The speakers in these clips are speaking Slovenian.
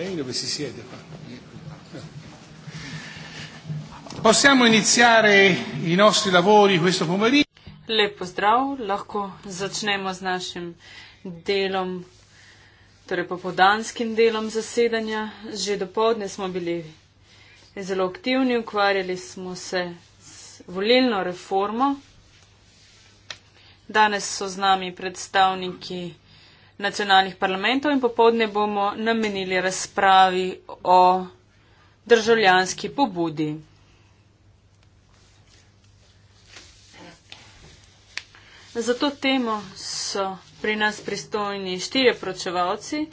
Meglio che si siede qua. Possiamo iniziare i nostri lavori questo pomeriggio? Lepo zdrav, lahko začnemo z našim delom, torej popodanskim delom zasedanja. Že do povdne smo bili zelo aktivni, ukvarjali smo se z volilno reformo. Danes so z nami predstavniki nacionalnih parlamentov in popovdne bomo namenili razpravi o državljanski pobudi. Za to temo so pri nas pristojni štirje pročevalci,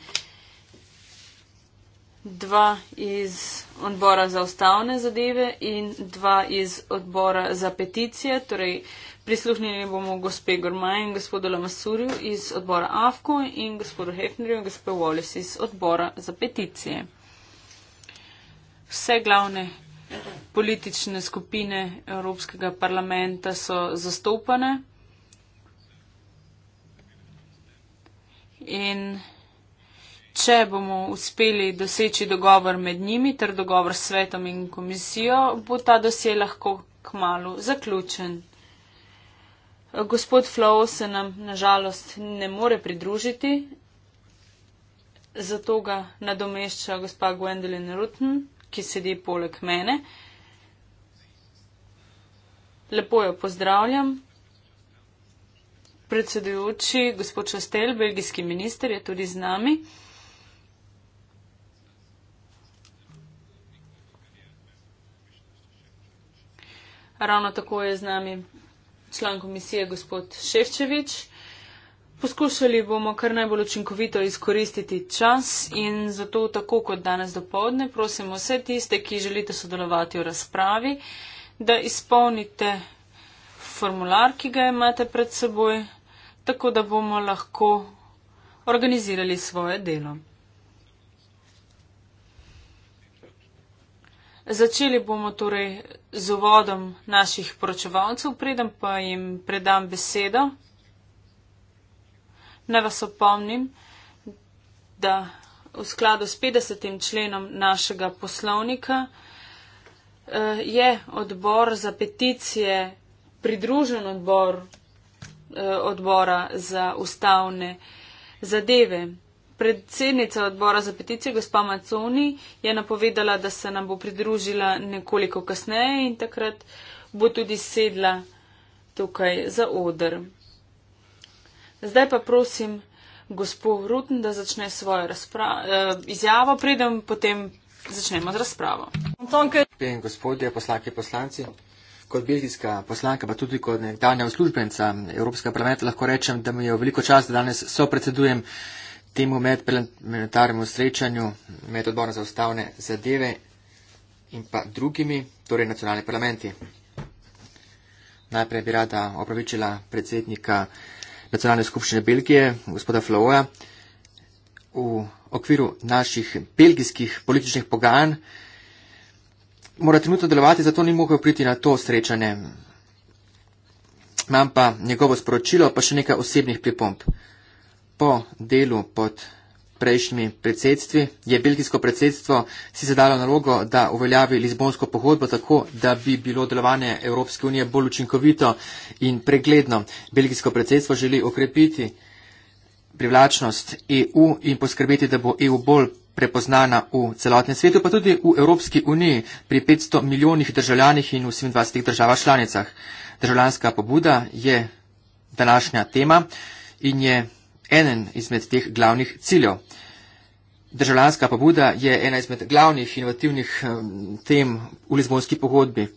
dva iz odbora za ustavne zadeve in dva iz odbora za peticije, torej Prisluhnili bomo gospe Gormaj in gospodu Lamasurju iz odbora AFKO in gospodu Hefnerju in gospe Wallis iz odbora za peticije. Vse glavne politične skupine Evropskega parlamenta so zastopane. In če bomo uspeli doseči dogovor med njimi ter dogovor s svetom in komisijo, bo ta dosje lahko k malu zaključen. Gospod Flow se nam nažalost ne more pridružiti, zato ga nadomešča gospa Gwendolyn Rutten, ki sedi poleg mene. Lepo jo pozdravljam. Predsedujoči gospod Čostel, belgijski minister, je tudi z nami. Ravno tako je z nami član komisije gospod Ševčevič. Poskušali bomo kar najbolj učinkovito izkoristiti čas in zato tako kot danes do povdne prosimo vse tiste, ki želite sodelovati v razpravi, da izpolnite formular, ki ga imate pred seboj, tako da bomo lahko organizirali svoje delo. Začeli bomo torej z uvodom naših poročevalcev, predem pa jim predam besedo. Naj vas opomnim, da v skladu s 50. členom našega poslovnika eh, je odbor za peticije pridružen odbor eh, odbora za ustavne zadeve. Predsednica odbora za peticije, gospa Maconi, je napovedala, da se nam bo pridružila nekoliko kasneje in takrat bo tudi sedla tukaj za odr. Zdaj pa prosim gospod Rutn, da začne svojo eh, izjavo, predem potem začnemo z razpravo. In gospodje poslanke poslanci, kot belgijska poslanka, pa tudi kot nekdanja uslužbenca Evropskega parlamenta, lahko rečem, da mi je veliko časa, da danes sopredsedujem temu medparlamentarnemu srečanju med odborom za ustavne zadeve in pa drugimi, torej nacionalni parlamenti. Najprej bi rada opravičila predsednika nacionalne skupščine Belgije, gospoda Flooja. V okviru naših belgijskih političnih pogajanj mora trenutno delovati, zato ni mogel priti na to srečanje. Imam pa njegovo sporočilo, pa še nekaj osebnih pripomp po delu pod prejšnjimi predsedstvi je belgijsko predsedstvo si zadalo nalogo, da uveljavi Lizbonsko pogodbo tako, da bi bilo delovanje Evropske unije bolj učinkovito in pregledno. Belgijsko predsedstvo želi okrepiti privlačnost EU in poskrbeti, da bo EU bolj prepoznana v celotnem svetu, pa tudi v Evropski uniji pri 500 milijonih državljanih in v 27 državah članicah. Državljanska pobuda je današnja tema in je enen izmed teh glavnih ciljev. Državljanska pobuda je ena izmed glavnih inovativnih tem v Lizbonski pogodbi.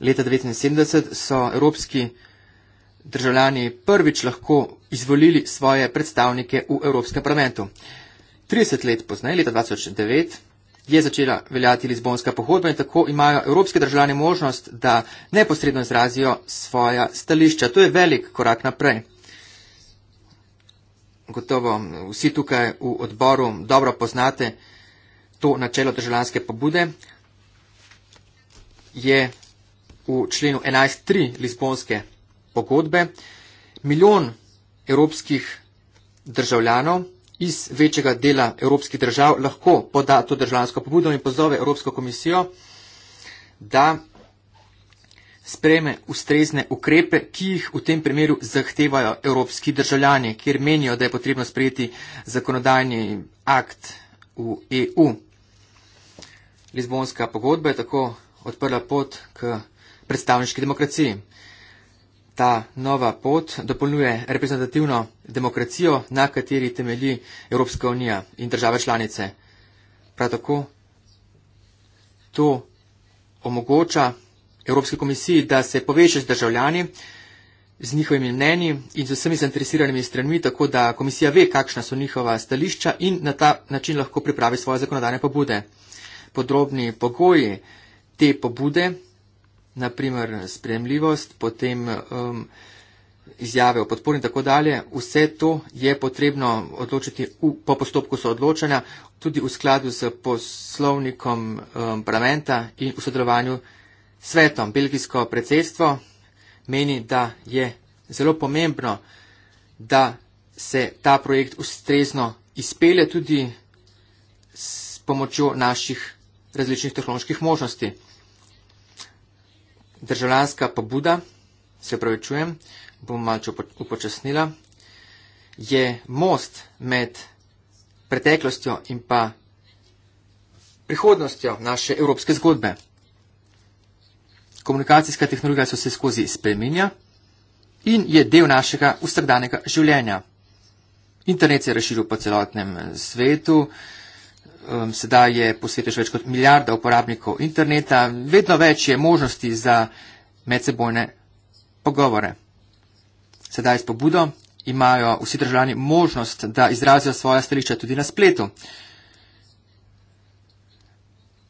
Leta 1979 so evropski državljani prvič lahko izvolili svoje predstavnike v Evropskem parlamentu. 30 let pozneje, leta 2009, je začela veljati Lizbonska pogodba in tako imajo evropske državljane možnost, da neposredno izrazijo svoja stališča. To je velik korak naprej gotovo vsi tukaj v odboru dobro poznate to načelo državljanske pobude, je v členu 11.3 Lisbonske pogodbe milijon evropskih državljanov iz večjega dela evropskih držav lahko poda to državljansko pobudo in pozove Evropsko komisijo, da spreme ustrezne ukrepe, ki jih v tem primeru zahtevajo evropski državljani, kjer menijo, da je potrebno sprejeti zakonodajni akt v EU. Lizbonska pogodba je tako odprla pot k predstavniški demokraciji. Ta nova pot dopolnjuje reprezentativno demokracijo, na kateri temelji Evropska unija in države članice. Prav tako to omogoča Evropske komisije, da se poveže z državljani, z njihovimi mnenji in z vsemi zainteresiranimi stranmi, tako da komisija ve, kakšna so njihova stališča in na ta način lahko pripravi svoje zakonodane pobude. Podrobni pogoji te pobude, naprimer spremljivost, potem um, izjave o podpori in tako dalje, vse to je potrebno odločiti v, po postopku soodločanja, tudi v skladu s poslovnikom um, parlamenta in v sodelovanju svetom. Belgijsko predsedstvo meni, da je zelo pomembno, da se ta projekt ustrezno izpele tudi s pomočjo naših različnih tehnoloških možnosti. Državljanska pobuda, se pravi čujem, bom malce upočasnila, je most med preteklostjo in pa prihodnostjo naše evropske zgodbe komunikacijska tehnologija se vse skozi spreminja in je del našega vsakdanjega življenja. Internet se je razširil po celotnem eh, svetu, ehm, sedaj je po svetu že več kot milijarda uporabnikov interneta, vedno več je možnosti za medsebojne pogovore. Sedaj s pobudo imajo vsi državljani možnost, da izrazijo svoje stališče tudi na spletu.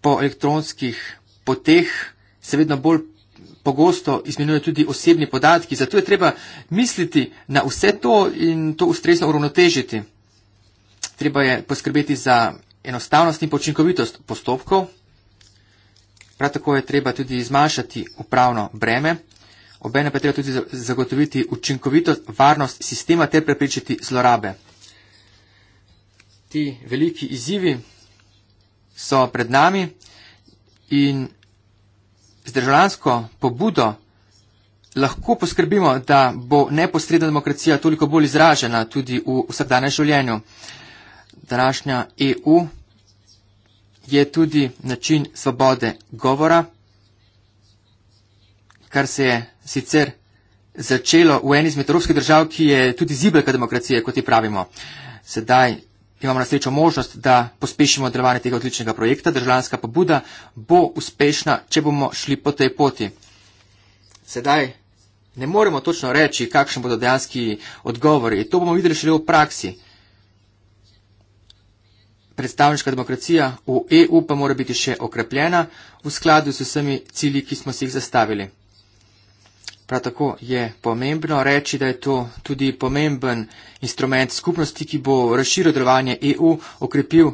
Po elektronskih poteh se vedno bolj pogosto izmenjujejo tudi osebni podatki. Zato je treba misliti na vse to in to ustrezno uravnotežiti. Treba je poskrbeti za enostavnost in počinkovitost postopkov. Prav tako je treba tudi zmanjšati upravno breme. Obene pa je treba tudi zagotoviti učinkovitost, varnost sistema ter prepričati zlorabe. Ti veliki izzivi so pred nami in z državljansko pobudo lahko poskrbimo, da bo neposredna demokracija toliko bolj izražena tudi v vsakdanjem življenju. Današnja EU je tudi način svobode govora, kar se je sicer začelo v eni izmed evropskih držav, ki je tudi zibelka demokracije, kot ji pravimo. Sedaj imamo na srečo možnost, da pospešimo delovanje tega odličnega projekta. Državljanska pobuda bo uspešna, če bomo šli po tej poti. Sedaj ne moremo točno reči, kakšni bodo dejanski odgovori. To bomo videli šele v praksi. Predstavniška demokracija v EU pa mora biti še okrepljena v skladu s vsemi cilji, ki smo si jih zastavili. Prav tako je pomembno reči, da je to tudi pomemben instrument skupnosti, ki bo razširil delovanje EU, okrepil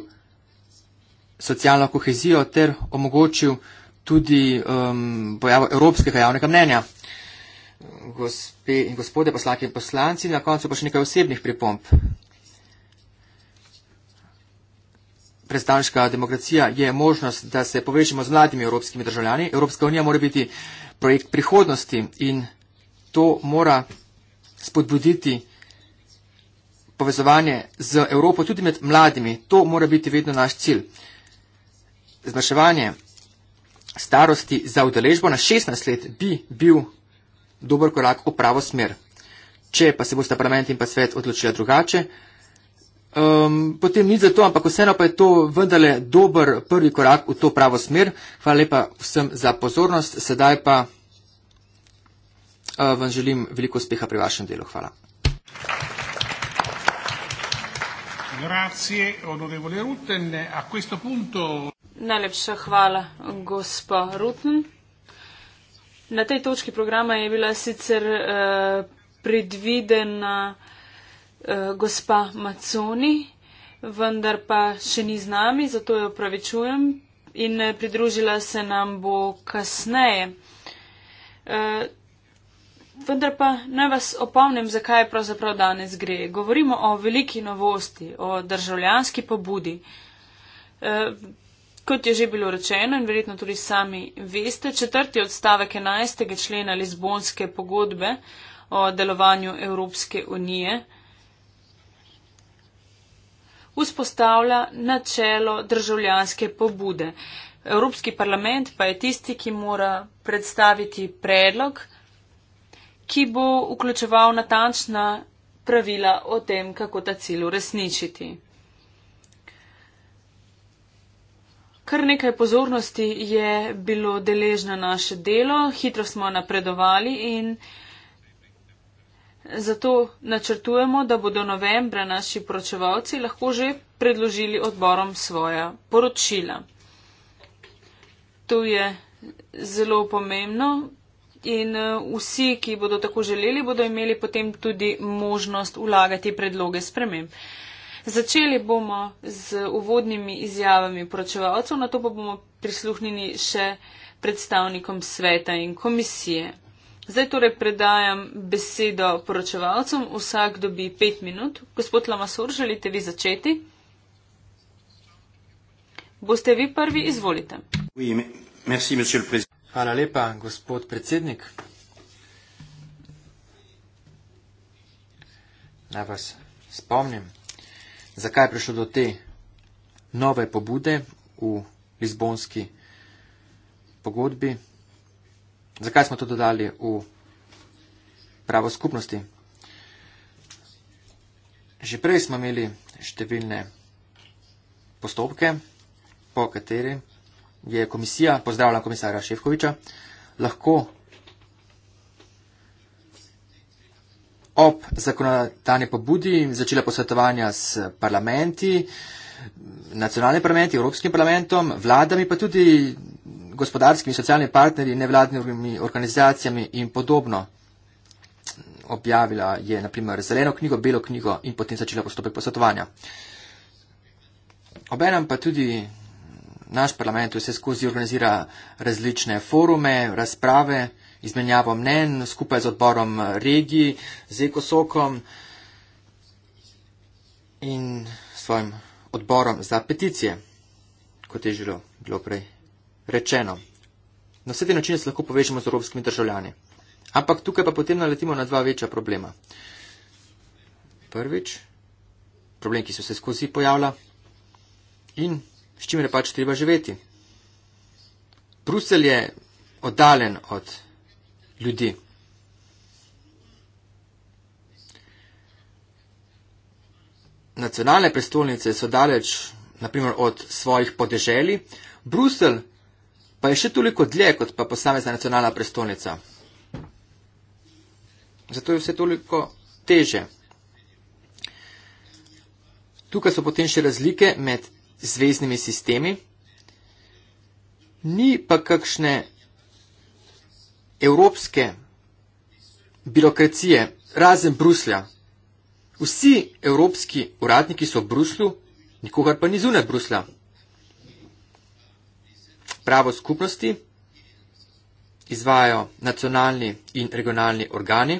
socialno kohezijo ter omogočil tudi um, pojavo evropskega javnega mnenja. Gospe in gospode, poslanke in poslanci, na koncu pa še nekaj osebnih pripomp. Predstavniška demokracija je možnost, da se povežemo z mladimi evropskimi državljani. Evropska unija mora biti projekt prihodnosti in to mora spodbuditi povezovanje z Evropo tudi med mladimi. To mora biti vedno naš cilj. Zmaševanje starosti za udeležbo na 16 let bi bil dober korak v pravo smer. Če pa se bo sta parlament in pa svet odločila drugače, Um, potem ni za to, ampak vseeno pa je to vendarle dober prvi korak v to pravo smer. Hvala lepa vsem za pozornost. Sedaj pa uh, vam želim veliko uspeha pri vašem delu. Hvala. Grazie, onorevole Rutten. A questo punto. Najlepša hvala, gospa Rutten. Na tej točki programa je bila sicer uh, predvidena. Eh, gospa Maconi, vendar pa še ni z nami, zato jo pravičujem in eh, pridružila se nam bo kasneje. Eh, vendar pa naj vas opomnim, zakaj pravzaprav danes gre. Govorimo o veliki novosti, o državljanski pobudi. Kot je že bilo rečeno in verjetno tudi sami veste, četrti odstavek 11. člena Lizbonske pogodbe o delovanju Evropske unije vzpostavlja načelo državljanske pobude. Evropski parlament pa je tisti, ki mora predstaviti predlog, ki bo vključeval natančna pravila o tem, kako ta cilj uresničiti. Kar nekaj pozornosti je bilo deležno naše delo, hitro smo napredovali in uh, Zato načrtujemo, da bodo novembra naši poročevalci lahko že predložili odborom svoja poročila. To je zelo pomembno in eh, vsi, ki bodo tako želeli, bodo imeli potem tudi možnost ulagati predloge sprememb. Začeli bomo z uvodnimi izjavami poročevalcev, na to pa bomo prisluhnili še predstavnikom sveta in komisije. Zdaj torej predajam besedo poročevalcem. Vsak dobi pet minut. Gospod Lamasur, želite vi začeti? Boste vi prvi, izvolite. Hvala lepa, gospod predsednik. Naj vas spomnim, zakaj je prišlo do te nove pobude v Lizbonski pogodbi Zakaj smo to dodali v pravo skupnosti? Že prej smo imeli številne postopke, po kateri je komisija, pozdravljam komisarja Šefkoviča, lahko ob zakonodajne pobudi začela posvetovanja s parlamenti, nacionalnim parlamentom, Evropskim parlamentom, vladami pa tudi gospodarskimi in socialnimi partnerji, nevladnimi organizacijami in podobno. Objavila je naprimer zeleno knjigo, belo knjigo in potem začela postopek posvetovanja. Obenem pa tudi naš parlament vse skozi organizira različne forume, razprave, izmenjavo mnen skupaj z odborom regiji, z ekosokom in svojim odborom za peticije, kot je že bilo prej Rečeno, na vse te načine se lahko povežemo z evropskimi državljani. Ampak tukaj pa potem naletimo na dva večja problema. Prvič, problem, ki so se skozi pojavlja in s čimer je pač treba živeti. Brusel je oddaljen od ljudi. Nacionalne prestolnice so daleč, naprimer, od svojih podeželi. Brusel pa je še toliko dlje, kot pa posamezna nacionalna prestolnica. Zato je vse toliko teže. Tukaj so potem še razlike med zvezdnimi sistemi. Ni pa kakšne evropske birokracije, razen Bruslja. Vsi evropski uradniki so v Bruslju, nikogar pa ni zunaj Bruslja pravo skupnosti, izvajajo nacionalni in regionalni organi.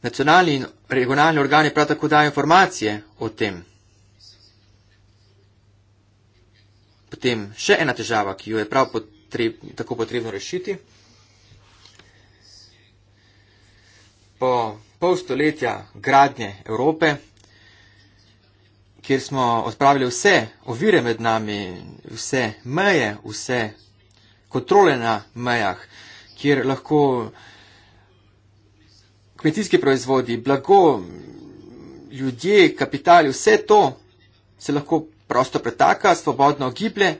Nacionalni in regionalni organi prav tako dajo informacije o tem. Potem še ena težava, ki jo je prav potreb, tako potrebno rešiti. Po pol stoletja gradnje Evrope kjer smo odpravili vse ovire med nami, vse meje, vse kontrole na mejah, kjer lahko kmetijski proizvodi, blago, ljudje, kapital, vse to se lahko prosto pretaka, svobodno giblje,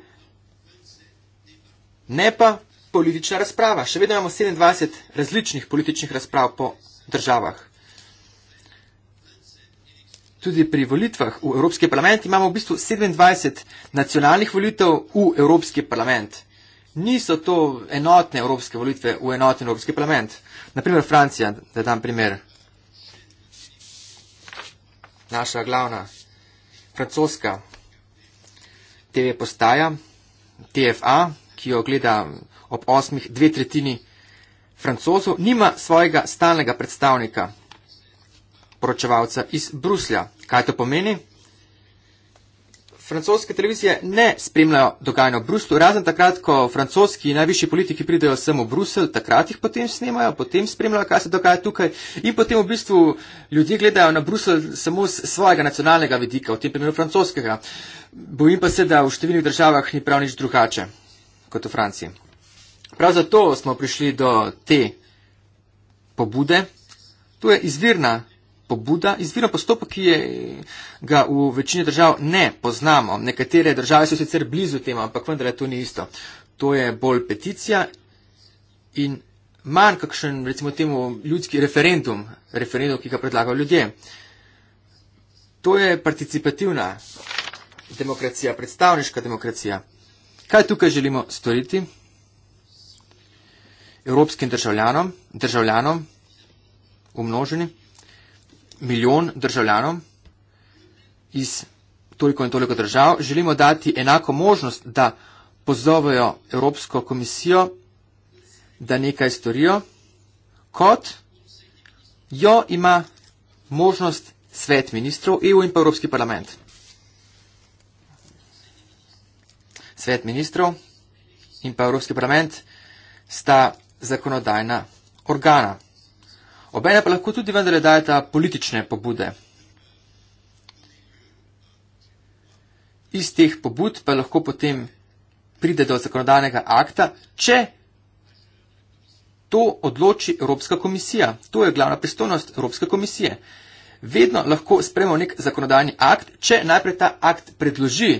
ne pa politična razprava. Še vedno imamo 27 različnih političnih razprav po državah tudi pri volitvah v Evropski parlament imamo v bistvu 27 nacionalnih volitev v Evropski parlament. Niso to enotne Evropske volitve v enoten Evropski parlament. Naprimer Francija, da dam primer. Naša glavna francoska TV postaja, TFA, ki jo gleda ob osmih dve tretjini francozov, nima svojega stalnega predstavnika poročevalca iz Bruslja. Kaj to pomeni? Francoske televizije ne spremljajo dogajanja v Bruslu, razen takrat, ko francoski najvišji politiki pridejo sem v Brusel, takrat jih potem snemajo, potem spremljajo, kaj se dogaja tukaj in potem v bistvu ljudje gledajo na Brusel samo z svojega nacionalnega vidika, v tem primeru francoskega. Bojim pa se, da v številnih državah ni prav nič drugače kot v Franciji. Prav zato smo prišli do te pobude. Tu je izvirna pobuda, izvira postopek, ki je, ga v večini držav ne poznamo. Nekatere države so sicer blizu tema, ampak vendar je to ni isto. To je bolj peticija in manj kakšen, recimo temu, ljudski referendum, referendum, ki ga predlagajo ljudje. To je participativna demokracija, predstavniška demokracija. Kaj tukaj želimo storiti? Evropskim državljanom, državljanom, umnoženim milijon državljanom iz toliko in toliko držav, želimo dati enako možnost, da pozovejo Evropsko komisijo, da nekaj storijo, kot jo ima možnost svet ministrov EU in pa Evropski parlament. Svet ministrov in pa Evropski parlament sta zakonodajna organa. Obene pa lahko tudi vendarle dajeta politične pobude. Iz teh pobud pa lahko potem pride do zakonodajnega akta, če to odloči Evropska komisija. To je glavna pristojnost Evropske komisije. Vedno lahko spremo nek zakonodajni akt, če najprej ta akt predloži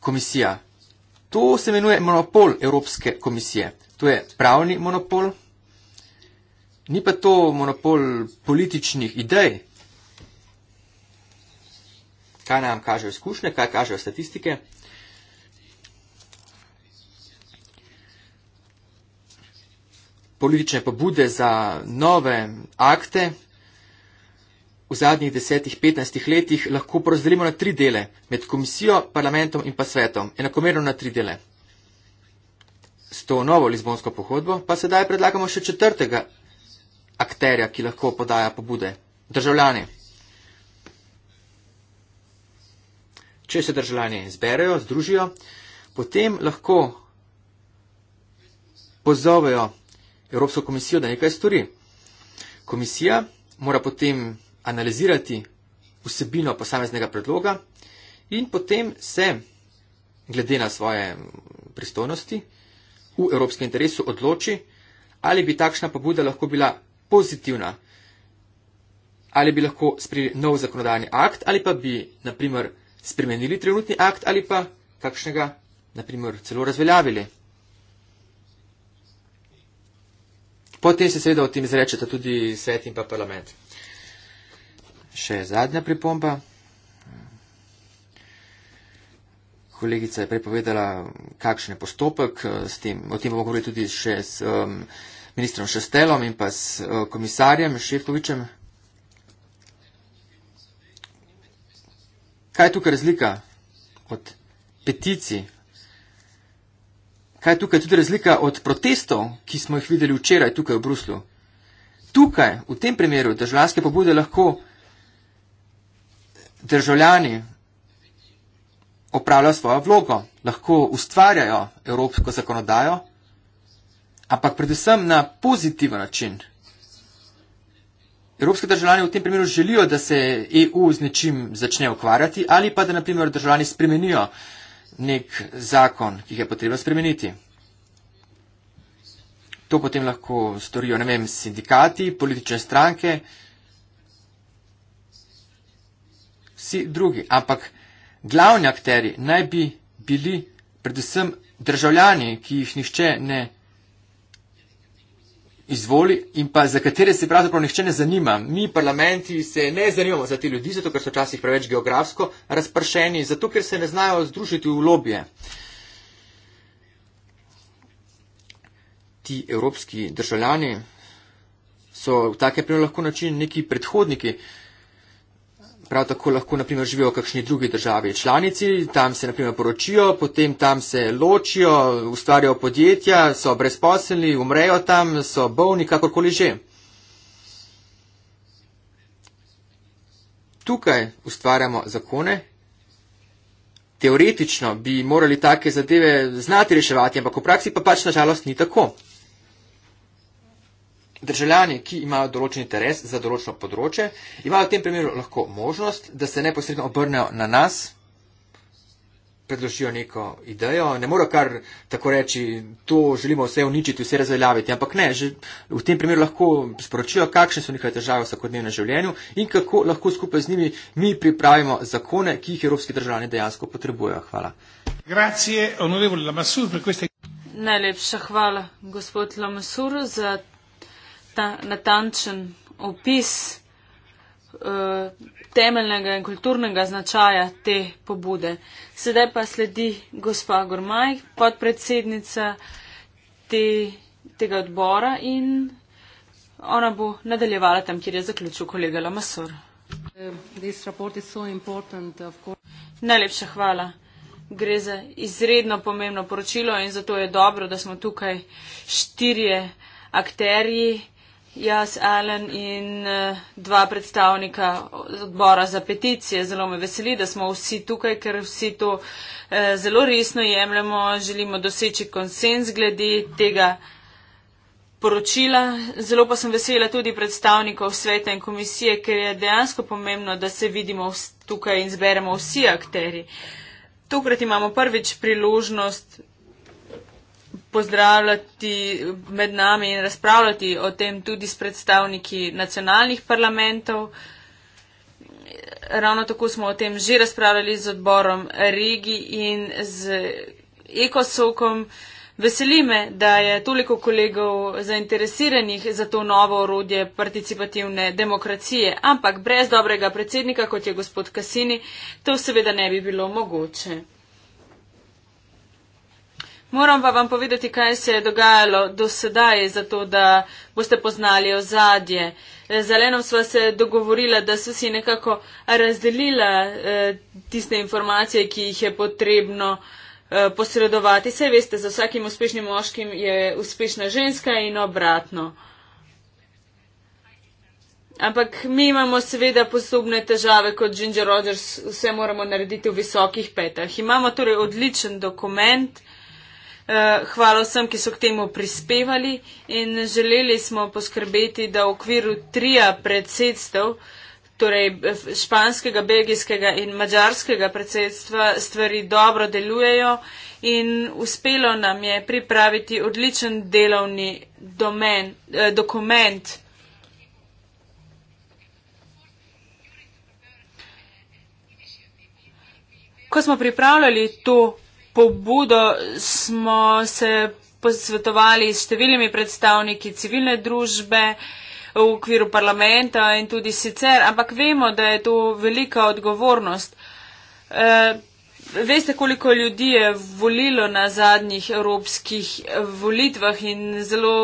komisija. To se imenuje monopol Evropske komisije. To je pravni monopol. Ni pa to monopol političnih idej. Kaj nam kažejo izkušnje, kaj kažejo statistike? Politične pobude za nove akte v zadnjih desetih, petnajstih letih lahko porazdelimo na tri dele, med komisijo, parlamentom in pa svetom. Enakomerno na tri dele. S to novo Lizbonsko pohodbo pa sedaj predlagamo še četrtega akterja, ki lahko podaja pobude. Državljani. Če se državljani zberejo, združijo, potem lahko pozovejo Evropsko komisijo, da nekaj stori. Komisija mora potem analizirati vsebino posameznega predloga in potem se, glede na svoje pristojnosti, v evropskem interesu odloči, ali bi takšna pobuda lahko bila pozitivna. Ali bi lahko sprejeli nov zakonodajni akt, ali pa bi, naprimer, spremenili trenutni akt, ali pa kakšnega, naprimer, celo razveljavili. Potem se seveda o tem izrečete tudi svet in pa parlament. Še zadnja pripomba. Kolegica je prepovedala, kakšen je postopek, eh, tem, o tem bomo govorili tudi še s. Um, ministrom Šestelom in pa s eh, komisarjem Šeftovičem. Kaj je tukaj razlika od peticij? Kaj je tukaj tudi razlika od protestov, ki smo jih videli včeraj tukaj v Bruslu? Tukaj, v tem primeru, državljanske pobude lahko državljani opravljajo svojo vlogo, lahko ustvarjajo evropsko zakonodajo, ampak predvsem na pozitiven način. Evropske državljane v tem primeru želijo, da se EU z nečim začne ukvarjati ali pa da naprimer državljani spremenijo nek zakon, ki ga je potrebno spremeniti. To potem lahko storijo, ne vem, sindikati, politične stranke, vsi drugi. Ampak glavni akteri naj bi bili predvsem državljani, ki jih nihče ne izvoli in pa za katere se pravzaprav nihče ne zanima. Mi parlamenti se ne zanimamo za te ljudi, zato ker so včasih preveč geografsko razpršeni, zato ker se ne znajo združiti v lobije. Ti evropski državljani so v take primer lahko način neki predhodniki uh, prav tako lahko naprimer, živijo v kakšni drugi državi članici, tam se naprimer, poročijo, potem tam se ločijo, ustvarjajo podjetja, so brezposelni, umrejo tam, so bolni, kakorkoli že. Tukaj ustvarjamo zakone. Teoretično bi morali take zadeve znati reševati, ampak v praksi pa pač nažalost ni tako. Državljani, ki imajo določen interes za določeno področje, imajo v tem primeru lahko možnost, da se neposredno obrnejo na nas, predložijo neko idejo, ne morejo kar tako reči, to želimo vse uničiti, vse razveljaviti, ampak ne, že v tem primeru lahko sporočijo, kakšne so njihove težave v vsakodnevnem življenju in kako lahko skupaj z njimi mi pripravimo zakone, ki jih evropski državljani dejansko potrebujejo. Hvala. Grazie, Najlepša hvala, gospod Lamasur, za ta natančen opis uh, temeljnega in kulturnega značaja te pobude. Sedaj pa sledi gospa Gormaj, podpredsednica te, tega odbora in ona bo nadaljevala tam, kjer je zaključil kolega Lamasor. Najlepša hvala. Gre za izredno pomembno poročilo in zato je dobro, da smo tukaj štirje akterji. Jaz, Alen in eh, dva predstavnika odbora za peticije. Zelo me veseli, da smo vsi tukaj, ker vsi to eh, zelo resno jemljemo. Želimo doseči konsens glede tega poročila. Zelo pa sem vesela tudi predstavnikov sveta in komisije, ker je dejansko pomembno, da se vidimo tukaj in zberemo vsi akteri. Tokrat imamo prvič priložnost pozdravljati med nami in razpravljati o tem tudi s predstavniki nacionalnih parlamentov. Ravno tako smo o tem že razpravljali z odborom Rigi in z Ekosokom. Veseli me, da je toliko kolegov zainteresiranih za to novo orodje participativne demokracije, ampak brez dobrega predsednika, kot je gospod Kasini, to seveda ne bi bilo mogoče. Moram pa vam povedati, kaj se je dogajalo do sedaj, zato da boste poznali ozadje. E, Z Alenom sva se dogovorila, da so si nekako razdelila e, tiste informacije, ki jih je potrebno e, posredovati. Saj veste, za vsakim uspešnim moškim je uspešna ženska in obratno. Ampak mi imamo seveda posobne težave kot Ginger Rogers, vse moramo narediti v visokih petah. Imamo torej odličen dokument, Eh, hvala vsem, ki so k temu prispevali in želeli smo poskrbeti, da v okviru trija predsedstev, torej eh, španskega, belgijskega in mađarskega predsedstva, stvari dobro delujejo in uspelo nam je pripraviti odličen delovni domen, eh, dokument. Ko smo pripravljali to pobudo smo se posvetovali s številnimi predstavniki civilne družbe v okviru parlamenta in tudi sicer, ampak vemo, da je to velika odgovornost. Eh, veste, koliko ljudi je volilo na zadnjih evropskih volitvah in zelo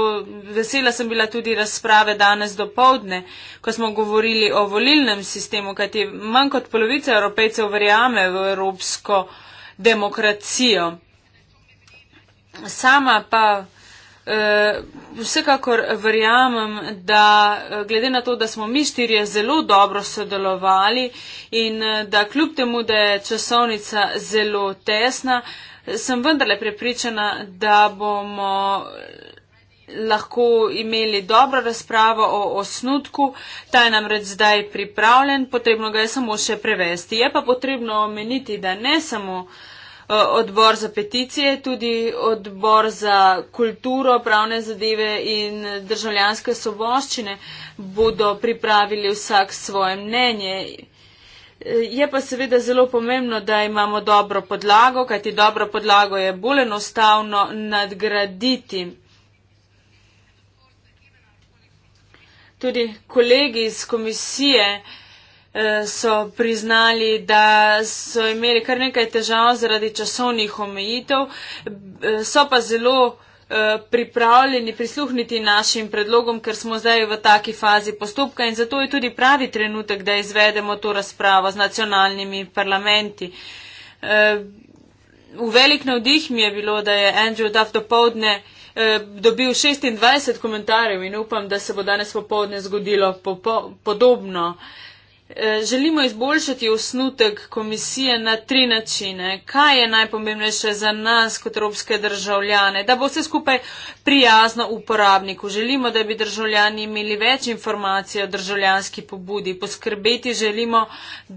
vesela sem bila tudi razprave danes do povdne, ko smo govorili o volilnem sistemu, kajti manj kot polovica evropejcev verjame v evropsko volitev demokracijo. Sama pa eh, vsekakor verjamem, da eh, glede na to, da smo mi štirje zelo dobro sodelovali in eh, da kljub temu, da je časovnica zelo tesna, sem vendarle prepričana, da bomo lahko imeli dobro razpravo o osnutku. Ta je namreč zdaj pripravljen, potrebno ga je samo še prevesti. Je pa potrebno omeniti, da ne samo e, odbor za peticije, tudi odbor za kulturo, pravne zadeve in državljanske soboščine bodo pripravili vsak svoje mnenje. E, je pa seveda zelo pomembno, da imamo dobro podlago, kajti dobro podlago je bolj enostavno nadgraditi. tudi kolegi iz komisije eh, so priznali, da so imeli kar nekaj težav zaradi časovnih omejitev, eh, so pa zelo eh, pripravljeni prisluhniti našim predlogom, ker smo zdaj v taki fazi postopka in zato je tudi pravi trenutek, da izvedemo to razpravo z nacionalnimi parlamenti. V velik navdih mi je bilo, da je Andrew Duff do povdne uh, Eh, dobil 26 komentarjev in upam, da se bo danes popovdne zgodilo popo podobno. Eh, želimo izboljšati osnutek komisije na tri načine. Kaj je najpomembnejše za nas kot evropske državljane? Da bo vse skupaj prijazno uporabniku. Želimo, da bi državljani imeli več informacij o državljanski pobudi. Poskrbeti želimo,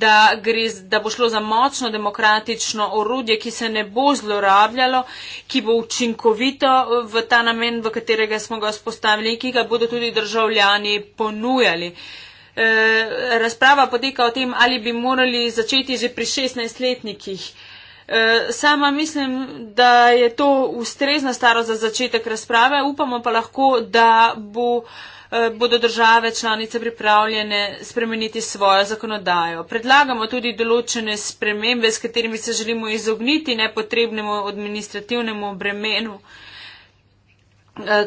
da, gre, da bo šlo za močno demokratično orudje, ki se ne bo zlorabljalo, ki bo učinkovito eh, v ta namen, v katerega smo ga spostavili in ki ga bodo tudi državljani ponujali. Eh, razprava poteka o tem, ali bi morali začeti že pri 16-letnikih. Eh, sama mislim, da je to ustrezna starost za začetek razprave. Upamo pa lahko, da bo, eh, bodo države članice pripravljene spremeniti svojo zakonodajo. Predlagamo tudi določene spremembe, s katerimi se želimo izogniti nepotrebnemu administrativnemu bremenu.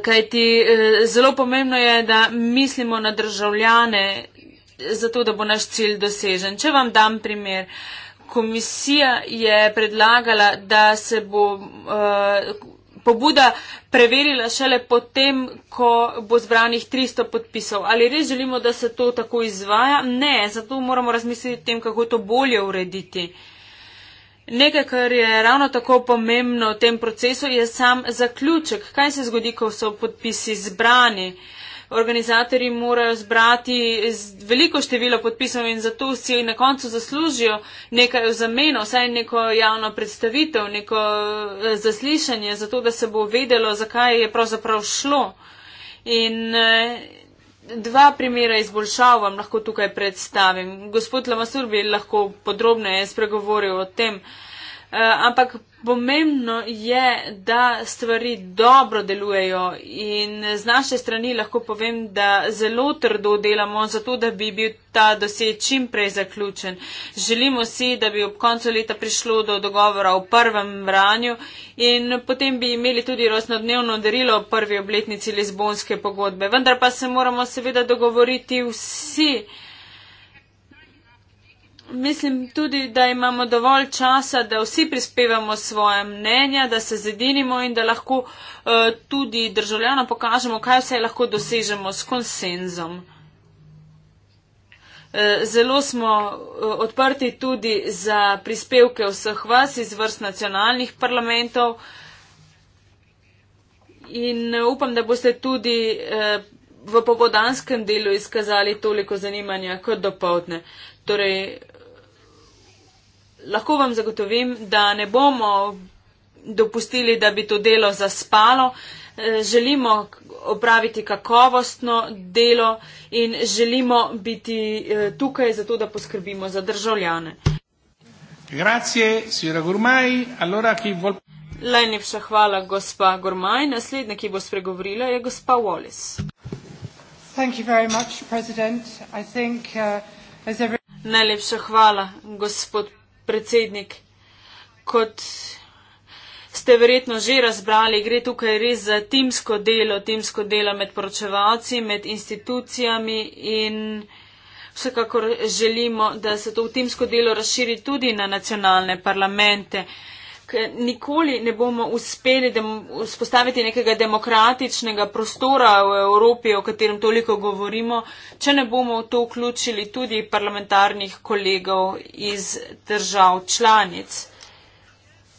Kajti zelo pomembno je, da mislimo na državljane zato, da bo naš cilj dosežen. Če vam dam primer, komisija je predlagala, da se bo uh, pobuda preverila šele potem, ko bo zbranih 300 podpisov. Ali res želimo, da se to tako izvaja? Ne, zato moramo razmisliti o tem, kako to bolje urediti. Nekaj, kar je ravno tako pomembno v tem procesu, je sam zaključek. Kaj se zgodi, ko so podpisi zbrani? Uh, organizatori morajo zbrati veliko število podpisov in zato vsi na koncu zaslužijo nekaj v zameno, vsaj neko javno predstavitev, neko eh, zaslišanje, zato da se bo vedelo, zakaj je pravzaprav šlo. In eh, dva primera izboljšav vam lahko tukaj predstavim. Gospod Lamasur bi lahko podrobneje spregovoril o tem. Eh, ampak Pomembno je, da stvari dobro delujejo in z naše strani lahko povem, da zelo trdo delamo za to, da bi bil ta dosed čim prej zaključen. Želimo si, da bi ob koncu leta prišlo do dogovora o prvem branju in potem bi imeli tudi rosnodnevno darilo o prvi obletnici Lizbonske pogodbe. Vendar pa se moramo seveda dogovoriti vsi mislim tudi, da imamo dovolj časa, da vsi prispevamo svoje mnenja, da se zedinimo in da lahko uh, tudi državljano pokažemo, kaj vse lahko dosežemo s konsenzom. Eh, zelo smo eh, odprti tudi za prispevke vseh vas iz vrst nacionalnih parlamentov in upam, da boste tudi v pogodanskem delu izkazali toliko zanimanja kot do povdne. Torej, lahko vam zagotovim, da ne bomo dopustili, da bi to delo zaspalo. Eh, želimo opraviti kakovostno delo in želimo biti eh, tukaj zato, da poskrbimo za državljane. Grazie, signora Gurmaj. Allora, vol... Najlepša hvala, gospa Gurmaj. Naslednja, ki bo spregovorila, je gospa Wallis. Much, think, uh, every... Najlepša hvala, gospod predsednik. Kot ste verjetno že razbrali, gre tukaj res za timsko delo, timsko delo med poročevalci, med institucijami in vsekakor želimo, da se to timsko delo razširi tudi na nacionalne parlamente ker nikoli ne bomo uspeli vzpostaviti nekega demokratičnega prostora v Evropi, o katerem toliko govorimo, če ne bomo v to vključili tudi parlamentarnih kolegov iz držav članic.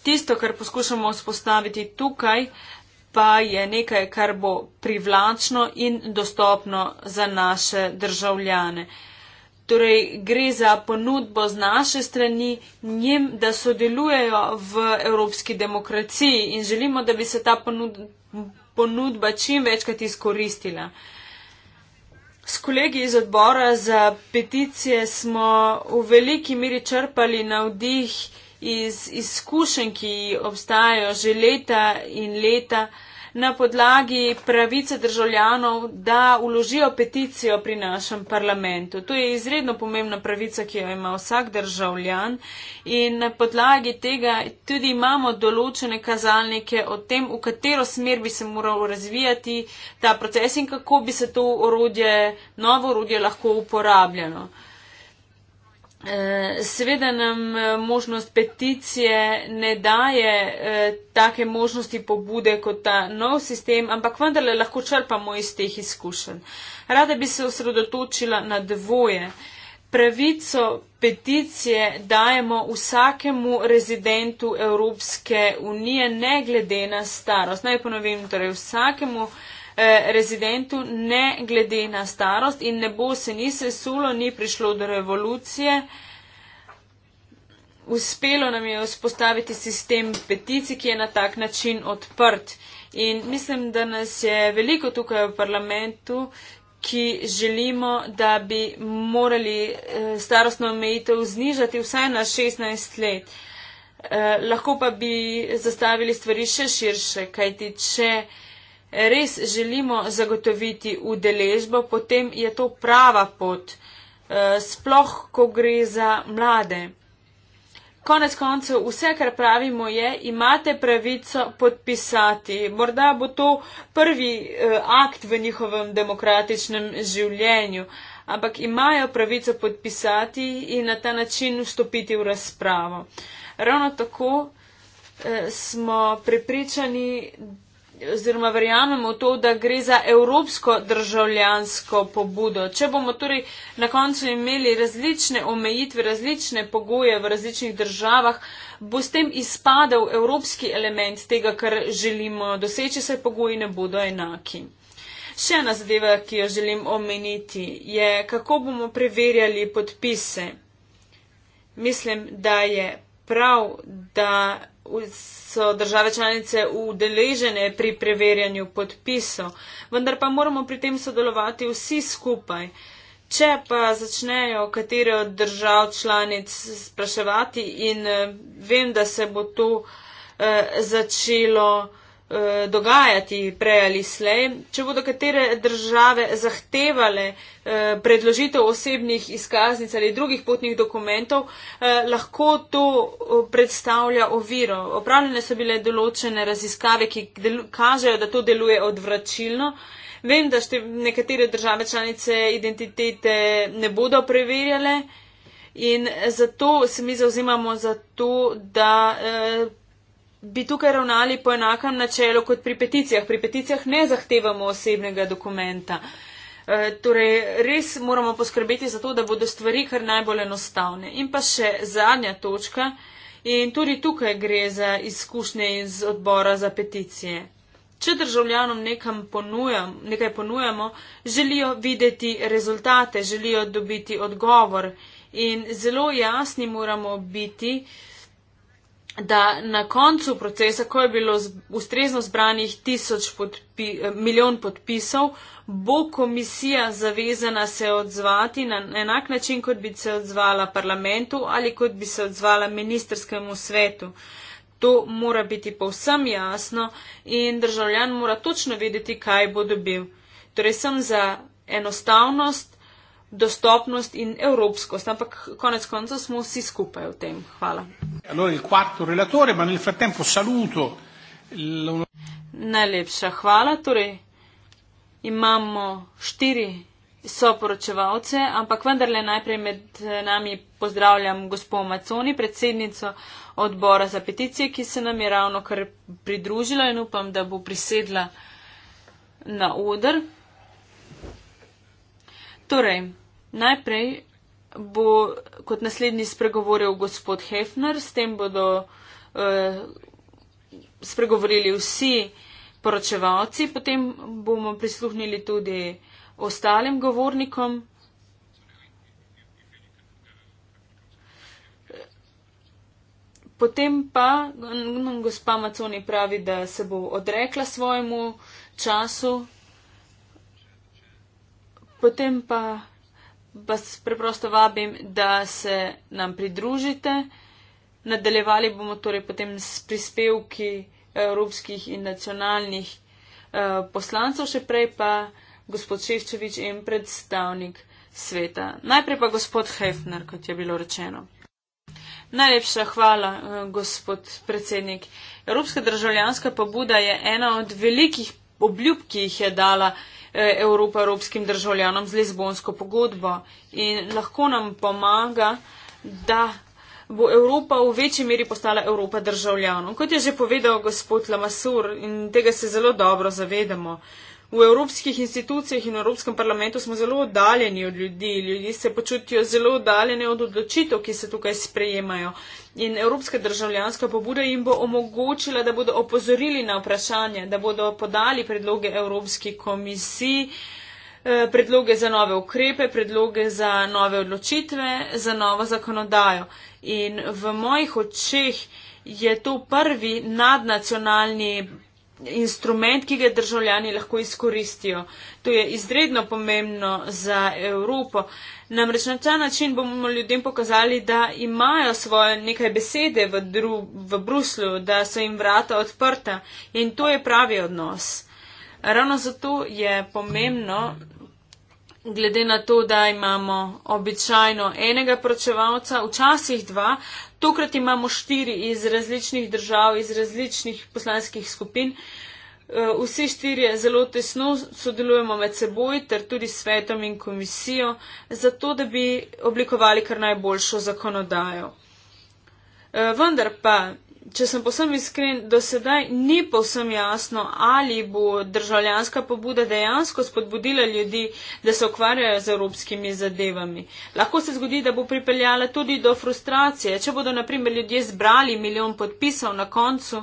Tisto, kar poskušamo vzpostaviti tukaj, pa je nekaj, kar bo privlačno in dostopno za naše državljane. Torej, gre za ponudbo z naše strani njim, da sodelujejo v evropski demokraciji in želimo, da bi se ta ponud, ponudba čim večkrat izkoristila. S kolegi iz odbora za peticije smo v veliki miri črpali navdih iz izkušenj, ki obstajajo že leta in leta na podlagi pravice državljanov, da uložijo peticijo pri našem parlamentu. To je izredno pomembna pravica, ki jo ima vsak državljan in na podlagi tega tudi imamo določene kazalnike o tem, v katero smer bi se moral razvijati ta proces in kako bi se to orodje, novo orodje lahko uporabljalo. Eh, seveda nam eh, možnost peticije ne daje eh, take možnosti pobude kot ta nov sistem, ampak vendarle lahko črpamo iz teh izkušenj. Rada bi se osredotočila na dvoje. Pravico peticije dajemo vsakemu rezidentu Evropske unije, ne glede na starost. Naj ponovim, torej vsakemu Eh, rezidentu, ne glede na starost in ne bo se ni sesulo, ni prišlo do revolucije. Uspelo nam je vzpostaviti sistem peticij, ki je na tak način odprt. In mislim, da nas je veliko tukaj v parlamentu, ki želimo, da bi morali eh, starostno omejitev znižati vsaj na 16 let. Eh, lahko pa bi zastavili stvari še širše, kajti če eh, res želimo zagotoviti udeležbo, potem je to prava pot, eh, sploh, ko gre za mlade. Konec koncev, vse, kar pravimo, je, imate pravico podpisati. Morda bo to prvi eh, akt v njihovem demokratičnem življenju, ampak imajo pravico podpisati in na ta način vstopiti v razpravo. Ravno tako eh, smo prepričani, da oziroma verjamemo to, da gre za evropsko državljansko pobudo. Če bomo torej na koncu imeli različne omejitve, različne pogoje v različnih državah, bo s tem izpadel evropski element tega, kar želimo doseči, saj pogoji ne bodo enaki. Še ena zadeva, ki jo želim omeniti, je, kako bomo preverjali podpise. Mislim, da je prav, da so države članice udeležene pri preverjanju podpisov, vendar pa moramo pri tem sodelovati vsi skupaj. Če pa začnejo katere od držav članic spraševati in eh, vem, da se bo to eh, začelo. Eh, dogajati prej ali slej. Če bodo katere države zahtevale eh, predložitev osebnih izkaznic ali drugih potnih dokumentov, eh, lahko to predstavlja oviro. Opravljene so bile določene raziskave, ki kažejo, da to deluje odvračilno. Vem, da nekatere države članice identitete ne bodo preverjale. In zato se mi zauzemamo za to, da bi tukaj ravnali po enakem načelu kot pri peticijah. Pri peticijah ne zahtevamo osebnega dokumenta. E, torej, res moramo poskrbeti za to, da bodo stvari kar najbolj enostavne. In pa še zadnja točka. In tudi tukaj gre za izkušnje iz odbora za peticije. Če državljanom nekam ponujam, nekaj ponujamo, želijo videti rezultate, želijo dobiti odgovor. In zelo jasni moramo biti, da na koncu procesa, ko je bilo ustrezno zbranih tisoč podpi, eh, milijon podpisov, bo komisija zavezana se odzvati na enak način, kot bi se odzvala parlamentu ali kot bi se odzvala ministerskemu svetu. To mora biti povsem jasno in državljan mora točno vedeti, kaj bo dobil. Torej sem za enostavnost, dostopnost in evropskost, ampak konec koncev smo vsi skupaj v tem. Hvala. Najlepša hvala. Torej, imamo štiri soporočevalce, ampak vendarle najprej med nami pozdravljam gospo Maconi, predsednico odbora za peticije, ki se nam je ravno kar pridružila in upam, da bo prisedla na odr. Torej, Najprej bo kot naslednji spregovoril gospod Hefner, s tem bodo uh, spregovorili vsi poročevalci, potem bomo prisluhnili tudi ostalim govornikom. Potem pa mm, gospa Maconi pravi, da se bo odrekla svojemu času. Potem pa vas preprosto vabim, da se nam pridružite. Nadaljevali bomo torej potem s prispevki evropskih in nacionalnih eh, poslancev, še prej pa gospod Ševčevič in predstavnik sveta. Najprej pa gospod Hefner, kot je bilo rečeno. Najlepša hvala, eh, gospod predsednik. Evropska državljanska pobuda je ena od velikih obljub, ki jih je dala Eh, Evropa evropskim državljanom z Lizbonsko pogodbo in lahko nam pomaga, da bo Evropa v večji meri postala Evropa državljanov. Kot je že povedal gospod Lamasur in tega se zelo dobro zavedamo, V evropskih institucijah in v Evropskem parlamentu smo zelo oddaljeni od ljudi. Ljudje se počutijo zelo oddaljeni od odločitev, ki se tukaj sprejemajo. In Evropska državljanska pobuda jim bo omogočila, da bodo opozorili na vprašanje, da bodo podali predloge Evropski komisiji, eh, predloge za nove ukrepe, predloge za nove odločitve, za novo zakonodajo. In v mojih očeh je to prvi nadnacionalni instrument, ki ga državljani lahko izkoristijo. To je izredno pomembno za Evropo. Namreč na ta način bomo ljudem pokazali, da imajo svoje nekaj besede v, dru, v Bruslu, da so jim vrata odprta in to je pravi odnos. Ravno zato je pomembno, glede na to, da imamo običajno enega pročevalca, včasih dva, tokrat imamo štiri iz različnih držav, iz različnih poslanskih skupin. Eh, vsi štiri zelo tesno sodelujemo med seboj ter tudi svetom in komisijo, zato da bi oblikovali kar najboljšo zakonodajo. Eh, vendar pa če sem posem iskren, do sedaj ni posem jasno, ali bo državljanska pobuda dejansko spodbudila ljudi, da se ukvarjajo z evropskimi zadevami. Lahko se zgodi, da bo pripeljala tudi do frustracije. Če bodo, naprimer, ljudje zbrali milijon podpisov na koncu,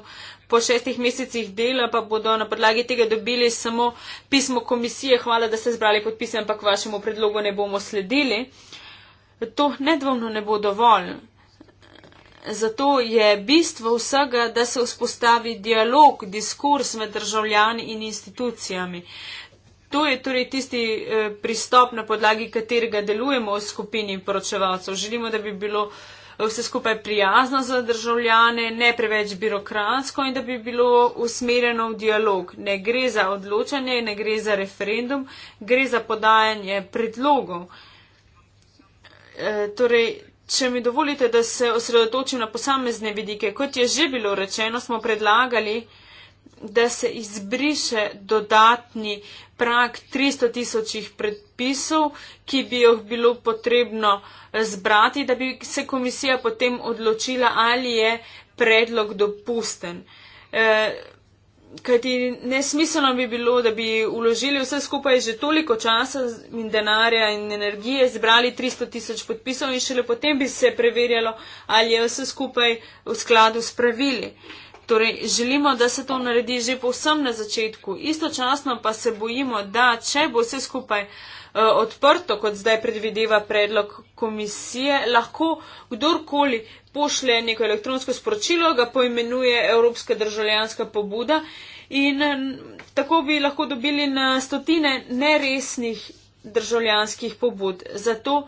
po šestih mesecih dela pa bodo na podlagi tega dobili samo pismo komisije, hvala, da ste zbrali podpise, ampak vašemu predlogu ne bomo sledili. To nedvomno ne bo dovolj. Zato je bistvo vsega, da se vzpostavi dialog, diskurs med državljani in institucijami. To je torej tisti eh, pristop, na podlagi katerega delujemo v skupini poročevalcev. Želimo, da bi bilo vse skupaj prijazno za državljane, ne preveč birokratsko in da bi bilo usmerjeno v dialog. Ne gre za odločanje, ne gre za referendum, gre za podajanje predlogov. E, torej, Če mi dovolite, da se osredotočim na posamezne vidike, kot je že bilo rečeno, smo predlagali, da se izbriše dodatni prak 300 tisočih predpisov, ki bi jo bilo potrebno eh, zbrati, da bi se komisija potem odločila, ali je predlog dopusten. E, kajti nesmiselno bi bilo, da bi uložili vse skupaj že toliko časa in denarja in energije, zbrali 300 tisoč podpisov in šele potem bi se preverjalo, ali je vse skupaj v skladu s pravili. Torej, želimo, da se to naredi že povsem na začetku. Istočasno pa se bojimo, da če bo vse skupaj eh, odprto, kot zdaj predvideva predlog komisije, lahko kdorkoli pošlje neko elektronsko sporočilo, ga poimenuje Evropska državljanska pobuda in tako bi lahko dobili na stotine neresnih državljanskih pobud. Zato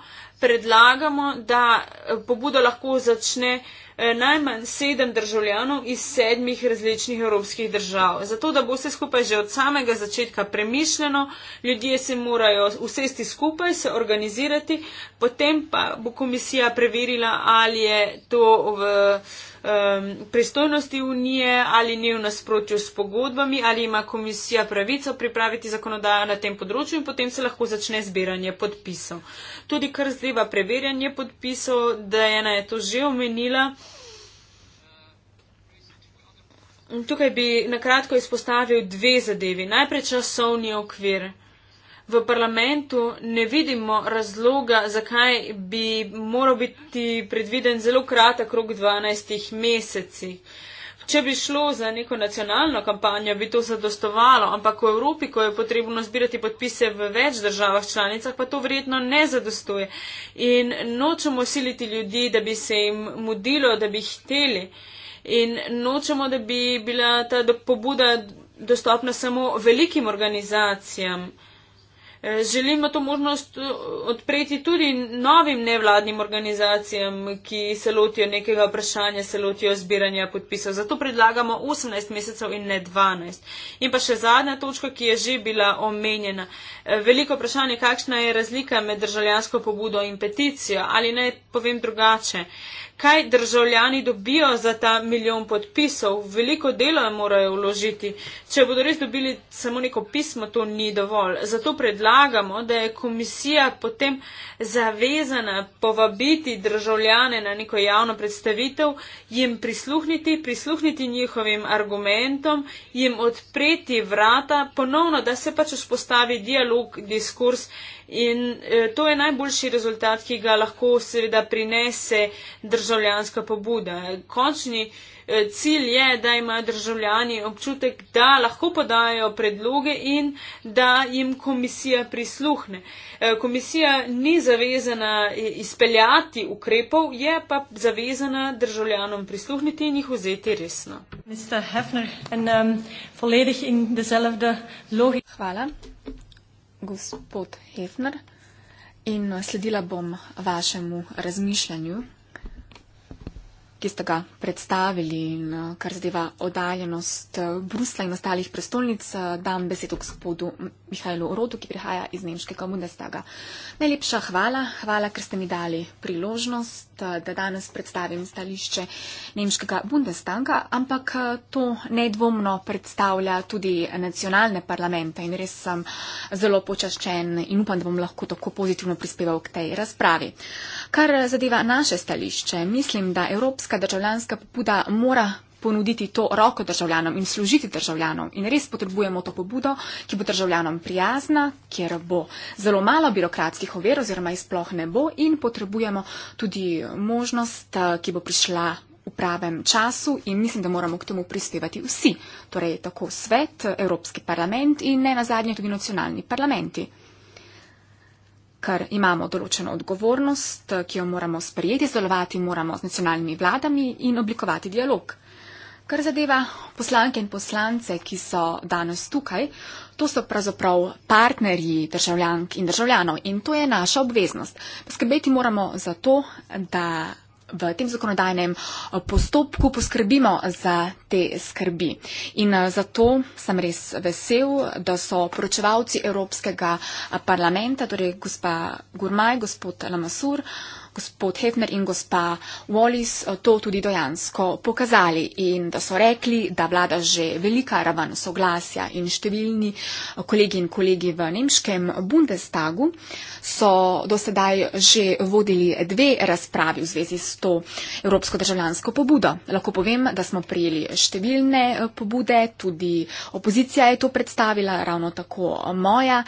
predlagamo, da eh, pobudo lahko začne Eh, najmanj sedem državljanov iz sedmih različnih evropskih držav. Zato, da bo vse skupaj že od samega začetka premišljeno, ljudje se morajo usesti skupaj, se organizirati, potem pa bo komisija preverila, ali je to v um, pristojnosti unije ali ni v nasprotju s pogodbami ali ima komisija pravico pripraviti zakonodajo na tem področju in potem se lahko začne zbiranje podpisov. Tudi kar zdeva preverjanje podpisov, da ena je to že omenila. Tukaj bi nakratko izpostavil dve zadevi. Najprej časovni okvir v parlamentu ne vidimo razloga, zakaj bi moral biti predviden zelo kratek rok 12 meseci. Če bi šlo za neko nacionalno kampanjo, bi to zadostovalo, ampak v Evropi, ko je potrebno zbirati podpise v več državah članicah, pa to vredno ne zadostuje. In nočemo siliti ljudi, da bi se jim mudilo, da bi hteli. In nočemo, da bi bila ta pobuda dostopna samo velikim organizacijam. Želimo to možnost eh, odpreti tudi novim nevladnim organizacijam, ki se lotijo nekega vprašanja, se lotijo zbiranja podpisov. Zato predlagamo 18 mesecev in ne 12. In pa še zadnja točka, ki je že bila omenjena. Eh, veliko vprašanje, kakšna je razlika med državljansko pobudo in peticijo. Ali naj povem drugače kaj državljani dobijo za ta milijon podpisov. Veliko dela morajo vložiti. Če bodo res dobili samo neko pismo, to ni dovolj. Zato predlagamo, da je komisija potem zavezana povabiti državljane na neko javno predstavitev, jim prisluhniti, prisluhniti njihovim argumentom, jim odpreti vrata, ponovno, da se pač vzpostavi dialog, diskurs. In eh, to je najboljši rezultat, ki ga lahko seveda prinese državljanska pobuda. Končni eh, cilj je, da imajo državljani občutek, da lahko podajo predloge in da jim komisija prisluhne. Eh, komisija ni zavezana e, izpeljati ukrepov, je pa zavezana državljanom prisluhniti in jih vzeti resno. Hefner, and, um, in Hvala gospod Hefner in sledila bom vašemu razmišljanju ki ste ga predstavili in eh, kar zadeva oddaljenost eh, Brusla in ostalih prestolnic, eh, dam besedo gospodu Mihajlu Rodu, ki prihaja iz nemškega Bundestaga. Najlepša hvala, hvala, ker ste mi dali priložnost, da danes predstavim stališče nemškega Bundestanga, ampak to nedvomno predstavlja tudi nacionalne parlamente in res sem zelo počaščen in upam, da bom lahko tako pozitivno prispeval k tej razpravi. Kar zadeva naše stališče, mislim, da Evropska evropska državljanska pobuda mora ponuditi to roko državljanom in služiti državljanom. In res potrebujemo to pobudo, ki bo državljanom prijazna, kjer bo zelo malo birokratskih ovir oziroma jih sploh ne bo in potrebujemo tudi možnost, eh, ki bo prišla v pravem času in mislim, da moramo k temu prispevati vsi, torej tako svet, Evropski parlament in ne nazadnje tudi nacionalni parlamenti ker imamo določeno odgovornost, ki jo moramo sprejeti, izdelovati moramo z nacionalnimi vladami in oblikovati dialog. Kar zadeva poslanke in poslance, ki so danes tukaj, to so pravzaprav partnerji državljank in državljanov in to je naša obveznost. Skrbeti moramo za to, da v tem zakonodajnem eh, postopku poskrbimo za te skrbi. In eh, zato sem res vesel, da so poročevalci Evropskega eh, parlamenta, torej gospa Gurmaj, gospod Lamasur, gospod Hefner in gospa Wallis eh, to tudi dojansko pokazali in da so rekli, da vlada že velika raven soglasja in številni eh, kolegi in kolegi v nemškem Bundestagu so do sedaj že vodili dve razpravi v zvezi s to evropsko državljansko pobudo. Lahko povem, da smo prijeli številne eh, pobude, tudi opozicija je to predstavila, ravno tako moja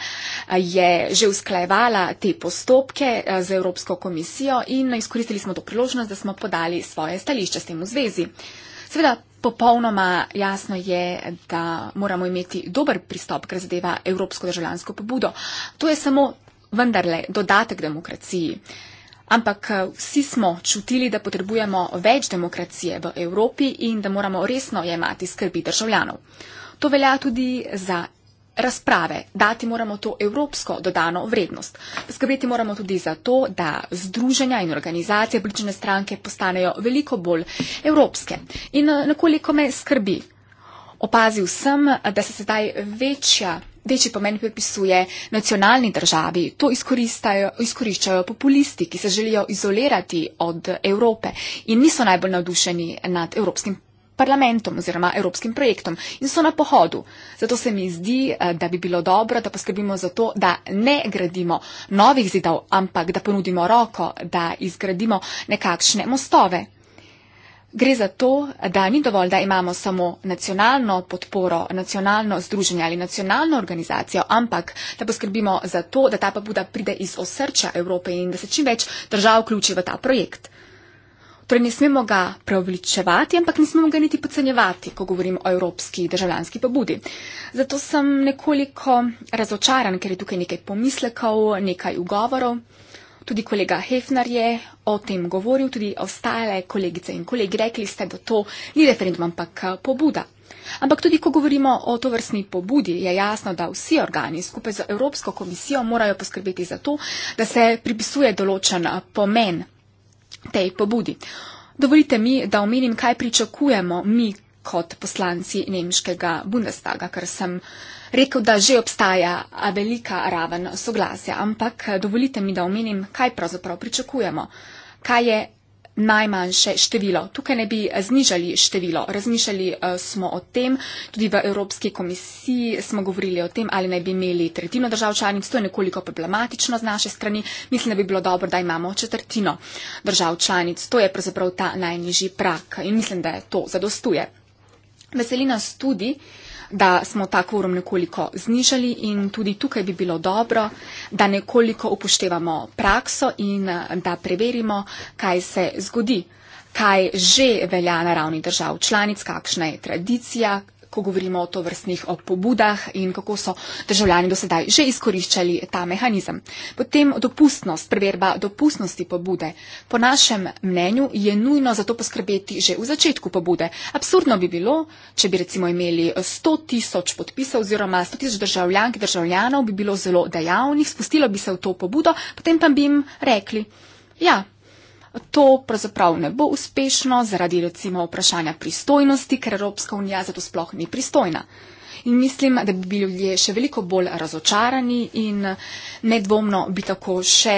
je že usklajevala te postopke z Evropsko komisijo in izkoristili smo to priložnost, da smo podali svoje stališče s tem v zvezi. Seveda, popolnoma jasno je, da moramo imeti dober pristop, kar zadeva evropsko državljansko pobudo. To je samo vendarle dodatek demokraciji. Ampak eh, vsi smo čutili, da potrebujemo več demokracije v Evropi in da moramo resno jemati skrbi državljanov. To velja tudi za razprave. Dati moramo to evropsko dodano vrednost. Poskrbeti moramo tudi za to, da združenja in organizacije politične stranke postanejo veliko bolj evropske. In eh, nekoliko me skrbi. Opazil sem, da se sedaj večja, večji pomen pripisuje nacionalni državi. To izkoriščajo populisti, ki se želijo izolirati od Evrope in niso najbolj navdušeni nad evropskim parlamentom oziroma evropskim projektom in so na pohodu. Zato se mi zdi, eh, da bi bilo dobro, da poskrbimo za to, da ne gradimo novih zidov, ampak da ponudimo roko, da izgradimo nekakšne mostove. Gre za to, da ni dovolj, da imamo samo nacionalno podporo, nacionalno združenje ali nacionalno organizacijo, ampak da poskrbimo za to, da ta pobuda pride iz osrča Evrope in da se čim več držav vključi v ta projekt. Torej, ne smemo ga preobličevati, ampak ne smemo ga niti pocenjevati, ko govorim o evropski državljanski pobudi. Zato sem nekoliko razočaran, ker je tukaj nekaj pomislekov, nekaj ugovorov. Tudi kolega Hefner je o tem govoril, tudi ostale kolegice in kolegi rekli ste, da to ni referendum, ampak eh, pobuda. Ampak tudi, ko govorimo o to vrstni pobudi, je jasno, da vsi organi skupaj z Evropsko komisijo morajo poskrbeti za to, da se pripisuje določen eh, pomen tej pobudi. Dovolite mi, da omenim, kaj pričakujemo mi kot poslanci nemškega Bundestaga, ker sem rekel, da že obstaja velika raven soglasja, ampak dovolite mi, da omenim, kaj pravzaprav pričakujemo, kaj je najmanjše število. Tukaj ne bi znižali število. Razmišljali eh, smo o tem, tudi v Evropski komisiji smo govorili o tem, ali naj bi imeli tretjino držav članic. To je nekoliko problematično z naše strani. Mislim, da bi bilo dobro, da imamo četrtino držav članic. To je pravzaprav ta najnižji prak in mislim, da je to zadostuje. Veseli nas tudi, da smo ta kvorum nekoliko znižali in tudi tukaj bi bilo dobro, da nekoliko upoštevamo prakso in da preverimo, kaj se zgodi, kaj že velja na ravni držav članic, kakšna je tradicija, ko govorimo o tovrstnih pobudah in kako so državljani do sedaj že izkoriščali ta mehanizem. Potem dopustnost, preverba dopustnosti pobude. Po našem mnenju je nujno za to poskrbeti že v začetku pobude. Absurdno bi bilo, če bi recimo imeli 100 tisoč podpisov oziroma 100 tisoč državljank in državljanov, bi bilo zelo dejavnih, spustilo bi se v to pobudo, potem pa bi jim rekli, ja, to pravzaprav ne bo uspešno zaradi recimo vprašanja pristojnosti, ker Evropska unija za to sploh ni pristojna. In mislim, da bi bili ljudje še veliko bolj razočarani in nedvomno bi tako še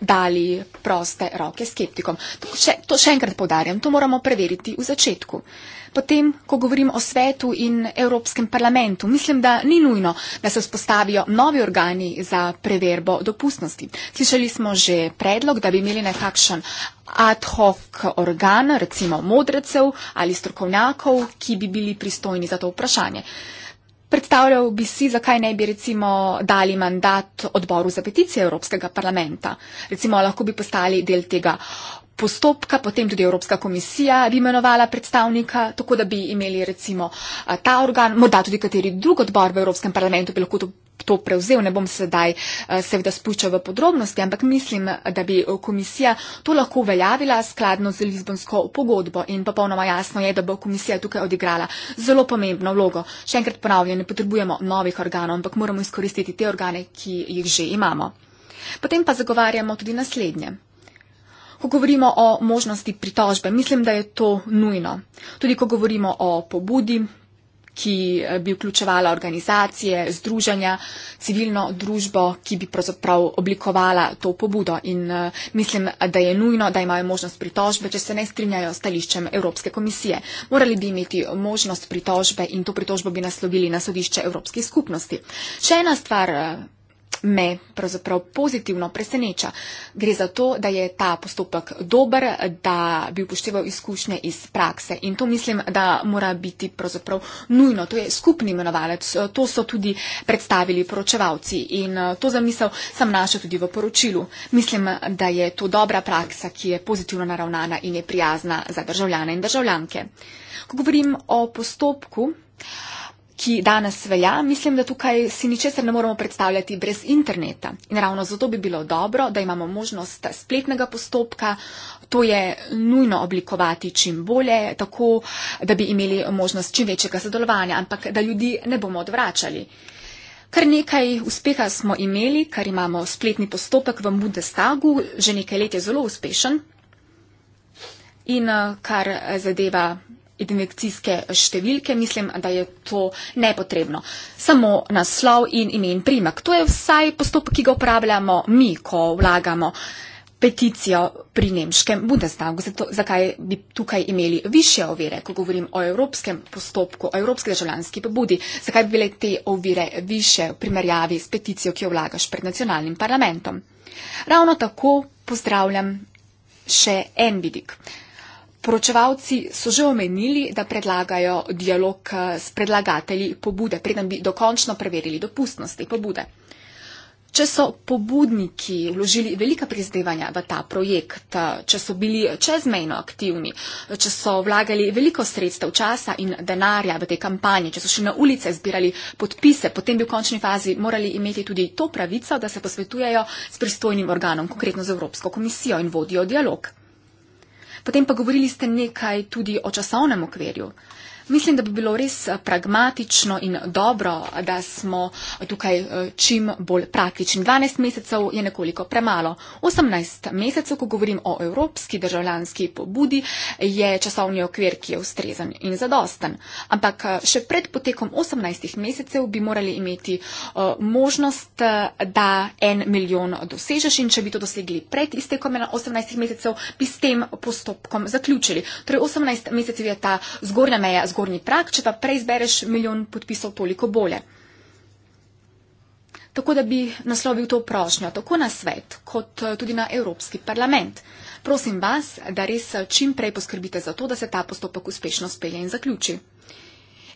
dali proste roke skeptikom. To še, to še enkrat povdarjam, to moramo preveriti v začetku. Uh, potem, ko govorim o svetu in Evropskem parlamentu, mislim, da ni nujno, da se vzpostavijo novi organi za preverbo dopustnosti. Slišali smo že predlog, da bi imeli nekakšen ad hoc organ, recimo modrecev ali strokovnjakov, ki bi bili pristojni za to vprašanje. Predstavljal bi si, zakaj ne bi recimo dali mandat odboru za peticije Evropskega parlamenta. Recimo lahko bi postali del tega postopka, potem tudi Evropska komisija bi imenovala predstavnika, tako da bi imeli recimo ta organ, morda tudi kateri drug odbor v Evropskem parlamentu bi lahko to, to prevzel. Ne bom sedaj seveda spuščal v podrobnosti, ampak mislim, da bi komisija to lahko uveljavila skladno z Lizbonsko pogodbo in popolnoma jasno je, da bo komisija tukaj odigrala zelo pomembno vlogo. Še enkrat ponavljam, ne potrebujemo novih organov, ampak moramo izkoristiti te organe, ki jih že imamo. Potem pa zagovarjamo tudi naslednje ko govorimo o možnosti pritožbe. Mislim, da je to nujno. Tudi, ko govorimo o pobudi, ki eh, bi vključevala organizacije, združenja, civilno družbo, ki bi pravzaprav oblikovala to pobudo. In eh, mislim, da je nujno, da imajo možnost pritožbe, če se ne strinjajo s stališčem Evropske komisije. Morali bi imeti možnost pritožbe in to pritožbo bi naslovili na sodišče Evropske skupnosti. Še ena stvar eh, me pravzaprav pozitivno preseneča. Gre za to, da je ta postopek dober, da bi upošteval izkušnje iz prakse in to mislim, da mora biti pravzaprav nujno. To je skupni imenovalec, to so tudi predstavili poročevalci in eh, to zamisel sem našel tudi v poročilu. Mislim, da je to dobra praksa, ki je pozitivno naravnana in je prijazna za državljane in državljanke. Ko govorim o postopku, uh, ki danes velja, mislim, da tukaj si ničesar ne moremo predstavljati brez interneta. In ravno zato bi bilo dobro, da imamo možnost spletnega postopka, to je nujno oblikovati čim bolje, tako da bi imeli možnost čim večjega sodelovanja, ampak da ljudi ne bomo odvračali. Kar nekaj uspeha smo imeli, kar imamo spletni postopek v Bundestagu, že nekaj let je zelo uspešen. In eh, kar zadeva identifikacijske številke, mislim, da je to nepotrebno. Samo naslov in ime in primek. To je vsaj postopek, ki ga uporabljamo mi, ko vlagamo peticijo pri nemškem Bundestagu. Zato, zakaj bi tukaj imeli više ovire, ko govorim o evropskem postopku, o evropski državljanski pobudi? Zakaj bi bile te ovire više v primerjavi s peticijo, ki jo vlagaš pred nacionalnim parlamentom? Ravno tako pozdravljam še en vidik. Poročevalci so že omenili, da predlagajo dialog eh, s predlagateli pobude, preden bi dokončno preverili dopustnost te pobude. Če so pobudniki vložili velika prizadevanja v ta projekt, eh, če so bili čezmejno aktivni, eh, če so vlagali veliko sredstev časa in denarja v te kampanje, če so še na ulice zbirali podpise, potem bi v končni fazi morali imeti tudi to pravico, da se posvetujejo s pristojnim organom, konkretno z Evropsko komisijo in vodijo dialog. Potem pa govorili ste nekaj tudi o časovnem okvirju. Mislim, da bi bilo res eh, pragmatično in dobro, da smo eh, tukaj eh, čim bolj praktični. 12 mesecev je nekoliko premalo. 18 mesecev, ko govorim o evropski državljanski pobudi, je časovni okvir, ki je ustrezen in zadosten. Ampak še pred potekom 18 mesecev bi morali imeti možnost, da en milijon dosežeš in če bi to dosegli pred iztekom 18 mesecev, bi s tem postopkom zaključili. Torej 18 mesecev je ta zgornja meja zgornji prak, če pa prej zbereš milijon podpisov, toliko bolje. Tako da bi naslovil to prošnjo tako na svet, kot eh, tudi na Evropski parlament. Prosim vas, da res eh, čim prej poskrbite za to, da se ta postopek uspešno spelje in zaključi.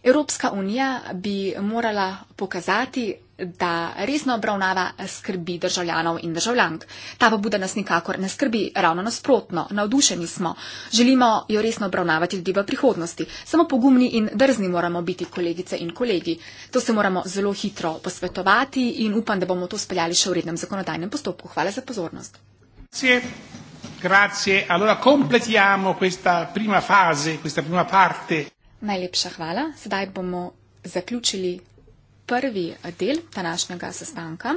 Evropska unija bi morala pokazati, da resno obravnava skrbi državljanov in državljank. Ta pobuda nas nikakor ne skrbi, ravno nasprotno, navdušeni smo. Želimo jo resno obravnavati tudi v prihodnosti. Samo pogumni in drzni moramo biti, kolegice in kolegi. To se moramo zelo hitro posvetovati in upam, da bomo to speljali še v rednem zakonodajnem postopku. Hvala za pozornost. Grazie. Grazie. Allora, completiamo questa prima fase, questa prima parte. Najlepša hvala. Sedaj bomo zaključili prvi del današnjega sestanka.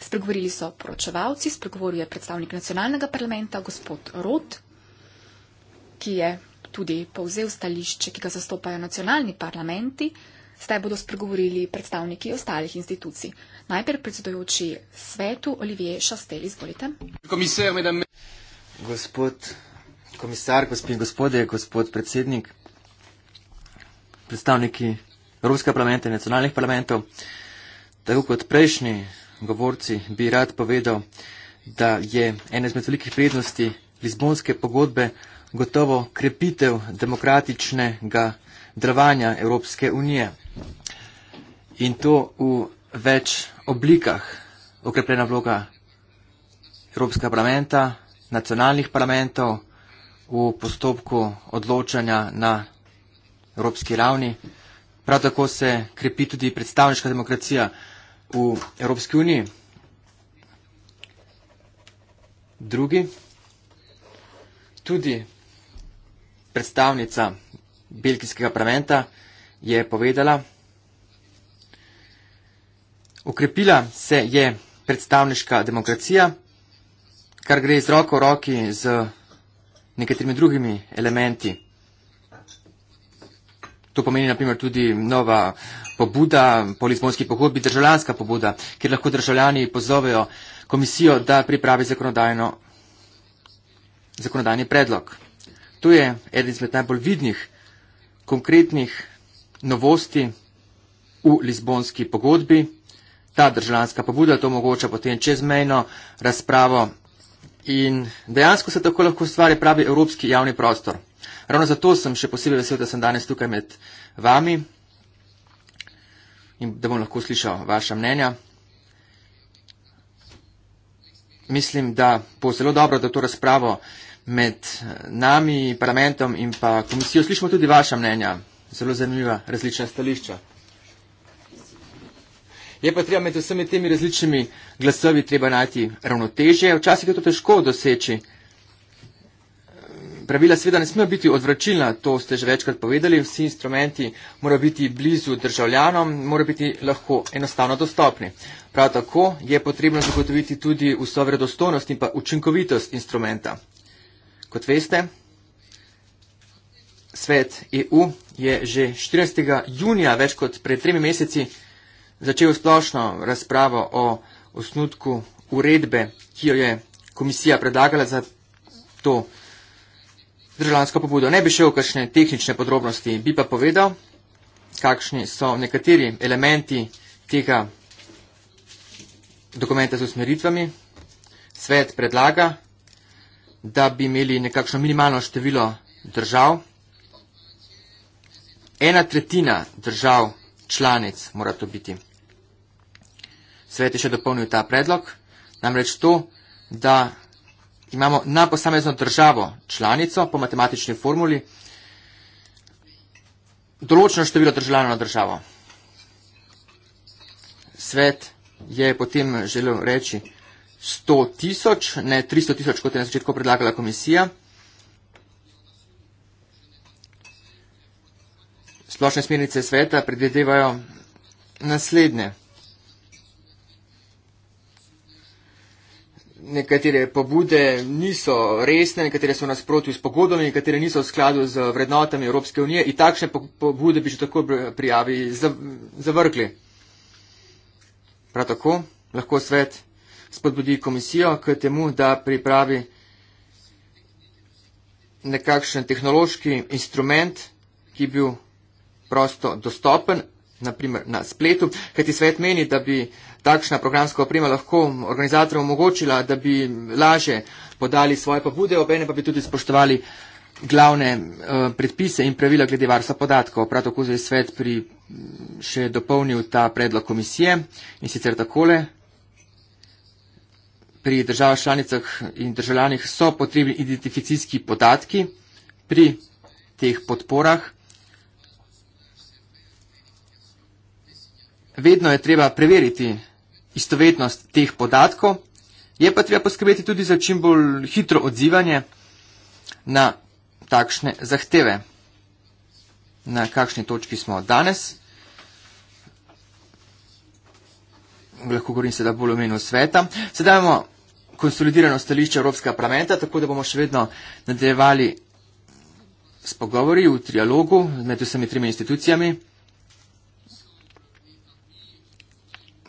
Spregovorili so poročevalci, spregovoril je predstavnik nacionalnega parlamenta, gospod Rot, ki je tudi povzel stališče, ki ga zastopajo nacionalni parlamenti. Zdaj bodo spregovorili predstavniki ostalih institucij. Najprej predsedojoči svetu Olivier Šastel, izvolite. Gospod komisar, gospod in gospode, gospod predsednik predstavniki Evropskega parlamenta in nacionalnih parlamentov. Tako kot prejšnji govorci bi rad povedal, da je ena izmed velikih prednosti Lizbonske pogodbe gotovo krepitev demokratičnega delovanja Evropske unije. In to v več oblikah. Okrepljena vloga Evropskega parlamenta, nacionalnih parlamentov v postopku odločanja na evropski ravni. Prav tako se krepi tudi predstavniška demokracija v Evropski uniji. Drugi, tudi predstavnica belgijskega parlamenta je povedala, ukrepila se je predstavniška demokracija, kar gre iz roko v roki z nekaterimi drugimi elementi. To pomeni naprimer tudi nova pobuda po Lizbonski pogodbi, državljanska pobuda, kjer lahko državljani pozovejo komisijo, da pripravi zakonodajni predlog. To je eden izmed najbolj vidnih konkretnih novosti v Lizbonski pogodbi. Ta državljanska pobuda to omogoča potem čezmejno razpravo In dejansko se tako lahko ustvari pravi evropski javni prostor. Ravno zato sem še posebej vesel, da sem danes tukaj med vami in da bom lahko slišal vaša mnenja. Mislim, da bo zelo dobro, da to razpravo med eh, nami, parlamentom in pa komisijo slišimo tudi vaša mnenja. Zelo zanimiva različna stališča. Je pa treba med vsemi temi različnimi glasovi treba najti ravnotežje. Včasih je to težko doseči. Pravila seveda ne smejo biti odvračilna, to ste že večkrat povedali, vsi instrumenti morajo biti blizu državljanom, morajo biti lahko enostavno dostopni. Prav tako je potrebno zagotoviti tudi vso vredostojnost in pa učinkovitost instrumenta. Kot veste, svet EU je že 14. junija, več kot pred tremi meseci, začel splošno razpravo o osnutku uredbe, ki jo je komisija predlagala za to državljansko pobudo. Ne bi šel v kakšne tehnične podrobnosti, bi pa povedal, kakšni so nekateri elementi tega dokumenta z usmeritvami. Svet predlaga, da bi imeli nekakšno minimalno število držav. Ena tretjina držav članic mora to biti svet je še dopolnil ta predlog, namreč to, da imamo na posamezno državo članico po matematični formuli določeno število državljanov na državo. Svet je potem želel reči 100 tisoč, ne 300 tisoč, kot je na začetku predlagala komisija. Splošne smernice sveta predvidevajo naslednje. nekatere pobude niso resne, nekatere so nasprotju s pogodbami, nekatere niso v skladu z vrednotami Evropske unije in takšne pobude bi že tako prijavi zavrgli. Prav tako lahko svet spodbudi komisijo k temu, da pripravi nekakšen tehnološki instrument, ki bi bil prosto dostopen, naprimer na spletu, kajti svet meni, da bi uh, takšna programska oprema lahko organizatorjem omogočila, da bi laže podali svoje pobude, obene pa bi tudi spoštovali glavne uh, predpise in pravila glede varstva podatkov. Prav tako je svet pri, mm, še dopolnil ta predlog komisije in sicer takole. Pri državah članicah in državljanih so potrebni identifikacijski podatki pri teh podporah. Vedno je treba preveriti istovetnost teh podatkov, je pa treba poskrbeti tudi za čim bolj hitro odzivanje na takšne zahteve. Na kakšni točki smo danes? Lahko govorim se, da bolj omenil sveta. Sedaj imamo konsolidirano stališče Evropskega parlamenta, tako da bomo še vedno nadaljevali s pogovori v trialogu med vsemi tremi institucijami.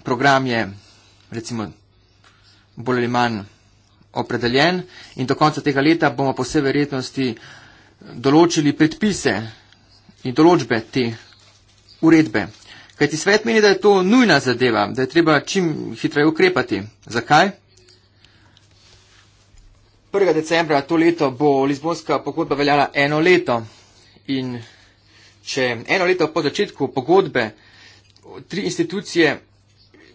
program je recimo bolj ali manj opredeljen in do konca tega leta bomo po vsej verjetnosti določili predpise in določbe te uredbe. Kajti svet meni, da je to nujna zadeva, da je treba čim hitreje ukrepati. Zakaj? 1. decembra to leto bo Lizbonska pogodba veljala eno leto in če eno leto po začetku pogodbe tri institucije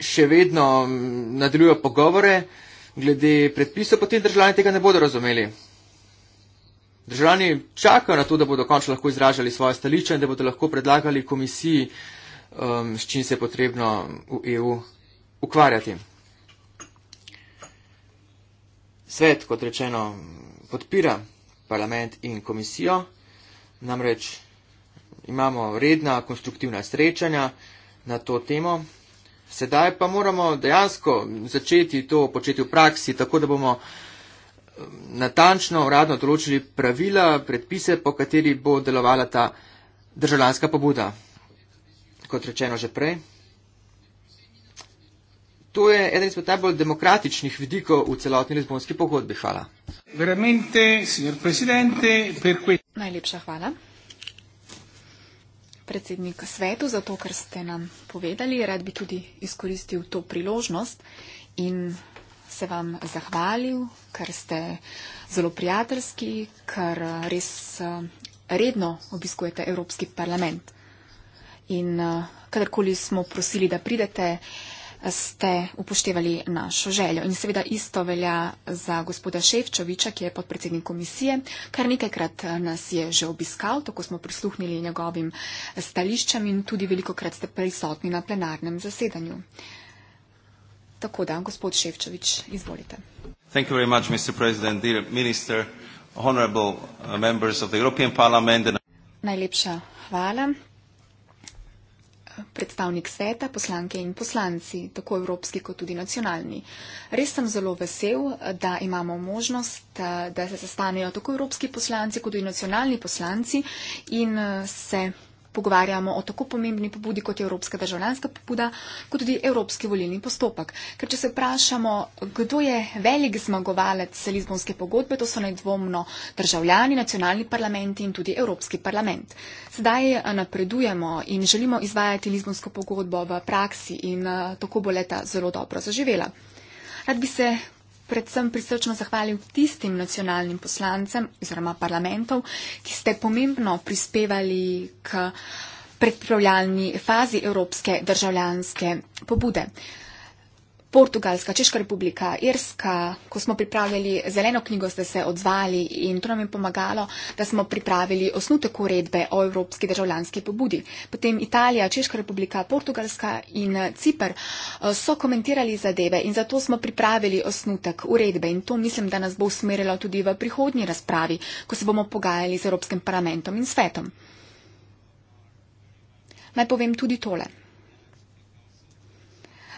še vedno mm, nadaljujo pogovore glede predpisov, potem državljani tega ne bodo razumeli. Državljani čakajo na to, da bodo končno lahko izražali svoje stališče in da bodo lahko predlagali komisiji, um, s čim se je potrebno v EU ukvarjati. Svet, kot rečeno, podpira parlament in komisijo, namreč imamo redna konstruktivna srečanja na to temo. Sedaj pa moramo dejansko začeti to početi v praksi, tako da bomo eh, natančno uradno določili pravila, predpise, po kateri bo delovala ta državljanska pobuda. Kot rečeno že prej, to je eden izmed najbolj demokratičnih vidikov v celotni Lizbonski pogodbi. Hvala. Najlepša hvala predsednik svetu, zato ker ste nam povedali, rad bi tudi izkoristil to priložnost in se vam zahvalil, ker ste zelo prijateljski, ker res eh, redno obiskujete Evropski parlament. In eh, kadarkoli smo prosili, da pridete, ste upoštevali našo željo. In seveda isto velja za gospoda Ševčoviča, ki je podpredsednik komisije, kar nekajkrat eh, nas je že obiskal, tako smo prisluhnili njegovim eh, stališčem in tudi veliko krat ste prisotni na plenarnem zasedanju. Tako da, gospod Ševčovič, izvolite. Thank you very much, Mr. President, dear Minister, honorable eh, members of the European Parliament. And... Najlepša hvala predstavnik sveta, poslanke in poslanci, tako evropski kot tudi nacionalni. Res sem zelo vesel, da imamo možnost, eh, da se sestanejo tako evropski poslanci kot tudi nacionalni poslanci in eh, se pogovarjamo o tako pomembni pobudi kot je Evropska državljanska pobuda, kot tudi Evropski volilni postopek. Ker če se vprašamo, kdo je velik zmagovalec Lizbonske pogodbe, to so nedvomno državljani, nacionalni parlamenti in tudi Evropski parlament. Sedaj eh, napredujemo in želimo izvajati Lizbonsko pogodbo v praksi in eh, tako bo leta zelo dobro zaživela. Rad bi se predvsem prisrčno zahvalil tistim nacionalnim poslancem oziroma parlamentov, ki ste pomembno prispevali k predpravljalni fazi evropske državljanske pobude. Portugalska, Češka republika, Irska, ko smo pripravili zeleno knjigo, ste se odzvali in to nam je pomagalo, da smo pripravili osnutek uredbe o evropski državljanski pobudi. Potem Italija, Češka republika, Portugalska in Cipr eh, so komentirali zadeve in zato smo pripravili osnutek uredbe in to mislim, da nas bo usmerilo tudi v prihodnji razpravi, ko se bomo pogajali z Evropskim parlamentom in svetom. Naj povem tudi tole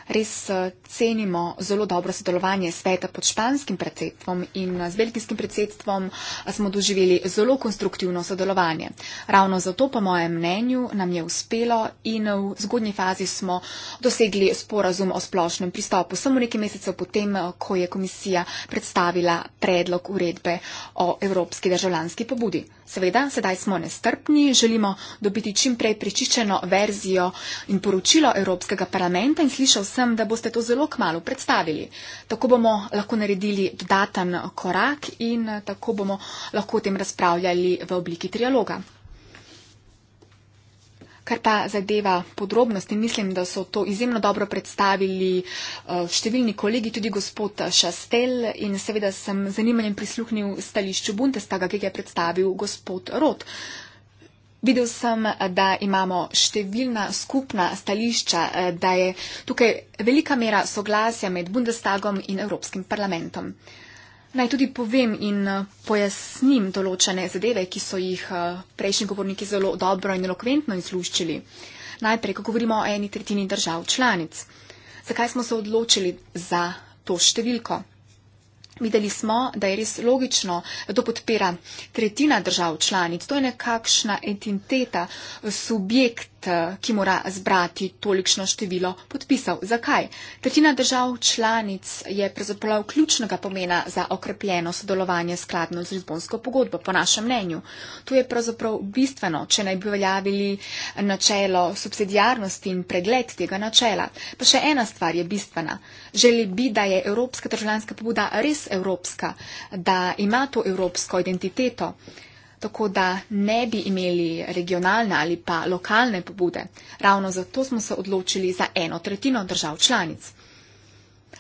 res eh, cenimo zelo dobro sodelovanje sveta pod španskim predsedstvom in eh, z belgijskim predsedstvom eh, smo doživeli zelo konstruktivno sodelovanje. Ravno zato, po mojem mnenju, nam je uspelo in v zgodnji fazi smo dosegli sporazum o splošnem pristopu, samo nekaj mesecev potem, ko je komisija predstavila predlog uredbe o evropski državljanski pobudi. Seveda, sedaj smo nestrpni, želimo dobiti čim prej prečičeno verzijo in poročilo Evropskega parlamenta in slišal sem, sem, da boste to zelo kmalo predstavili. Tako bomo lahko naredili dodaten korak in eh, tako bomo lahko o tem razpravljali v obliki trialoga. Kar pa zadeva podrobnosti, mislim, da so to izjemno dobro predstavili eh, številni kolegi, tudi gospod Šastel in seveda sem zanimanjem prisluhnil stališču Bundestaga, ki ga je predstavil gospod Roth. Videl sem, da imamo številna skupna stališča, eh, da je tukaj velika mera soglasja med Bundestagom in Evropskim parlamentom. Naj tudi povem in eh, pojasnim določene zadeve, ki so jih eh, prejšnji govorniki zelo dobro in elokventno izluščili. Najprej, ko govorimo o eni tretjini držav članic. Zakaj smo se odločili za to številko? Videli smo, da je res logično, da to podpira tretjina držav članic. To je nekakšna entiteta, subjekt Eh, ki mora zbrati tolikšno število podpisov. Zakaj? Tretjina držav članic je pravzaprav ključnega pomena za okrepljeno sodelovanje skladno z Lizbonsko pogodbo, po našem mnenju. To je pravzaprav bistveno, če naj bi veljavili načelo subsidijarnosti in pregled tega načela. Pa še ena stvar je bistvena. Želi bi, da je Evropska državljanska pobuda res evropska, da ima to evropsko identiteto tako da ne bi imeli regionalne ali pa lokalne pobude. Ravno zato smo se odločili za eno tretjino držav članic.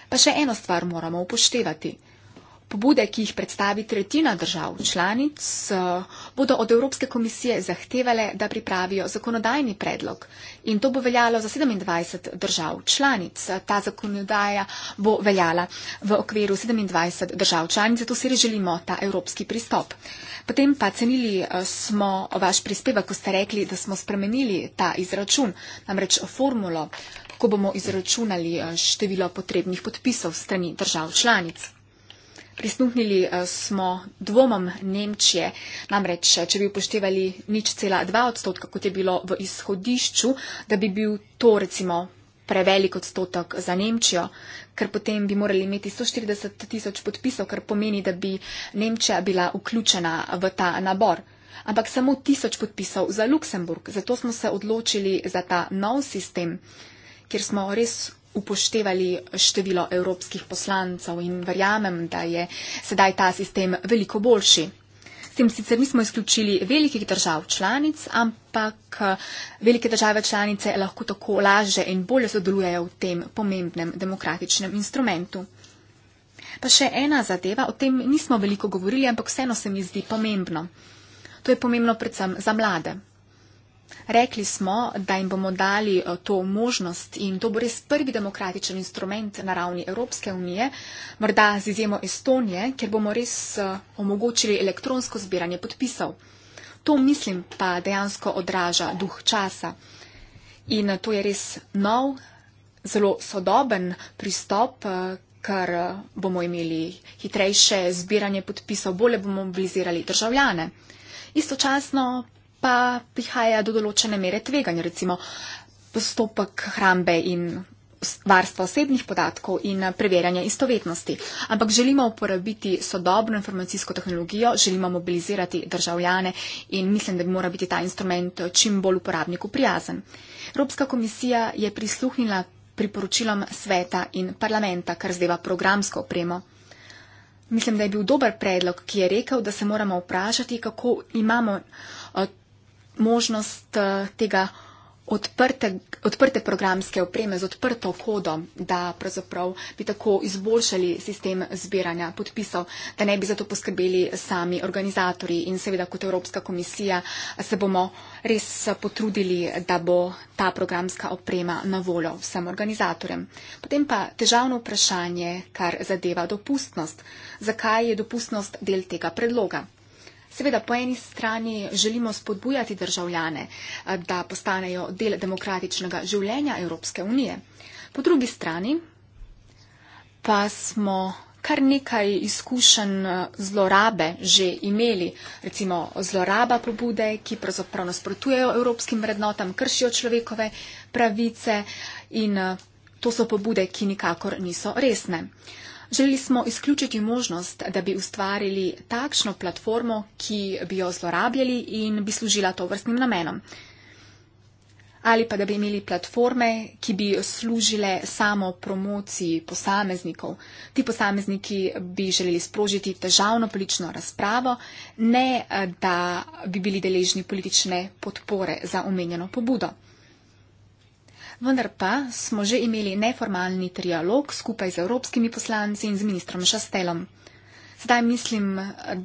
Pa še eno stvar moramo upoštevati. Pobude, ki jih predstavi tretjina držav članic, eh, bodo od Evropske komisije zahtevale, da pripravijo zakonodajni predlog. In to bo veljalo za 27 držav članic. Ta zakonodaja bo veljala v okviru 27 držav članic, zato si želimo ta evropski pristop. Potem pa cenili eh, smo vaš prispevek, ko ste rekli, da smo spremenili ta izračun, namreč formulo, ko bomo izračunali eh, število potrebnih podpisov strani držav članic. Prisluhnili eh, smo dvomom Nemčije, namreč, eh, če bi upoštevali nič cela dva odstotka, kot je bilo v izhodišču, da bi bil to recimo prevelik odstotek za Nemčijo, ker potem bi morali imeti 140 tisoč podpisov, kar pomeni, da bi Nemčija bila vključena v ta nabor. Ampak samo tisoč podpisov za Luksemburg, zato smo se odločili za ta nov sistem, kjer smo res upoštevali število evropskih poslancev in verjamem, da je sedaj ta sistem veliko boljši. S tem sicer nismo izključili velikih držav članic, ampak eh, velike države članice lahko tako laže in bolje sodelujejo v tem pomembnem demokratičnem instrumentu. Pa še ena zadeva, o tem nismo veliko govorili, ampak vseeno se mi zdi pomembno. To je pomembno predvsem za mlade. Rekli smo, da jim bomo dali eh, to možnost in to bo res prvi demokratičen instrument na ravni Evropske unije, morda z izjemo Estonije, ker bomo res eh, omogočili elektronsko zbiranje podpisov. To, mislim, pa dejansko odraža duh časa. In eh, to je res nov, zelo sodoben pristop, ker bomo imeli hitrejše zbiranje podpisov, bolje bomo mobilizirali državljane. Istočasno pa prihaja do določene mere tveganja, recimo postopek hrambe in varstva osebnih podatkov in eh, preverjanje istovetnosti. Ampak želimo uporabiti sodobno informacijsko tehnologijo, želimo mobilizirati državljane in mislim, da bi mora biti ta instrument eh, čim bolj uporabniku prijazen. Evropska komisija je prisluhnila priporočilom sveta in parlamenta, kar zdeva programsko opremo. Mislim, da je bil dober predlog, ki je rekel, da se moramo vprašati, kako imamo možnost eh, tega odprte, odprte programske opreme z odprto kodo, da pravzaprav bi tako izboljšali sistem zbiranja podpisov, da ne bi za to poskrbeli sami organizatori in seveda kot Evropska komisija eh, se bomo res eh, potrudili, da bo ta programska oprema na voljo vsem organizatorjem. Potem pa težavno vprašanje, kar zadeva dopustnost. Zakaj je dopustnost del tega predloga? Seveda po eni strani želimo spodbujati državljane, eh, da postanejo del demokratičnega življenja Evropske unije. Po drugi strani pa smo kar nekaj izkušenj eh, zlorabe že imeli, recimo zloraba pobude, ki pravzaprav nasprotujejo evropskim vrednotam, kršijo človekove pravice in eh, to so pobude, ki nikakor niso resne. Želeli smo izključiti možnost, da bi ustvarili takšno platformo, ki bi jo zlorabljali in bi služila to vrstnim namenom. Ali pa da bi imeli platforme, ki bi služile samo promociji posameznikov. Ti posamezniki bi želeli sprožiti težavno politično razpravo, ne da bi bili deležni politične podpore za omenjeno pobudo vendar pa smo že imeli neformalni trialog skupaj z evropskimi poslanci in z ministrom Šastelom. Zdaj mislim,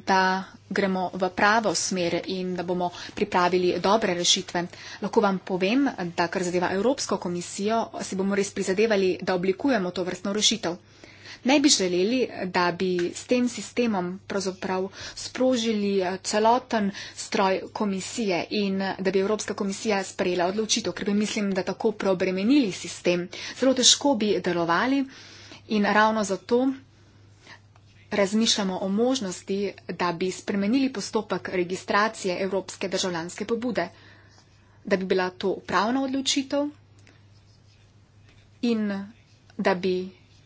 da gremo v pravo smer in da bomo pripravili dobre rešitve. Lahko vam povem, da kar zadeva Evropsko komisijo, si bomo res prizadevali, da oblikujemo to vrstno rešitev ne bi želeli, da bi s tem sistemom pravzaprav sprožili eh, celoten stroj komisije in da bi Evropska komisija sprejela odločitev, ker bi mislim, da tako preobremenili sistem. Zelo težko bi delovali in ravno zato razmišljamo o možnosti, da bi spremenili postopek registracije Evropske državljanske pobude, da bi bila to upravna odločitev in da bi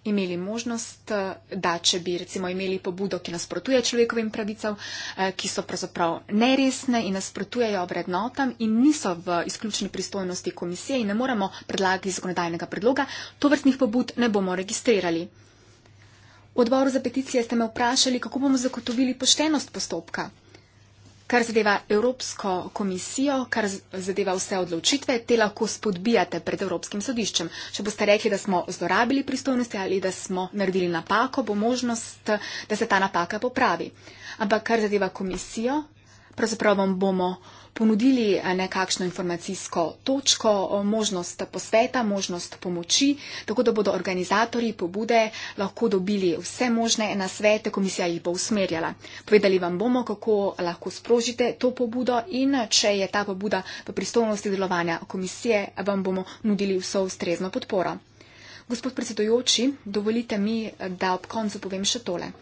imeli možnost, eh, da če bi recimo imeli pobudo, ki nasprotuje človekovim pravicam, eh, ki so pravzaprav neresne in nasprotujejo vrednotam in niso v izključni pristojnosti komisije in ne moremo predlagati zakonodajnega predloga, to vrstnih pobud ne bomo registrirali. V odboru za peticije ste me vprašali, kako bomo zagotovili poštenost postopka. Kar zadeva Evropsko komisijo, kar zadeva vse odločitve, te lahko spodbijate pred Evropskim sodiščem. Če boste rekli, da smo zlorabili pristojnosti ali da smo naredili napako, bo možnost, da se ta napaka popravi. Ampak kar zadeva komisijo, pravzaprav vam bomo ponudili eh, nekakšno informacijsko točko, možnost posveta, možnost pomoči, tako da bodo organizatorji pobude lahko dobili vse možne nasvete, komisija jih bo usmerjala. Povedali vam bomo, kako lahko sprožite to pobudo in eh, če je ta pobuda v pristojnosti delovanja komisije, vam bomo nudili vso ustrezno podporo. Gospod predsedojoči, dovolite mi, eh, da ob koncu povem še tole.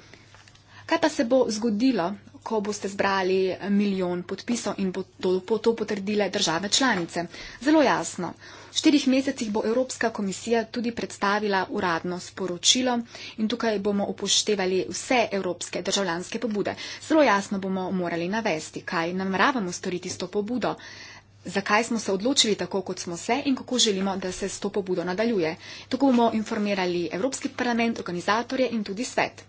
Kaj pa se bo zgodilo, ko boste zbrali milijon podpisov in bo to, bo to potrdile države članice? Zelo jasno. V štirih mesecih bo Evropska komisija tudi predstavila uradno sporočilo in tukaj bomo upoštevali vse evropske državljanske pobude. Zelo jasno bomo morali navesti, kaj nameravamo storiti s to pobudo, zakaj smo se odločili tako, kot smo se in kako želimo, da se s to pobudo nadaljuje. Tako bomo informirali Evropski parlament, organizatorje in tudi svet.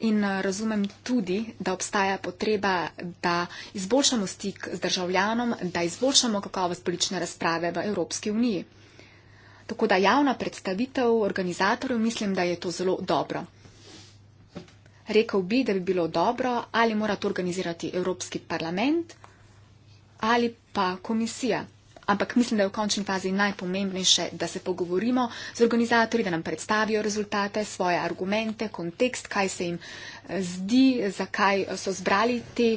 In eh, razumem tudi, da obstaja potreba, da izboljšamo stik z državljanom, da izboljšamo kakovost politične razprave v Evropski uniji. Tako da javna predstavitev organizatorjev mislim, da je to zelo dobro. Rekel bi, da bi bilo dobro, ali mora to organizirati Evropski parlament ali pa komisija ampak mislim, da je v končni fazi najpomembnejše, da se pogovorimo z organizatorji, da nam predstavijo rezultate, svoje argumente, kontekst, kaj se jim eh, zdi, zakaj so zbrali te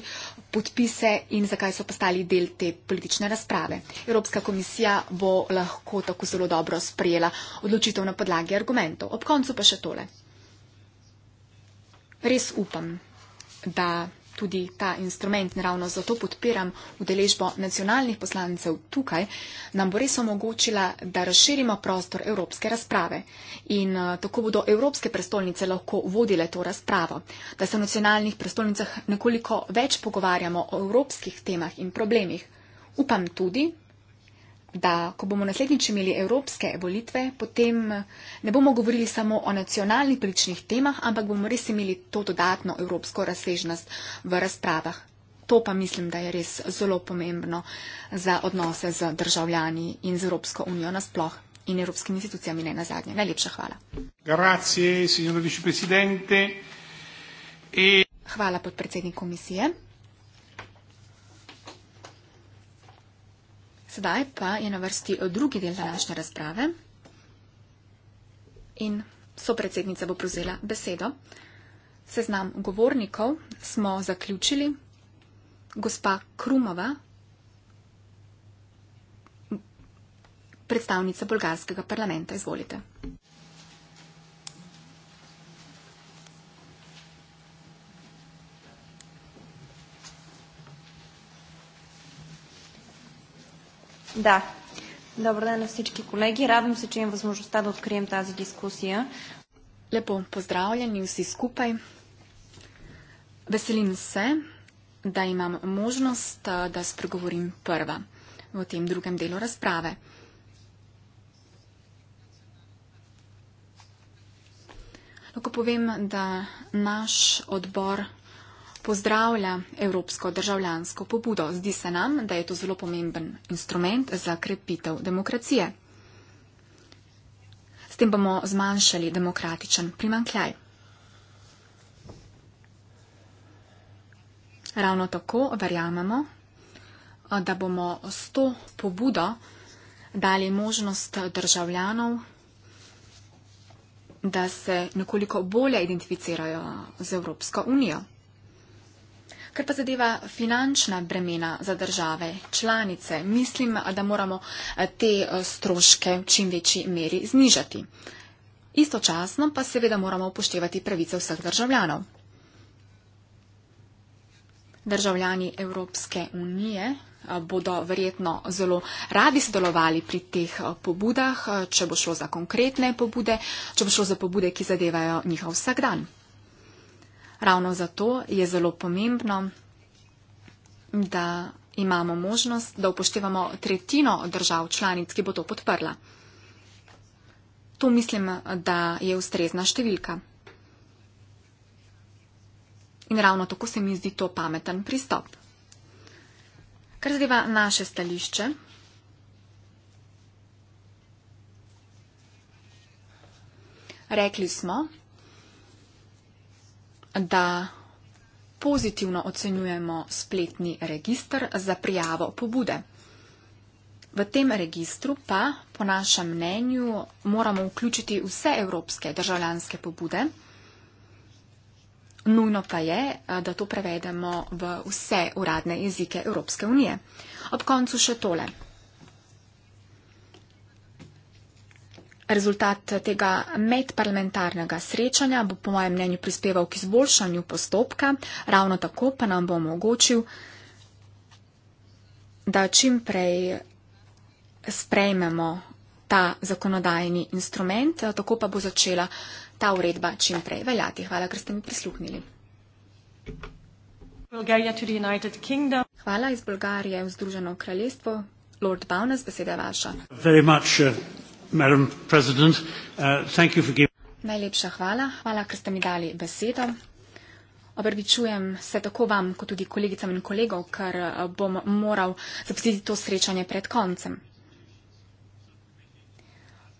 podpise in zakaj so postali del te politične razprave. Evropska komisija bo lahko tako zelo dobro sprejela odločitev na podlagi argumentov. Ob koncu pa še tole. Res upam, da tudi ta instrument. Ravno zato podpiram udeležbo nacionalnih poslancev tukaj, nam bo res omogočila, da razširimo prostor evropske razprave in eh, tako bodo evropske prestolnice lahko vodile to razpravo, da se v nacionalnih prestolnicah nekoliko več pogovarjamo o evropskih temah in problemih. Upam tudi, da ko bomo naslednjič imeli evropske volitve, potem ne bomo govorili samo o nacionalnih političnih temah, ampak bomo res imeli to dodatno evropsko razsežnost v razpravah. To pa mislim, da je res zelo pomembno za odnose z državljani in z Evropsko unijo nasploh in evropskimi institucijami ne nazadnje. Najlepša hvala. Grazie, e- hvala podpredsednik komisije. Sedaj pa je na vrsti drugi del današnje razprave in sopredsednica bo prevzela besedo. Seznam govornikov smo zaključili. Gospa Krumova, predstavnica bolgarskega parlamenta, izvolite. Да. Добър ден на всички колеги. Радвам се, че имам възможността да открием тази дискусия. Лепо поздравljeni vsi skupaj. Veselim se, da imam možnost, da spregovorim prva v tem drugem delu razprave. Lahko povem, da naš odbor pozdravlja evropsko državljansko pobudo. Zdi se nam, da je to zelo pomemben instrument za krepitev demokracije. S tem bomo zmanjšali demokratičen primankljaj. Ravno tako verjamemo, da bomo s to pobudo dali možnost državljanov, da se nekoliko bolje identificirajo z Evropsko unijo. Ker pa zadeva finančna bremena za države, članice, mislim, da moramo eh, te eh, stroške v čim večji meri znižati. Istočasno pa seveda moramo upoštevati pravice vseh državljanov. Državljani Evropske unije eh, bodo verjetno zelo radi sodelovali pri teh pobudah, če bo šlo za konkretne pobude, če bo šlo za pobude, ki zadevajo njihov vsakdan. Ravno zato je zelo pomembno, da imamo možnost, da upoštevamo tretjino držav članic, ki bo to podprla. To mislim, da je ustrezna številka. In ravno tako se mi zdi to pameten pristop. Kar zadeva naše stališče, rekli smo, da pozitivno ocenjujemo spletni registr za prijavo pobude. V tem registru pa, po našem mnenju, moramo vključiti vse evropske državljanske pobude. Nujno pa je, da to prevedemo v vse uradne jezike Evropske unije. Ob koncu še tole. Rezultat tega medparlamentarnega srečanja bo po mojem mnenju prispeval k izboljšanju postopka, ravno tako pa nam bo omogočil, da čim prej sprejmemo ta zakonodajni instrument, tako pa bo začela ta uredba čim prej veljati. Hvala, ker ste mi prisluhnili. Hvala iz Bolgarije v Združeno kraljestvo. Lord Baunas, beseda je vaša. Uh, Najlepša hvala, hvala, ker ste mi dali besedo. Obrvičujem se tako vam, kot tudi kolegicam in kolegov, ker uh, bom moral zapisiti to srečanje pred koncem.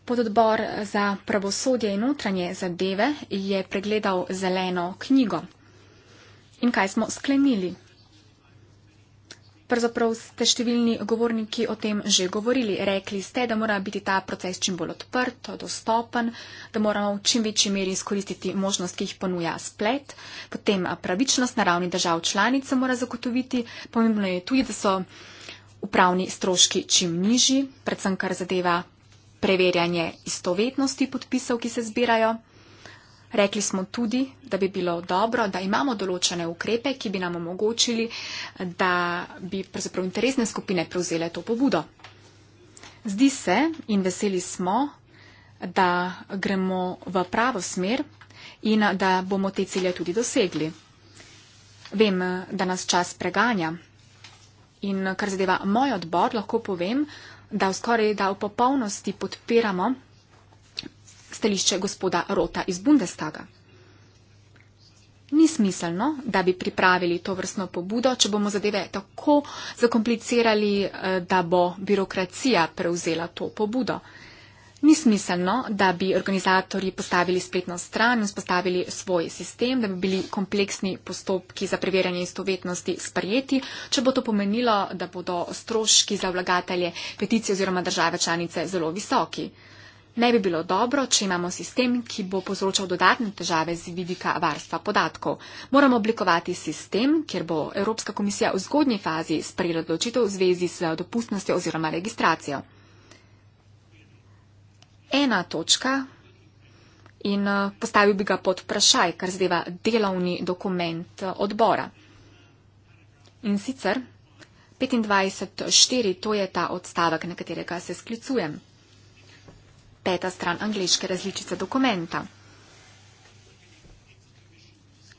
Pododbor za pravosodje in notranje zadeve je pregledal zeleno knjigo. In kaj smo sklenili? Pravzaprav ste številni govorniki o tem že govorili. Rekli ste, da mora biti ta proces čim bolj odprt, dostopen, da moramo v čim večji meri izkoristiti možnost, ki jih ponuja splet. Potem pravičnost na ravni držav članice mora zagotoviti. Pomembno je tudi, da so upravni stroški čim nižji, predvsem kar zadeva preverjanje istovetnosti podpisov, ki se zbirajo. Rekli smo tudi, da bi bilo dobro, da imamo določene ukrepe, ki bi nam omogočili, da bi pravzaprav interesne skupine prevzele to pobudo. Zdi se in veseli smo, da gremo v pravo smer in da bomo te cilje tudi dosegli. Vem, da nas čas preganja. In kar zadeva moj odbor, lahko povem, da skoraj da v popolnosti podpiramo stališče gospoda Rota iz Bundestaga. Ni smiselno, da bi pripravili to vrstno pobudo, če bomo zadeve tako zakomplicirali, eh, da bo birokracija prevzela to pobudo. Ni smiselno, da bi organizatorji postavili spletno stran in spostavili svoj sistem, da bi bili kompleksni postopki za preverjanje istovetnosti sprejeti, če bo to pomenilo, da bodo stroški za vlagatelje peticije oziroma države članice zelo visoki. Ne bi bilo dobro, če imamo sistem, ki bo povzročal dodatne težave z vidika varstva podatkov. Moramo oblikovati sistem, kjer bo Evropska komisija v zgodnji fazi sprejela odločitev v zvezi s dopustnostjo oziroma registracijo. Ena točka in eh, postavil bi ga pod vprašaj, kar zadeva delovni dokument eh, odbora. In sicer 25.4. to je ta odstavek, na katerega se sklicujem peta stran angliške različice dokumenta.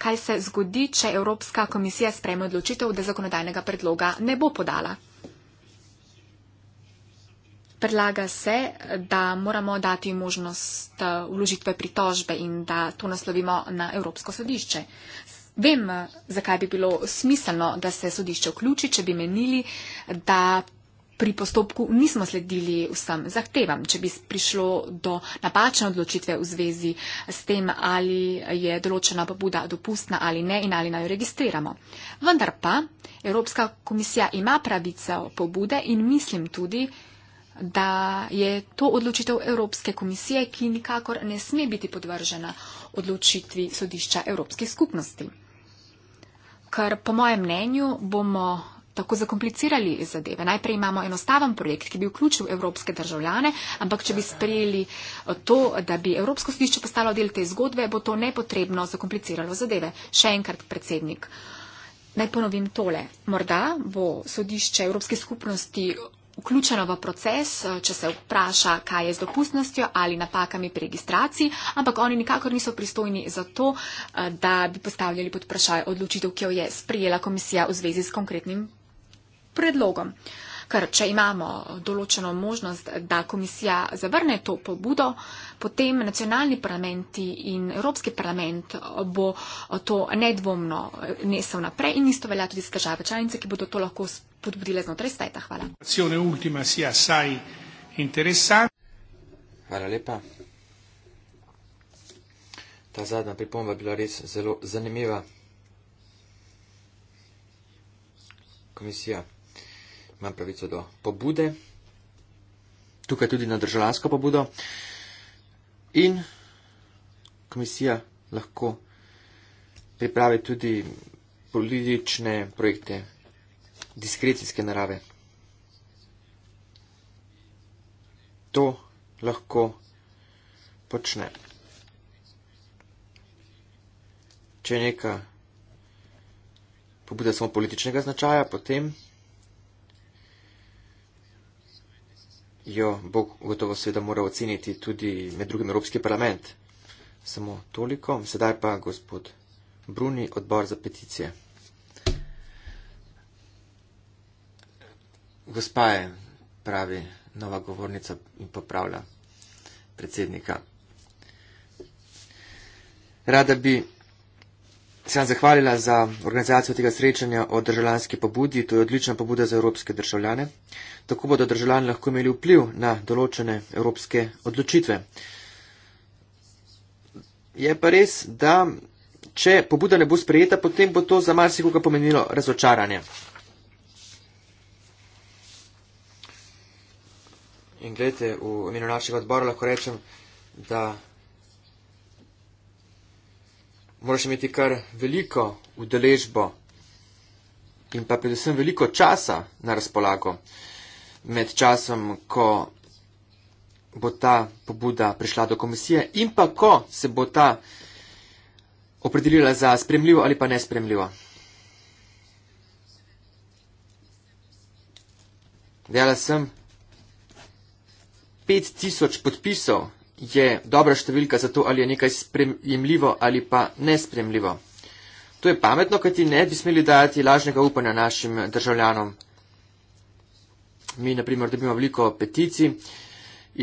Kaj se zgodi, če Evropska komisija spreme odločitev, da zakonodajnega predloga ne bo podala? Predlaga se, da moramo dati možnost uložitve eh, pritožbe in da to naslovimo na Evropsko sodišče. Vem, eh, zakaj bi bilo smiselno, da se sodišče vključi, če bi menili, da pri postopku nismo sledili vsem zahtevam. Če bi prišlo do napačne odločitve v zvezi s tem, ali je določena pobuda dopustna ali ne in ali naj jo registriramo. Vendar pa Evropska komisija ima pravico pobude in mislim tudi, da je to odločitev Evropske komisije, ki nikakor ne sme biti podvržena odločitvi sodišča Evropske skupnosti. Ker po mojem mnenju bomo tako zakomplicirali zadeve. Najprej imamo enostaven projekt, ki bi vključil evropske državljane, ampak če bi sprejeli eh, to, da bi Evropsko sodišče postalo del te zgodbe, bo to nepotrebno zakompliciralo zadeve. Še enkrat, predsednik, naj ponovim tole. Morda bo sodišče Evropske skupnosti vključeno v proces, eh, če se vpraša, kaj je z dopustnostjo ali napakami pri registraciji, ampak oni nikakor niso pristojni za to, eh, da bi postavljali pod vprašaj odločitev, ki jo je sprijela komisija v zvezi s konkretnim predlogom. Ker če imamo določeno možnost, da komisija zavrne to pobudo, potem nacionalni parlamenti in Evropski parlament bo to nedvomno nesel naprej in isto velja tudi za države članice, ki bodo to lahko spodbudile znotraj sveta. Hvala. Hvala lepa. Ta zadnja pripomba je bila res zelo zanimiva. Komisija imam pravico do pobude, tukaj tudi na državljansko pobudo in komisija lahko pripravi tudi politične projekte diskrecijske narave. To lahko počne. Če je neka pobuda samo političnega značaja, potem jo bo gotovo seveda moral oceniti tudi med drugim Evropski parlament. Samo toliko. Sedaj pa gospod Bruni, odbor za peticije. Gospa je, pravi nova govornica in popravlja predsednika. Rada bi se vam zahvalila za organizacijo tega srečanja o državljanski pobudi. To je odlična pobuda za evropske državljane. Tako bodo državljani lahko imeli vpliv na določene evropske odločitve. Je pa res, da če pobuda ne bo sprejeta, potem bo to za marsikoga pomenilo razočaranje. In gledajte, v imenu našega odbora lahko rečem, da moraš imeti kar veliko udeležbo in pa predvsem veliko časa na razpolago med časom, ko bo ta pobuda prišla do komisije in pa ko se bo ta opredelila za spremljivo ali pa nespremljivo. Dejala sem 5000 podpisov je dobra številka za to, ali je nekaj sprejemljivo ali pa nesprejemljivo. To je pametno, kaj ti ne bi smeli dajati lažnega upanja našim državljanom. Mi, naprimer, dobimo veliko peticij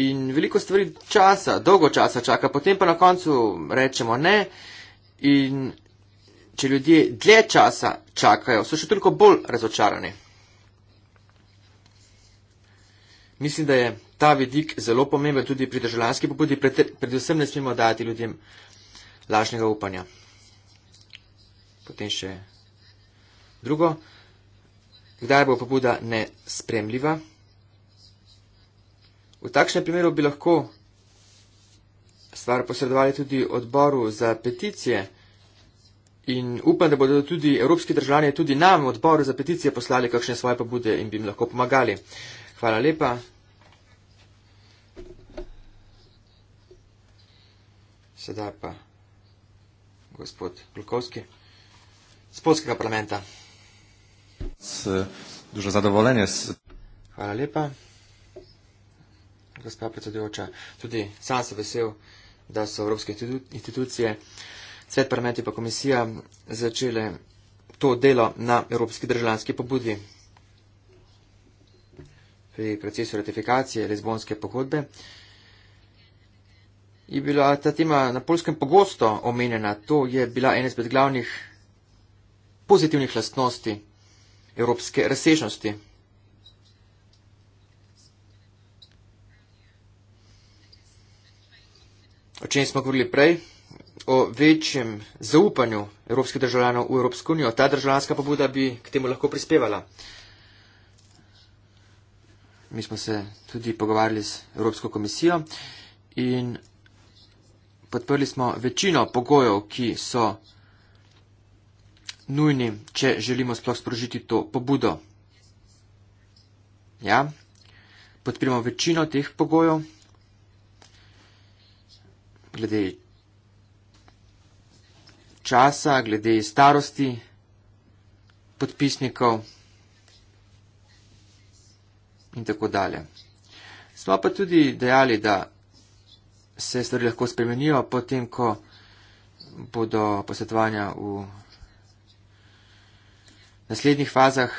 in veliko stvari časa, dolgo časa čaka, potem pa na koncu rečemo ne in če ljudje dlje časa čakajo, so še toliko bolj razočarani. Mislim, da je ta vidik zelo pomemben tudi pri državljanski pobudi, predvsem ne smemo dati ljudem lažnega upanja. Potem še drugo, kdaj bo pobuda nespremljiva. V takšnem primeru bi lahko stvar posredovali tudi odboru za peticije in upam, da bodo tudi evropski državljani tudi nam odboru za peticije poslali kakšne svoje pobude in bi jim lahko pomagali. Hvala lepa. Sedaj pa gospod Glukovski, z polskega parlamenta. S dužo zadovoljenje. S... Hvala lepa, gospa predsedujoča. Tudi sam sem vesel, da so evropske institucije, svet parlament in pa komisija začele to delo na evropski državljanski pobudi pri procesu ratifikacije Lizbonske pogodbe je bila ta tema na polskem pogosto omenjena. To je bila ena izmed glavnih pozitivnih lastnosti evropske razsežnosti. O čem smo govorili prej? O večjem zaupanju evropskih državljanov v Evropsko unijo. Ta državljanska pobuda bi k temu lahko prispevala. Mi smo se tudi pogovarjali z Evropsko komisijo in podprli smo večino pogojev, ki so nujni, če želimo sploh sprožiti to pobudo. Ja, podpiramo večino teh pogojev, glede časa, glede starosti podpisnikov in tako dalje. Smo pa tudi dejali, da se stvari lahko spremenijo, potem ko bodo posvetovanja v naslednjih fazah.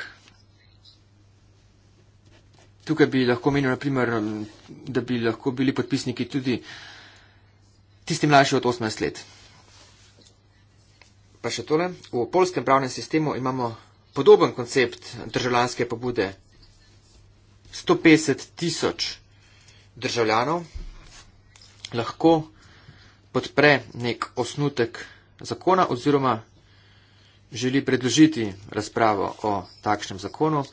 Tukaj bi lahko menil, naprimer, da bi lahko bili podpisniki tudi tisti mlajši od 18 let. Pa še tole. V polskem pravnem sistemu imamo podoben koncept državljanske pobude. 150 tisoč državljanov lahko podpre nek osnutek zakona oziroma želi predložiti razpravo o takšnem zakonu.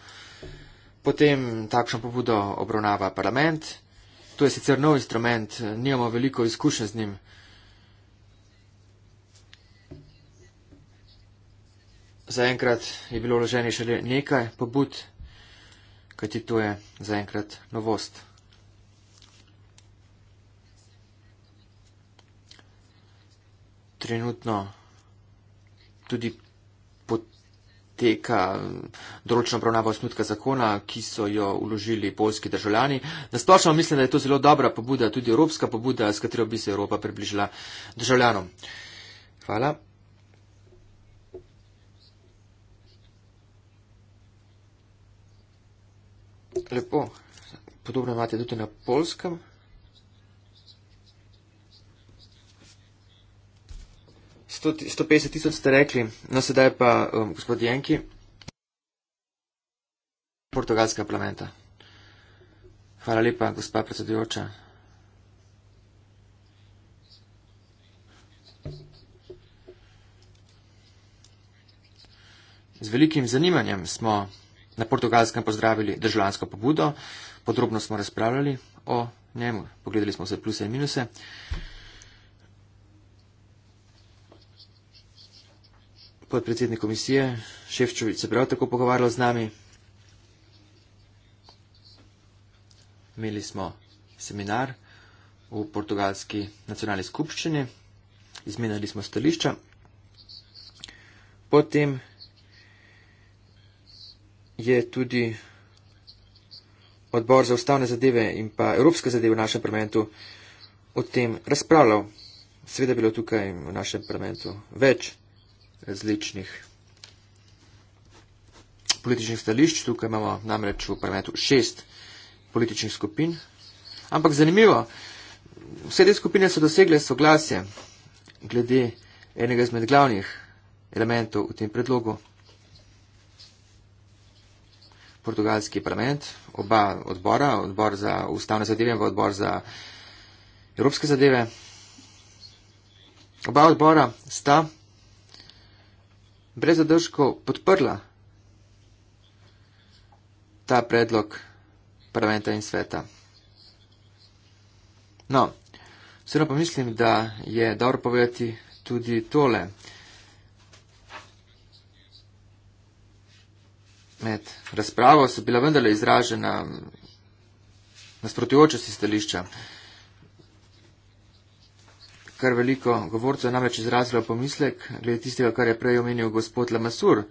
Potem takšno pobudo obravnava parlament. To je sicer nov instrument, nimamo veliko izkušenj z njim. Zaenkrat je bilo vloženih šele nekaj pobud, kajti to je zaenkrat novost. trenutno tudi poteka določena obravnava osnutka zakona, ki so jo uložili polski državljani. Nasplošno mislim, da je to zelo dobra pobuda, tudi evropska pobuda, s katero bi se Evropa približila državljanom. Hvala. Lepo, podobno imate tudi na polskem. 150 tisoč ste rekli, no sedaj pa, um, gospod Jenki, portugalska plamenta. Hvala lepa, gospa predsedujoča. Z velikim zanimanjem smo na portugalskem pozdravili državljansko pobudo, podrobno smo razpravljali o njemu, pogledali smo vse pluse in minuse. podpredsednik komisije Ševčovič se prav tako pogovarjal z nami. Imeli smo seminar v portugalski nacionalni skupščini, izmenjali smo stališča. Potem je tudi odbor za ustavne zadeve in pa evropske zadeve v našem parlamentu o tem razpravljal. Seveda je bilo tukaj v našem parlamentu več različnih političnih stališč. Tukaj imamo namreč v parlamentu šest političnih skupin. Ampak zanimivo, vse te skupine so dosegle soglasje glede enega izmed glavnih elementov v tem predlogu. Portugalski parlament, oba odbora, odbor za ustavne zadeve in odbor za evropske zadeve. Oba odbora sta brez zadržkov podprla ta predlog parlamenta in sveta. No, vseeno pa mislim, da je dobro povedati tudi tole. Med razpravo so bila vendarle izražena nasprotujoča si stališča kar veliko govorcev namreč izrazilo pomislek glede tistega, kar je prej omenil gospod Lamasur.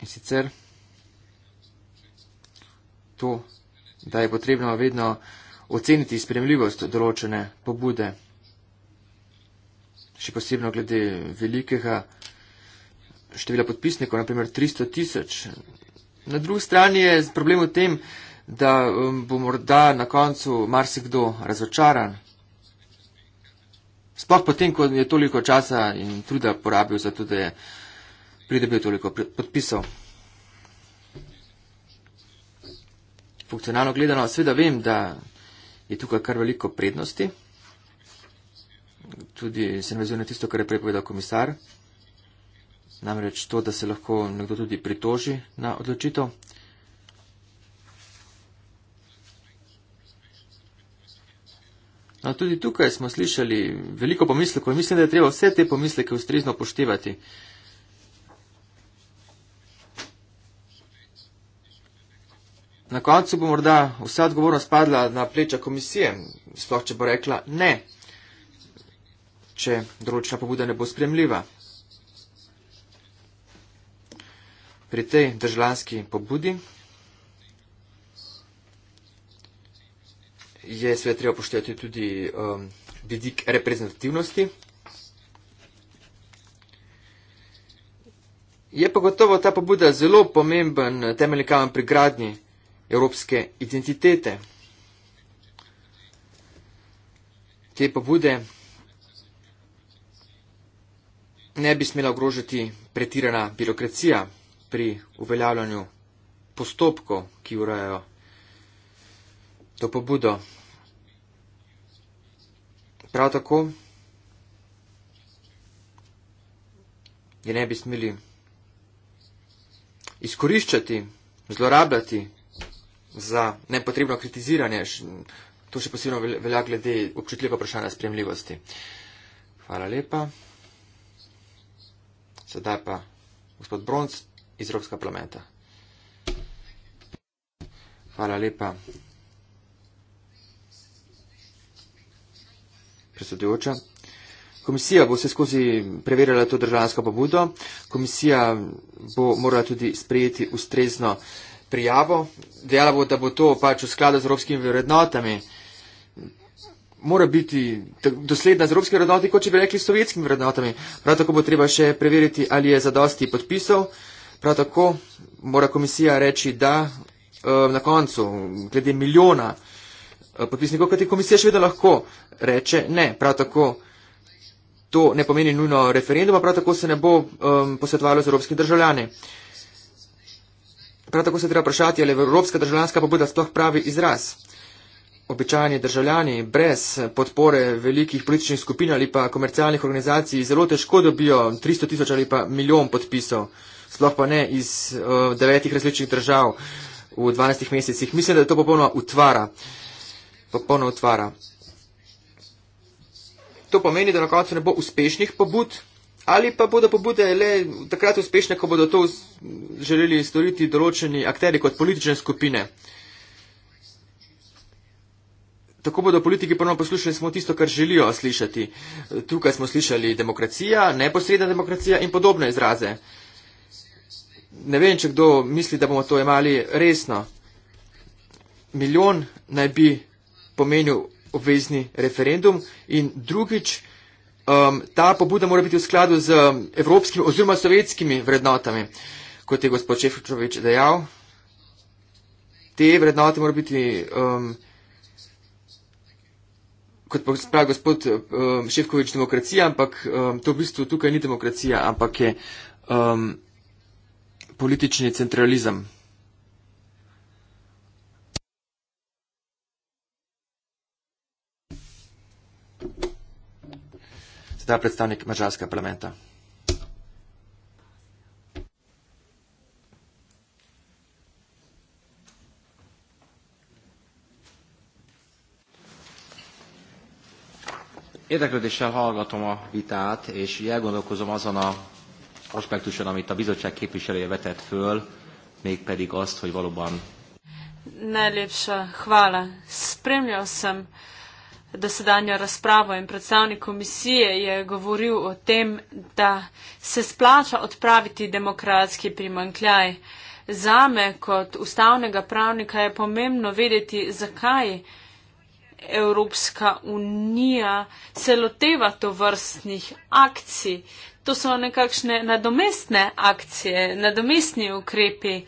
In sicer to, da je potrebno vedno oceniti spremljivost določene pobude, še posebno glede velikega števila podpisnikov, naprimer 300 tisoč. Na drugi strani je problem v tem, da um, bo morda na koncu marsikdo razočaran. Sploh potem, ko je toliko časa in truda porabil za to, da je pridobil toliko podpisov. Funkcionalno gledano, sveda vem, da je tukaj kar veliko prednosti. Tudi se navezuje na tisto, kar je prepovedal komisar. Namreč to, da se lahko nekdo tudi pritoži na odločitev. No, tudi tukaj smo slišali veliko pomislekov in mislim, da je treba vse te pomisleke ustrezno poštevati. Na koncu bo morda vsa odgovornost padla na pleča komisije, sploh če bo rekla ne, če določena pobuda ne bo spremljiva. Pri tej državljanski pobudi je seveda treba poštevati tudi um, vidik reprezentativnosti. Je pa gotovo ta pobuda zelo pomemben temeljni kamen pri gradnji evropske identitete. Te pobude ne bi smela ogrožati pretirana birokracija pri uveljavljanju postopkov, ki urejajo to pobudo. Prav tako je ne bi smeli izkoriščati, zlorabljati za nepotrebno kritiziranje. To še posebno velja glede občutljiva vprašanja spremljivosti. Hvala lepa. Sedaj pa gospod Bronc iz Evropska parlamenta. Hvala lepa. predsedujoča. Komisija bo se skozi preverjala to državsko pobudo. Komisija bo morala tudi sprejeti ustrezno prijavo. Dejala bo, da bo to pač v skladu z evropskimi vrednotami. Mora biti dosledna z evropskimi vrednotami, kot če bi rekli s sovjetskimi vrednotami. Prav tako bo treba še preveriti, ali je zadosti podpisov. Prav tako mora komisija reči, da eh, na koncu, glede milijona Eh, podpisnikov, kajti komisija še vedno lahko reče ne. Prav tako to ne pomeni nujno referenduma, prav tako se ne bo um, posvetovalo z evropskim državljani. Prav tako se treba vprašati, ali je evropska državljanska pobuda sploh pravi izraz. Običajni državljani brez podpore velikih političnih skupin ali pa komercialnih organizacij zelo težko dobijo 300 tisoč ali pa milijon podpisov, sploh pa ne iz uh, devetih različnih držav v 12 mesecih. Mislim, da je to popolnoma utvara. Uh, popolno utvara. To pomeni, da na koncu ne bo uspešnih pobud ali pa bodo pobude le takrat uspešne, ko bodo to želeli storiti določeni akteri kot politične skupine. Tako bodo politiki ponovno poslušali samo tisto, kar želijo slišati. Tukaj smo slišali demokracija, neposredna demokracija in podobne izraze. Ne vem, če kdo misli, da bomo to imali resno. Milijon naj bi pomenil obvezni referendum in drugič, um, ta pobuda mora biti v skladu z evropskimi oziroma sovjetskimi vrednotami, kot je gospod Čefičovič dejal. Te vrednote mora biti. Um, kot pravi gospod um, Šefkovič, demokracija, ampak um, to v bistvu tukaj ni demokracija, ampak je um, politični centralizem. da predstavnik mađarskega parlamenta. Érdeklődéssel hallgatom a vitát, és elgondolkozom azon a aspektuson, amit a bizottság képviselője vetett föl, mégpedig azt, hogy valóban. Najlepša hvala. Spremljal sem dosedanjo razpravo in predstavnik komisije je govoril o tem, da se splača odpraviti demokratski primankljaj. Zame kot ustavnega pravnika je pomembno vedeti, zakaj Evropska unija se loteva to vrstnih akcij. To so nekakšne nadomestne akcije, nadomestni ukrepi.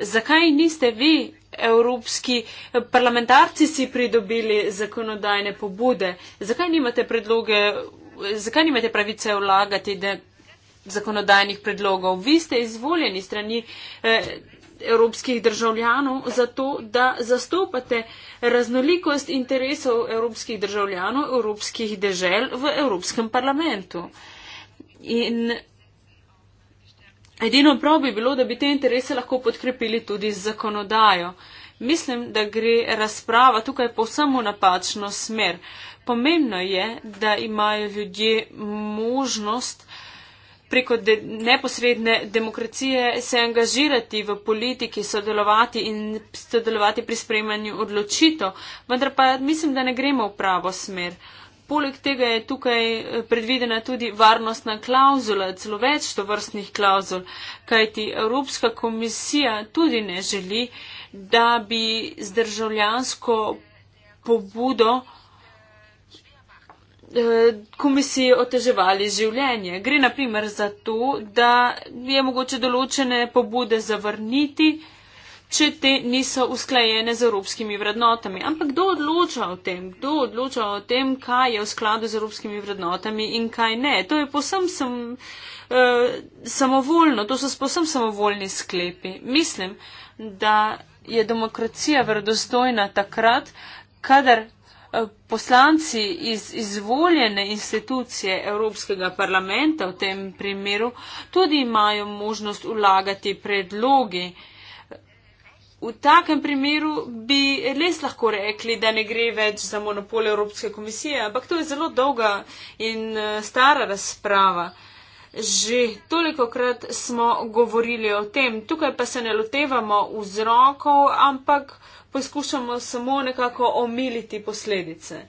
Zakaj niste vi evropski eh, parlamentarci si pridobili zakonodajne pobude. Zakaj nimate predloge, eh, zakaj nimate pravice vlagati de, zakonodajnih predlogov? Vi ste izvoljeni strani eh, evropskih državljanov zato, da zastopate raznolikost interesov evropskih državljanov, evropskih dežel v Evropskem parlamentu. In Edino prav bi bilo, da bi te interese lahko podkrepili tudi z zakonodajo. Mislim, da gre razprava tukaj povsem v napačno smer. Pomembno je, da imajo ljudje možnost preko de neposredne demokracije se angažirati v politiki, sodelovati in sodelovati pri sprejemanju odločitev, vendar pa mislim, da ne gremo v pravo smer. Poleg tega je tukaj eh, predvidena tudi varnostna klauzula, celo več to vrstnih klauzul, kajti Evropska komisija tudi ne želi, da bi z državljansko pobudo eh, komisiji oteževali življenje. Gre naprimer za to, da je mogoče določene pobude zavrniti če te niso usklajene z evropskimi vrednotami. Ampak kdo odloča o tem? Kdo odloča o tem, kaj je v skladu z evropskimi vrednotami in kaj ne? To je posem sem, uh, samovoljno, to so posem samovoljni sklepi. Mislim, da je demokracija verodostojna takrat, kadar eh, poslanci iz izvoljene institucije Evropskega parlamenta v tem primeru tudi imajo možnost ulagati predlogi uh, V takem primeru bi res lahko rekli, da ne gre več za monopol Evropske komisije, ampak to je zelo dolga in eh, stara razprava. Že toliko krat smo govorili o tem, tukaj pa se ne lotevamo vzrokov, ampak poskušamo samo nekako omiliti posledice.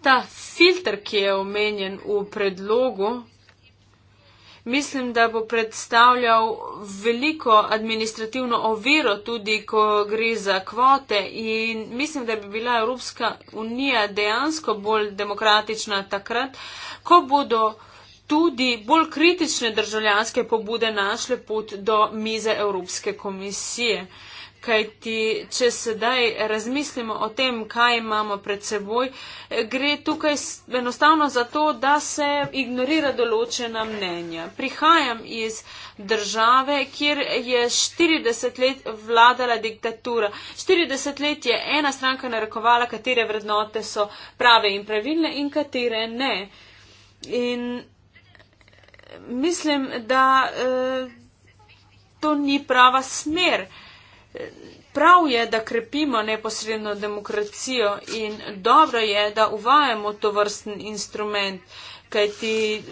Ta filter, ki je omenjen v predlogu, Mislim, da bo predstavljal veliko administrativno oviro, tudi ko gre za kvote in mislim, da bi bila Evropska unija dejansko bolj demokratična takrat, ko bodo tudi bolj kritične državljanske pobude našle pot do mize Evropske komisije. Kaj ti, če sedaj razmislimo o tem, kaj imamo pred seboj, gre tukaj enostavno za to, da se ignorira določena mnenja. Prihajam iz države, kjer je 40 let vladala diktatura. 40 let je ena stranka narekovala, katere vrednote so prave in pravilne in katere ne. In mislim, da eh, to ni prava smer prav je, da krepimo neposredno demokracijo in dobro je, da uvajamo to vrsten instrument, kajti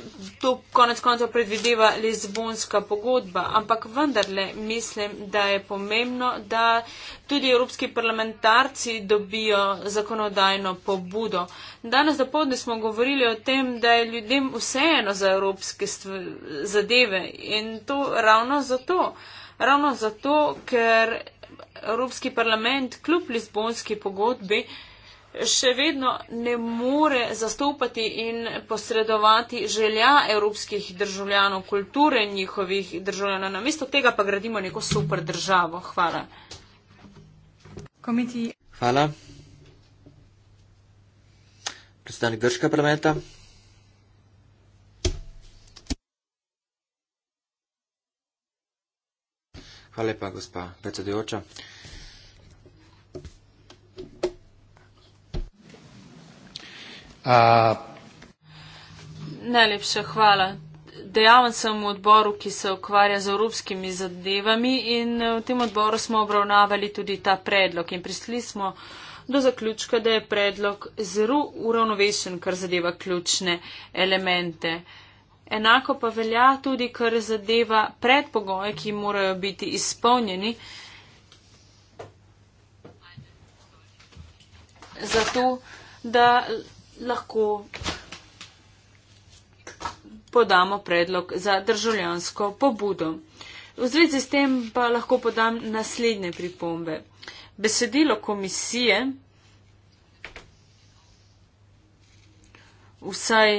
to konec konca predvideva Lizbonska pogodba. Ampak vendarle mislim, da je pomembno, da tudi evropski parlamentarci dobijo zakonodajno pobudo. Danes dopoldne smo govorili o tem, da je ljudem vseeno za evropske zadeve in to ravno zato. Ravno zato, ker Evropski parlament kljub Lizbonski pogodbi še vedno ne more zastopati in posredovati želja evropskih državljanov, kulture njihovih državljanov. Namesto tega pa gradimo neko super državo. Hvala. Komitij. Hvala. Predstavnik Grškega parlamenta. Hvala lepa, gospa predsedujoča. A... Najlepša hvala. Dejavan sem v odboru, ki se ukvarja z evropskimi zadevami in eh, v tem odboru smo obravnavali tudi ta predlog in prišli smo do zaključka, da je predlog zelo uravnovešen, kar zadeva ključne elemente. Enako pa velja tudi, kar zadeva predpogoje, ki morajo biti izpolnjeni. Zato, da lahko podamo predlog za državljansko pobudo. V zvezi s tem pa lahko podam naslednje pripombe. Besedilo komisije, vsaj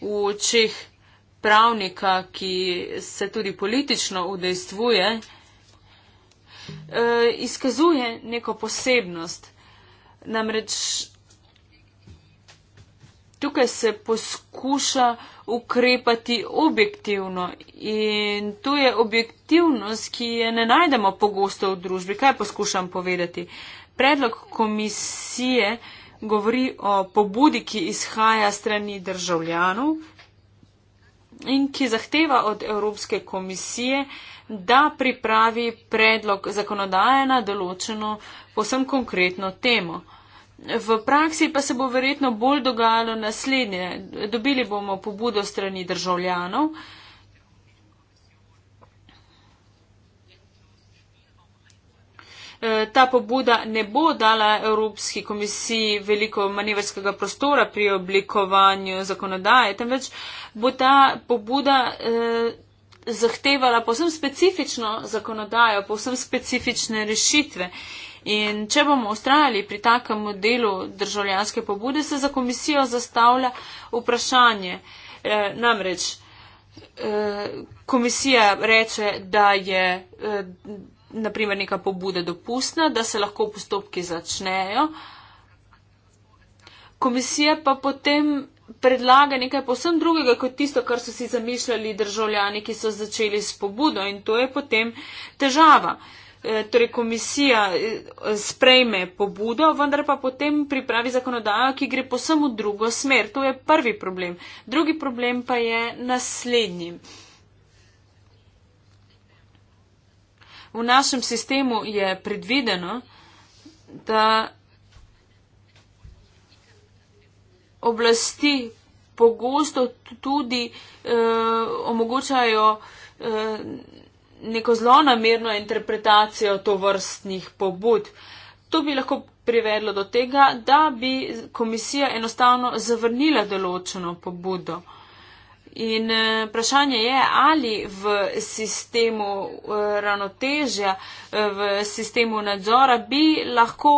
v očeh pravnika, ki se tudi politično udejstvuje, eh, izkazuje neko posebnost. Namreč tukaj se poskuša ukrepati objektivno in tu je objektivnost, ki je ne najdemo pogosto v družbi. Kaj poskušam povedati? Predlog komisije govori o pobudi, ki izhaja strani državljanov in ki zahteva od Evropske komisije, da pripravi predlog zakonodaje na določeno posem konkretno temo. V praksi pa se bo verjetno bolj dogajalo naslednje. Dobili bomo pobudo strani državljanov, Eh, ta pobuda ne bo dala Evropski komisiji veliko manevrskega prostora pri oblikovanju zakonodaje, temveč bo ta pobuda eh, zahtevala posebno specifično zakonodajo, posebno specifične rešitve. In če bomo ustrajali pri takem modelu državljanske pobude, se za komisijo zastavlja vprašanje. E, namreč, e, komisija reče, da je. E, naprimer neka pobuda dopustna, da se lahko postopki začnejo. Komisija pa potem predlaga nekaj posem drugega kot tisto, kar so si zamišljali državljani, ki so začeli s pobudo in to je potem težava. E, torej, komisija e, sprejme pobudo, vendar pa potem pripravi zakonodajo, ki gre posem v drugo smer. To je prvi problem. Drugi problem pa je naslednji. v našem sistemu je predvideno, da oblasti pogosto tudi eh, omogočajo eh, neko zlonamerno interpretacijo to vrstnih pobud. To bi lahko privedlo do tega, da bi komisija enostavno zavrnila določeno pobudo. In eh, vprašanje je, ali v sistemu eh, ravnotežja, eh, v sistemu nadzora bi lahko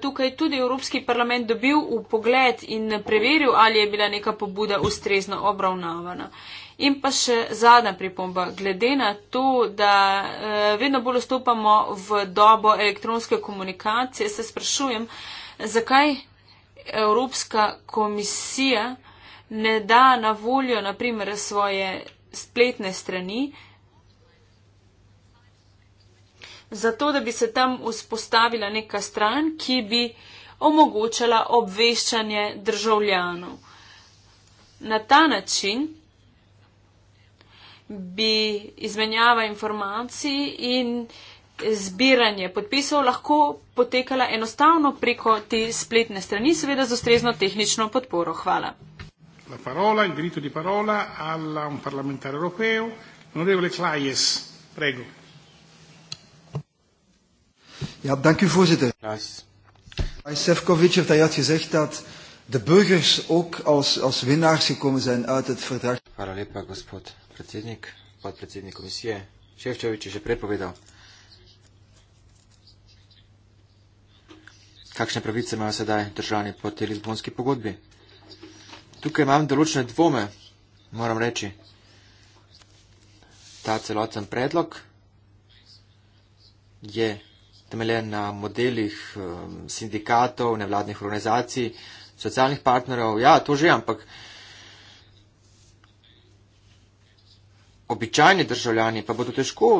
tukaj tudi Evropski parlament dobil v pogled in preveril, ali je bila neka pobuda ustrezno obravnavana. In pa še zadnja pripomba. Glede na to, da vedno bolj vstopamo v dobo elektronske komunikacije, se sprašujem, zakaj Evropska komisija ne da na voljo, naprimer, svoje spletne strani, zato da bi se tam vzpostavila neka stran, ki bi omogočala obveščanje državljanov. Na ta način bi izmenjava informacij in zbiranje podpisov lahko potekala enostavno preko te spletne strani, seveda z ustrezno tehnično podporo. Hvala la parola, il diritto di parola a un parlamentare europeo, l'onorevole Claes. Prego. Ja, dank u voorzitter. Sefcovic heeft daar juist gezegd dat de burgers ook als, als winnaars gekomen zijn uit het verdrag. Hvala lepa, gospod predsednik, podpredsednik komisije. Šefčovič je že prepovedal. Kakšne pravice imajo sedaj državni po te Lizbonski pogodbi? Tukaj imam določene dvome, moram reči. Ta celoten predlog je temeljen na modelih um, sindikatov, nevladnih organizacij, socialnih partnerov. Ja, to že, ampak običajni državljani pa bodo težko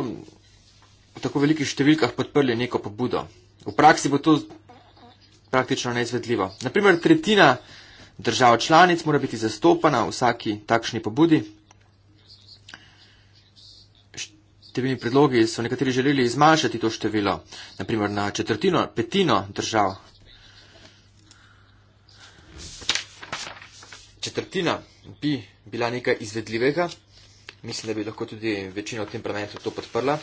v tako velikih številkah podprli neko pobudo. V praksi bo to praktično neizvedljivo. Naprimer, tretjina Država članic mora biti zastopana v vsaki takšni pobudi. Številni predlogi so nekateri želeli izmanjšati to število, naprimer na četrtino, petino držav. Četrtina bi bila nekaj izvedljivega. Mislim, da bi lahko tudi večina v tem parlamentu to podprla.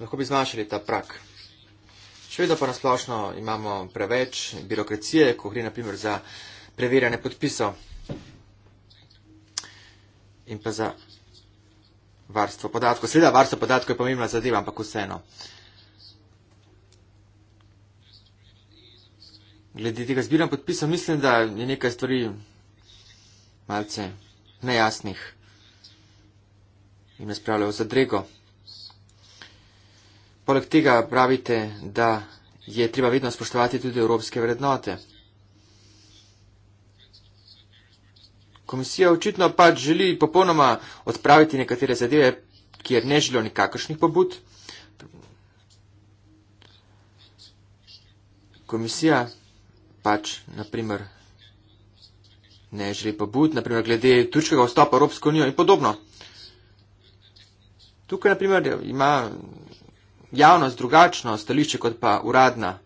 Lahko bi zmanjšali ta prak. Še vedno pa nasplošno imamo preveč birokracije, ko gre naprimer za preverjanje podpisov in pa za varstvo podatkov. Seveda varstvo podatkov je pomembna zadeva, ampak vseeno. Glede tega zbiranja podpisov mislim, da je nekaj stvari malce nejasnih in nas pravljajo za drego. Poleg tega pravite, da je treba vedno spoštovati tudi evropske vrednote. Komisija očitno pač želi popolnoma odpraviti nekatere zadeve, kjer ne želijo nikakršnih pobud. Komisija pač, naprimer, ne želi pobud, naprimer, glede turškega vstopa v Evropsko unijo in podobno. Tukaj, naprimer, ima javnost drugačno stališče kot pa uradna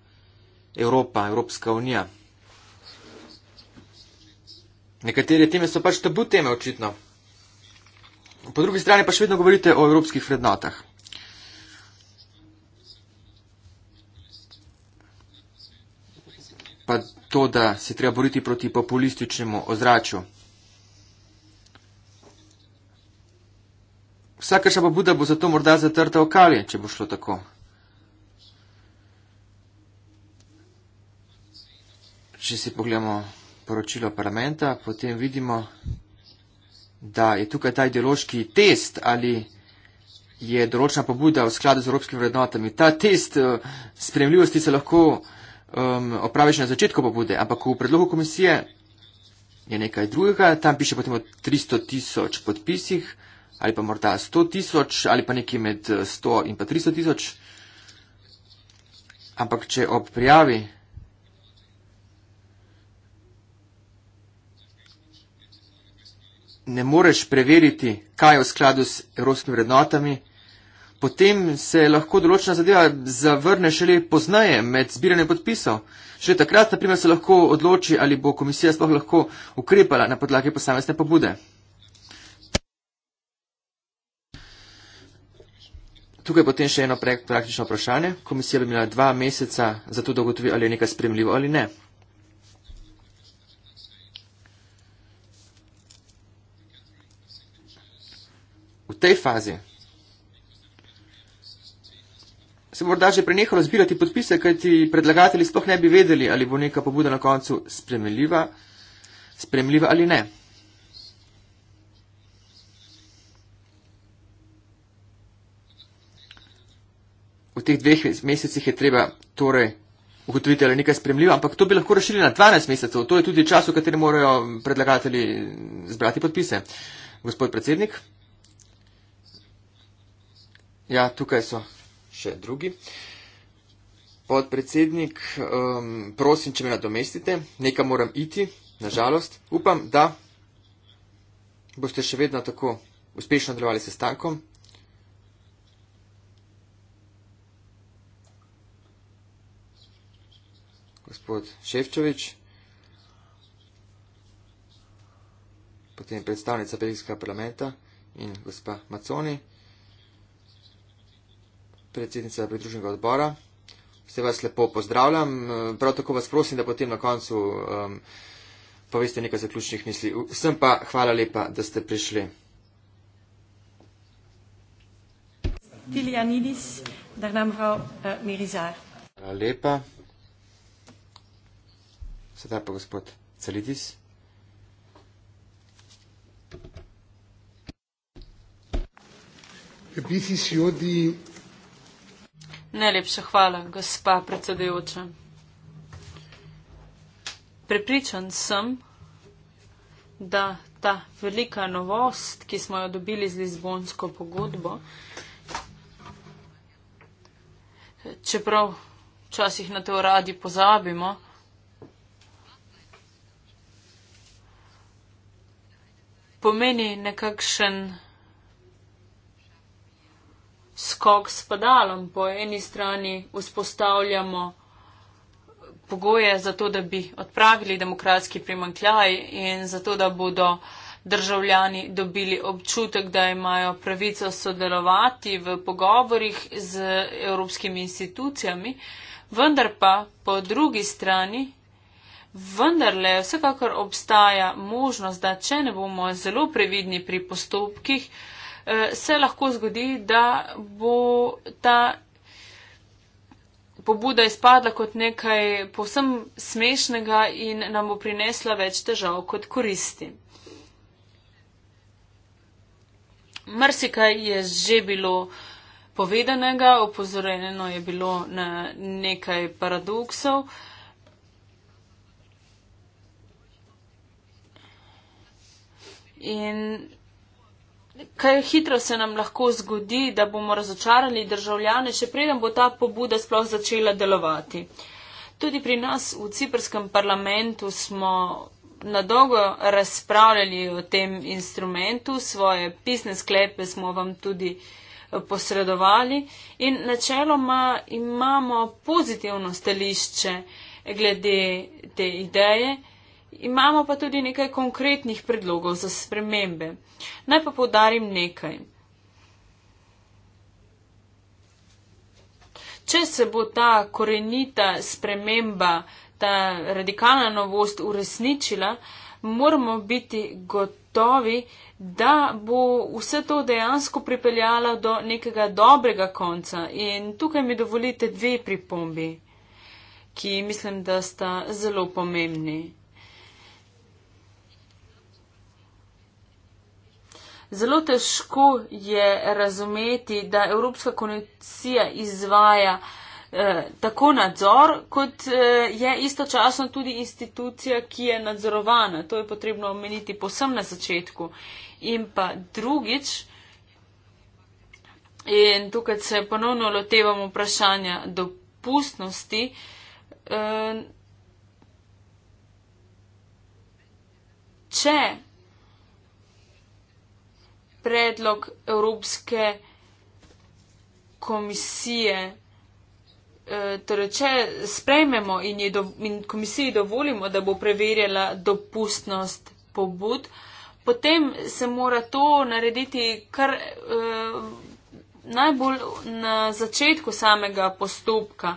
Evropa, Evropska unija. Nekatere teme so pač tabu teme, očitno. Po drugi strani pa še vedno govorite o evropskih vrednotah. Pa to, da se treba boriti proti populističnemu ozračju. Vsakaša pobuda bo zato morda zatrta v kali, če bo šlo tako. Če si pogledamo poročilo parlamenta, potem vidimo, da je tukaj ta ideološki test ali je določena pobuda v skladu z evropskimi vrednotami. Ta test eh, spremljivosti se lahko um, opraviš na začetku pobude, ampak v predlogu komisije je nekaj drugega. Tam piše potem o 300 tisoč podpisih ali pa morda 100 tisoč ali pa nekje med 100 eh, in pa 300 tisoč. Ampak če ob prijavi ne moreš preveriti, kaj je v skladu s evropskimi vrednotami, potem se lahko določena zadeva zavrne šele poznaje med zbiranjem podpisov. Šele takrat, na primer, se lahko odloči, ali bo komisija sploh lahko ukrepala na podlagi posamezne pobude. Tukaj potem še eno praktično vprašanje. Komisija bi imela dva meseca za to, da ugotovi, ali je nekaj spremljivo ali ne. V tej fazi se morda že prenehalo zbirati podpise, kajti predlagatelji sploh ne bi vedeli, ali bo neka pobuda na koncu spremljiva, spremljiva ali ne. v teh dveh mesecih je treba torej ugotoviti, ali je nekaj spremljivo, ampak to bi lahko rešili na 12 mesecev. To je tudi čas, v katerem morajo predlagatelji zbrati podpise. Gospod predsednik. Ja, tukaj so še drugi. Podpredsednik, um, prosim, če me nadomestite, nekaj moram iti, nažalost. Upam, da boste še vedno tako uspešno delovali s stankom. gospod Ševčovič, potem predstavnica Belgijskega parlamenta in gospa Maconi, predsednica pridruženega odbora. Vse vas lepo pozdravljam, prav tako vas prosim, da potem na koncu um, poveste nekaj zaključnih misli. Vsem pa hvala lepa, da ste prišli. Tilianidis, Darnamrau, uh, eh, Mirizar. Hvala lepa. Sveta pa gospod Celidis. Najlepša hvala, gospa predsedujoča. Prepričan sem, da ta velika novost, ki smo jo dobili z Lizbonsko pogodbo, čeprav včasih na to radi pozabimo, pomeni nekakšen skok s padalom. Po eni strani vzpostavljamo pogoje za to, da bi odpravili demokratski primankljaj in za to, da bodo državljani dobili občutek, da imajo pravico sodelovati v pogovorjih z evropskimi institucijami, vendar pa po drugi strani vendarle vsekakor obstaja možnost, da če ne bomo zelo previdni pri postopkih, eh, se lahko zgodi, da bo ta pobuda izpadla kot nekaj povsem smešnega in nam bo prinesla več težav kot koristi. Mrsikaj je že bilo povedanega, opozorjeno je bilo na nekaj paradoksov. Uh, In kaj hitro se nam lahko zgodi, da bomo razočarali državljane, še preden bo ta pobuda sploh začela delovati. Tudi pri nas v ciprskem parlamentu smo na dolgo razpravljali o tem instrumentu, svoje pisne sklepe smo vam tudi eh, posredovali in načeloma imamo pozitivno stališče glede te ideje. Imamo pa tudi nekaj konkretnih predlogov za spremembe. Naj pa povdarim nekaj. Če se bo ta korenita sprememba, ta radikalna novost uresničila, moramo biti gotovi, da bo vse to dejansko pripeljalo do nekega dobrega konca. In tukaj mi dovolite dve pripombi, ki mislim, da sta zelo pomembni. Zelo težko je razumeti, da Evropska komisija izvaja eh, tako nadzor, kot eh, je istočasno tudi institucija, ki je nadzorovana. To je potrebno omeniti posem na začetku. In pa drugič, in tukaj se ponovno lotevamo vprašanja dopustnosti. Eh, če predlog Evropske komisije. E, torej, če sprejmemo in, do, in komisiji dovolimo, da bo preverjala dopustnost pobud, potem se mora to narediti kar eh, najbolj na začetku samega postopka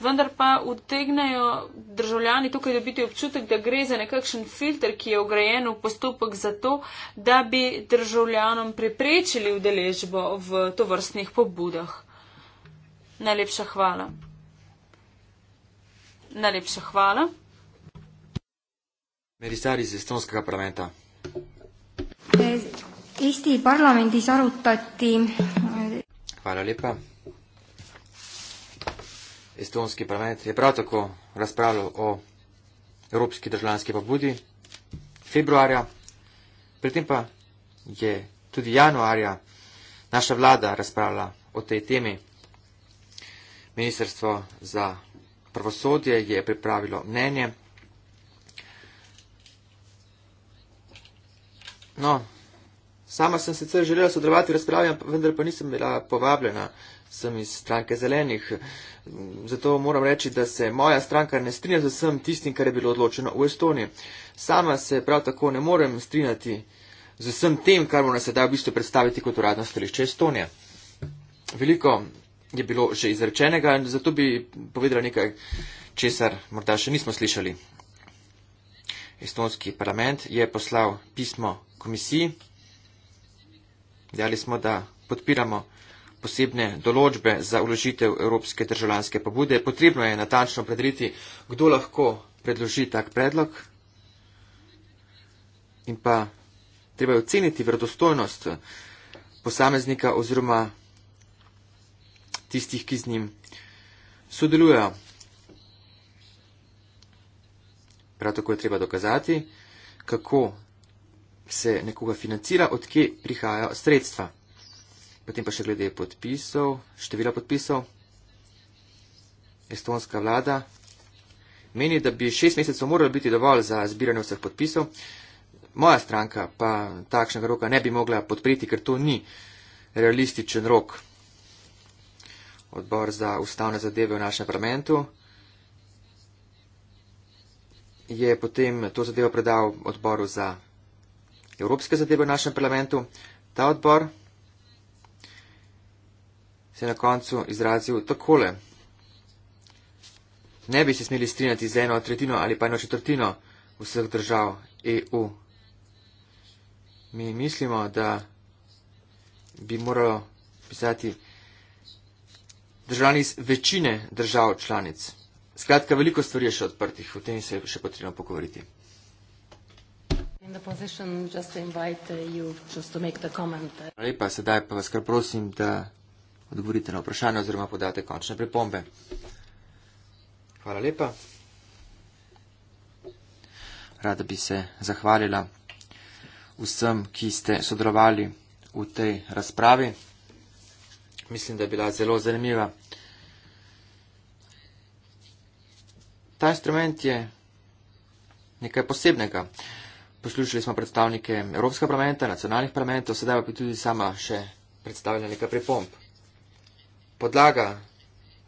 vendar pa utegnejo državljani tukaj dobiti občutek, da gre za nekakšen filter, ki je ugrajen v postopek za to, da bi državljanom preprečili udeležbo v tovrstnih pobudah. Najlepša hvala. Najlepša hvala. Meristar iz Estonskega parlamenta. Eesti parlamendis arutati. Hvala lepa estonski parlament je prav tako razpravljal o evropski državljanski pobudi februarja. Pri tem pa je tudi januarja naša vlada razpravljala o tej temi. Ministrstvo za pravosodje je pripravilo mnenje. No, sama sem sicer želela sodelovati v razpravi, vendar pa nisem bila povabljena sem iz stranke zelenih. Zato moram reči, da se moja stranka ne strinja z vsem tistim, kar je bilo odločeno v Estoniji. Sama se prav tako ne morem strinjati z vsem tem, kar mora sedaj v bistvu predstaviti kot uradno stališče Estonije. Veliko je bilo že izrečenega in zato bi povedala nekaj, česar morda še nismo slišali. Estonski parlament je poslal pismo komisiji. Dejali smo, da podpiramo posebne določbe za uložitev evropske državljanske pobude. Potrebno je natančno predriti, kdo lahko predloži tak predlog in pa treba je oceniti vredostojnost posameznika oziroma tistih, ki z njim sodelujejo. Prav tako je treba dokazati, kako se nekoga financira, odkje prihajajo sredstva. Potem pa še glede podpisov, števila podpisov. Estonska vlada meni, da bi šest mesecev moralo biti dovolj za zbiranje vseh podpisov. Moja stranka pa takšnega roka ne bi mogla podpreti, ker to ni realističen rok. Odbor za ustavne zadeve v našem parlamentu je potem to zadevo predal odboru za evropske zadeve v našem parlamentu. Ta odbor se je na koncu izrazil takole. Ne bi se smeli strinjati z eno tretjino ali pa eno četrtino vseh držav EU. Mi mislimo, da bi moralo pisati državljani iz večine držav članic. Skratka, veliko stvari je še odprtih, o tem se je še potrebno pogovoriti. Uh, lepa, sedaj pa vas kar prosim, da odgovorite na vprašanje oziroma podate končne pripombe. Hvala lepa. Rada bi se zahvalila vsem, ki ste sodelovali v tej razpravi. Mislim, da je bila zelo zanimiva. Ta instrument je nekaj posebnega. Poslušali smo predstavnike Evropskega parlamenta, nacionalnih parlamentov, sedaj pa bi tudi sama še predstavila nekaj pripomb podlaga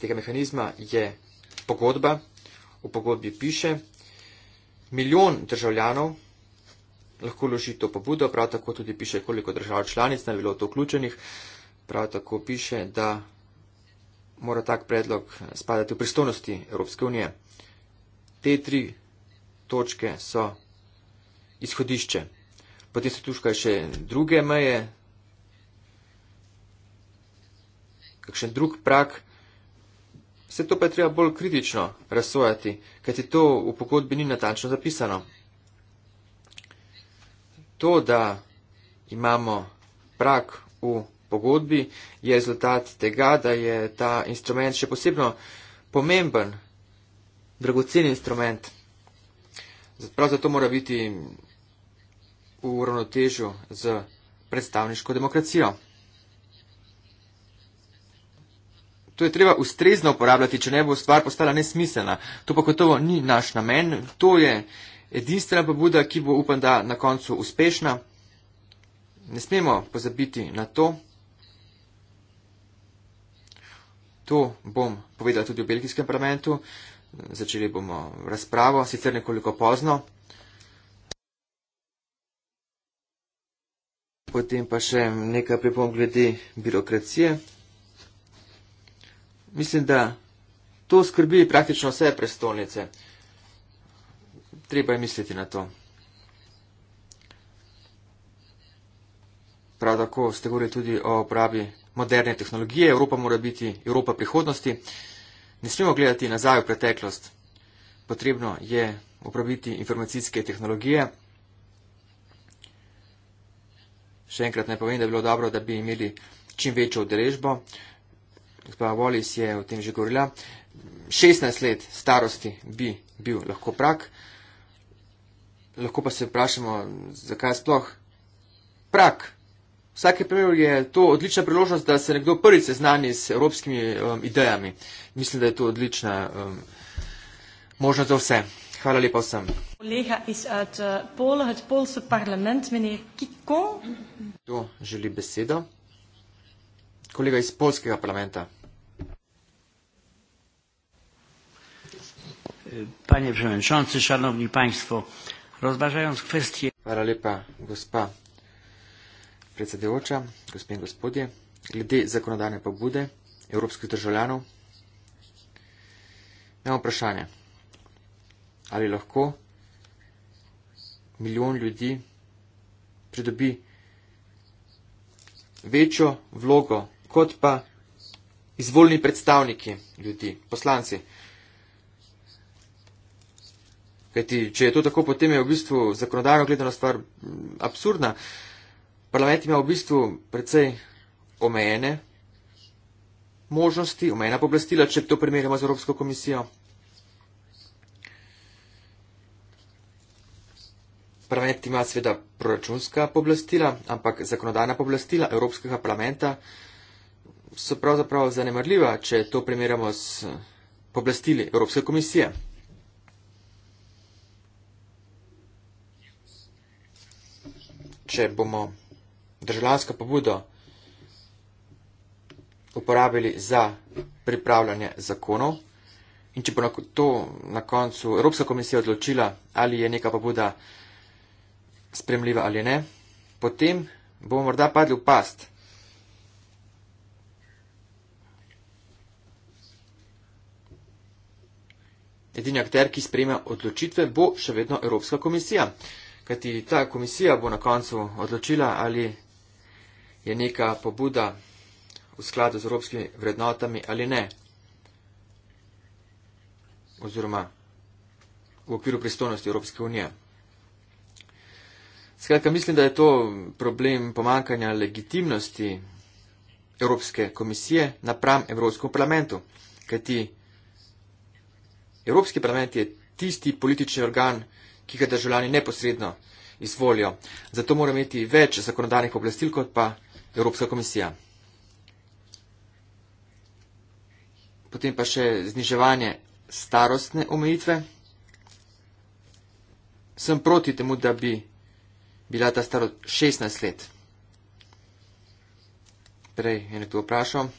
tega mehanizma je pogodba. V pogodbi piše, milijon državljanov lahko loži to pobudo, prav tako tudi piše, koliko držav članic naj bilo v to vključenih, prav tako piše, da mora tak predlog spadati v pristojnosti Evropske unije. Te tri točke so izhodišče. Potem se tuškaj še druge meje, kakšen drug prak, vse to pa je treba bolj kritično razsojati, kaj ti to v pogodbi ni natančno zapisano. To, da imamo prak v pogodbi, je rezultat tega, da je ta instrument še posebno pomemben, dragocen instrument. Prav zato mora biti v ravnotežju z predstavniško demokracijo. To je treba ustrezno uporabljati, če ne bo stvar postala nesmiselna. To pa gotovo ni naš namen. To je edinstvena pobuda, ki bo, upam, da na koncu uspešna. Ne smemo pozabiti na to. To bom povedal tudi v belgijskem parlamentu. Začeli bomo razpravo, sicer nekoliko pozno. Potem pa še nekaj pripomb glede birokracije. Mislim, da to skrbi praktično vse prestolnice. Treba je misliti na to. Prav tako ste govorili tudi o uporabi moderne tehnologije. Evropa mora biti Evropa prihodnosti. Ne smemo gledati nazaj v preteklost. Potrebno je uporabiti informacijske tehnologije. Še enkrat ne povem, da bi bilo dobro, da bi imeli čim večjo udeležbo gospa Wallis je o tem že govorila, 16 let starosti bi bil lahko prak. Lahko pa se vprašamo, zakaj sploh prak. Vsak primer je to odlična priložnost, da se nekdo prvi seznani z evropskimi um, idejami. Mislim, da je to odlična um, možnost za vse. Hvala lepa vsem. Kolega iz Pola, uh, od Polsa parlament, meni je kiko. Kdo želi besedo? kolega iz polskega parlamenta. Panie Przewodniczący, Szanowni Państwo, rozważając kwestię... Hvala lepa, gospa predsedujoča, gospe in gospodje. Glede zakonodane pobude evropskih državljanov, imamo vprašanje, ali lahko milijon ljudi pridobi večjo vlogo kot pa izvoljni predstavniki ljudi, poslanci. Kajti, če je to tako, potem je v bistvu zakonodajno gledano stvar mm, absurdna. Parlament ima v bistvu precej omejene možnosti, omejena poblastila, če to primerjamo z Evropsko komisijo. Parlament ima seveda proračunska poblastila, ampak zakonodajna poblastila Evropskega parlamenta so pravzaprav zanemarljiva, če to primerjamo s poblastili Evropske komisije. Če bomo državljansko pobudo uporabili za pripravljanje zakonov in če bo to na koncu Evropska komisija odločila, ali je neka pobuda spremljiva ali ne, potem bomo morda padli v past Edini akter, ki sprejme odločitve, bo še vedno Evropska komisija. Kajti ta komisija bo na koncu odločila, ali je neka pobuda v skladu z evropskimi vrednotami ali ne. Oziroma v okviru pristojnosti Evropske unije. Skratka, mislim, da je to problem pomankanja legitimnosti Evropske komisije napram Evropskemu parlamentu. Kajti Evropski parlament je tisti politični organ, ki ga državljani neposredno izvolijo. Zato mora imeti več zakonodajnih oblastil kot pa Evropska komisija. Potem pa še zniževanje starostne omejitve. Sem proti temu, da bi bila ta starost 16 let. Prej je nekdo vprašal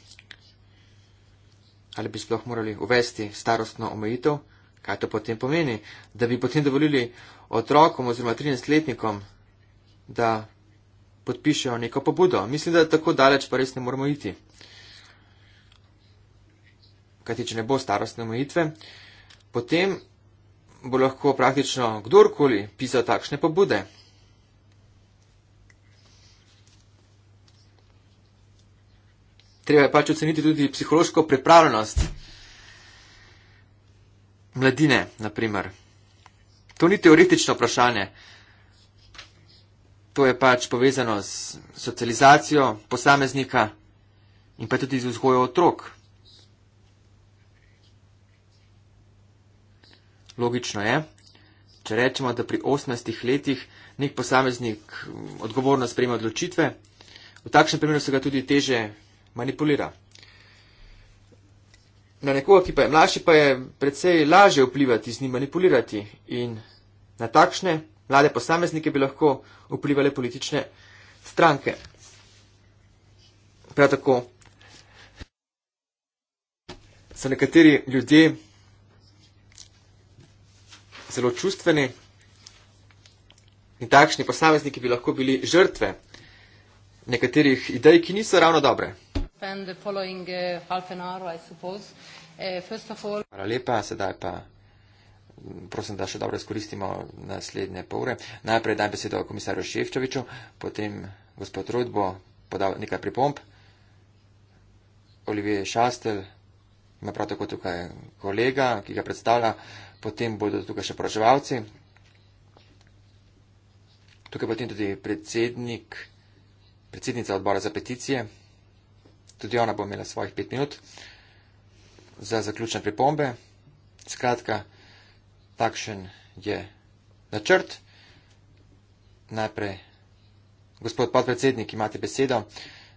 ali bi sploh morali uvesti starostno omejitev, kaj to potem pomeni, da bi potem dovolili otrokom oziroma 13-letnikom, da podpišejo neko pobudo. Mislim, da tako daleč pa res ne moramo iti. Kajti, če ne bo starostne omejitve, potem bo lahko praktično kdorkoli pisal takšne pobude. treba je pač oceniti tudi psihološko pripravljenost mladine, naprimer. To ni teoretično vprašanje. To je pač povezano s socializacijo posameznika in pa tudi z vzgojo otrok. Logično je, če rečemo, da pri 18 letih nek posameznik odgovorno sprejme odločitve, v takšnem primeru se ga tudi teže manipulira. Na nekoga, ki pa je mlajši, pa je precej lažje vplivati, z njim manipulirati in na takšne mlade posameznike bi lahko vplivali politične stranke. Prav tako so nekateri ljudje zelo čustveni in takšni posamezniki bi lahko bili žrtve nekaterih idej, ki niso ravno dobre spend the following uh, half an hour, I suppose. Uh, first of all. Hvala lepa, sedaj pa. Mm, prosim, da še dobro izkoristimo naslednje pol ure. Najprej dajem besedo komisarju Ševčoviču, potem gospod Rud bo podal nekaj pripomp. Olivier Šastel ima prav tako tukaj kolega, ki ga predstavlja, potem bodo tukaj še poraževalci. Tukaj potem tudi predsednik, predsednica odbora za peticije tudi ona bo imela svojih pet minut za zaključne pripombe. Skratka, takšen je načrt. Najprej, gospod podpredsednik, imate besedo,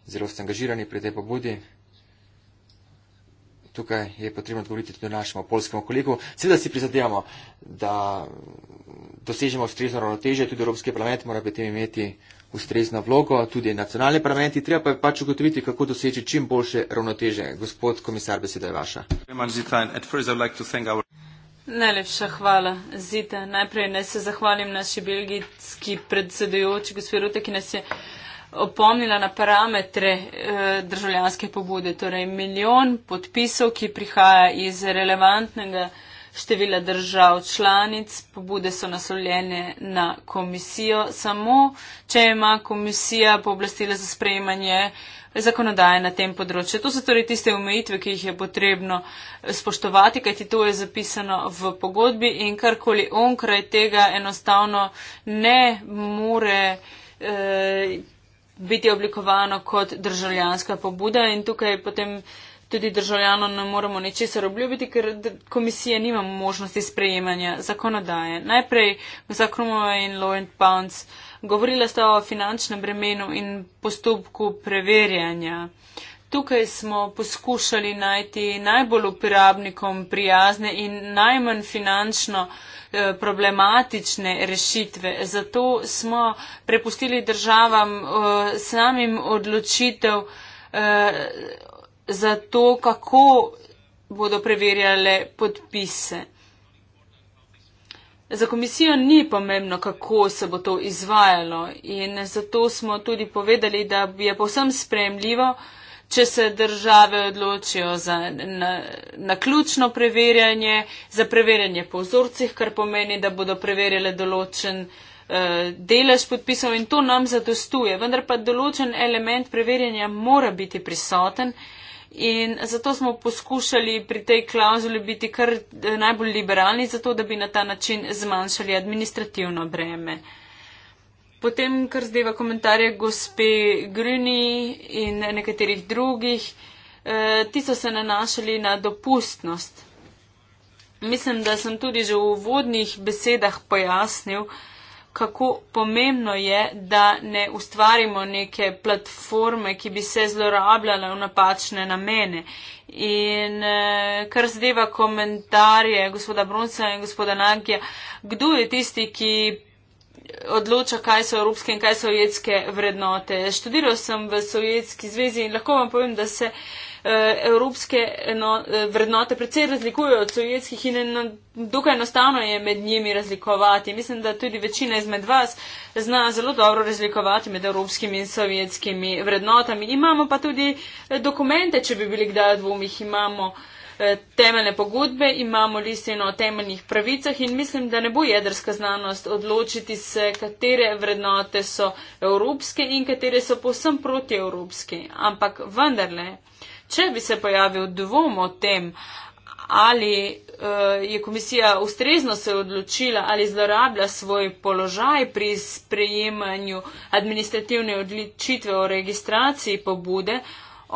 zelo ste angažirani pri tej pobudi. Tukaj je potrebno odgovoriti tudi našemu polskemu kolegu. Seveda si prizadevamo, da dosežemo ustrezno ravnoteže, tudi Evropski parlament mora pri tem imeti ustrezno vlogo, tudi nacionalni parlamenti. Treba pa je pač ugotoviti, kako doseči čim boljše ravnoteže. Gospod komisar, beseda je vaša. Najlepša hvala, Zita. Najprej naj se zahvalim naši belgijski predsedujoči, gospod Rute, ki nas je opomnila na parametre eh, državljanske pobude. Torej, milijon podpisov, ki prihaja iz relevantnega števila držav članic, pobude so naslovljene na komisijo, samo če ima komisija pooblastila za sprejemanje zakonodaje na tem področju. To so torej tiste omejitve, ki jih je potrebno spoštovati, kajti to je zapisano v pogodbi in karkoli onkraj tega enostavno ne more. Eh, biti oblikovano kot državljanska pobuda in tukaj potem eh, tudi državljanom ne moremo ničesar obljubiti, ker komisija nima možnosti sprejemanja zakonodaje. Najprej Zakromova in Lawrence Pounce govorila sta o finančnem bremenu in postopku preverjanja. Tukaj smo poskušali najti najbolj uporabnikom prijazne in najmanj finančno eh, problematične rešitve. Zato smo prepustili državam eh, samim odločitev eh, za to, kako bodo preverjale podpise. Za komisijo ni pomembno, kako se bo to izvajalo in zato smo tudi povedali, da je povsem spremljivo, če se države odločijo za naključno na preverjanje, za preverjanje po vzorcih, kar pomeni, da bodo preverjale določen eh, delež podpisov in to nam zadostuje. Vendar pa določen element preverjanja mora biti prisoten, eh, In zato smo poskušali pri tej klauzuli biti kar eh, najbolj liberalni, zato da bi na ta način zmanjšali administrativno breme. Potem, kar zdeva komentarje gospe Grini in nekaterih drugih, eh, ti so se nanašali na dopustnost. Mislim, da sem tudi že v uvodnih besedah pojasnil, kako pomembno je, da ne ustvarimo neke platforme, ki bi se zlorabljale v napačne namene. In eh, kar zadeva komentarje gospoda Brunca in gospoda Nagija, kdo je tisti, ki odloča, kaj so evropske in kaj so sovjetske vrednote. Študiral sem v Sovjetski zvezi in lahko vam povem, da se. Uh, Eh, evropske eno, eh, vrednote precej razlikujejo od sovjetskih in eno, dokaj enostavno je med njimi razlikovati. Mislim, da tudi večina izmed vas zna zelo dobro razlikovati med evropskimi in sovjetskimi vrednotami. Imamo pa tudi eh, dokumente, če bi bili kdaj v dvomih, imamo temeljne pogodbe, imamo listino o temeljnih pravicah in mislim, da ne bo jedrska znanost odločiti se, katere vrednote so evropske in katere so povsem protievropske. Ampak vendarle, eh, Če bi se pojavil dvom o tem, ali uh, je komisija ustrezno se odločila ali zlorablja svoj položaj pri sprejemanju administrativne odločitve o registraciji pobude,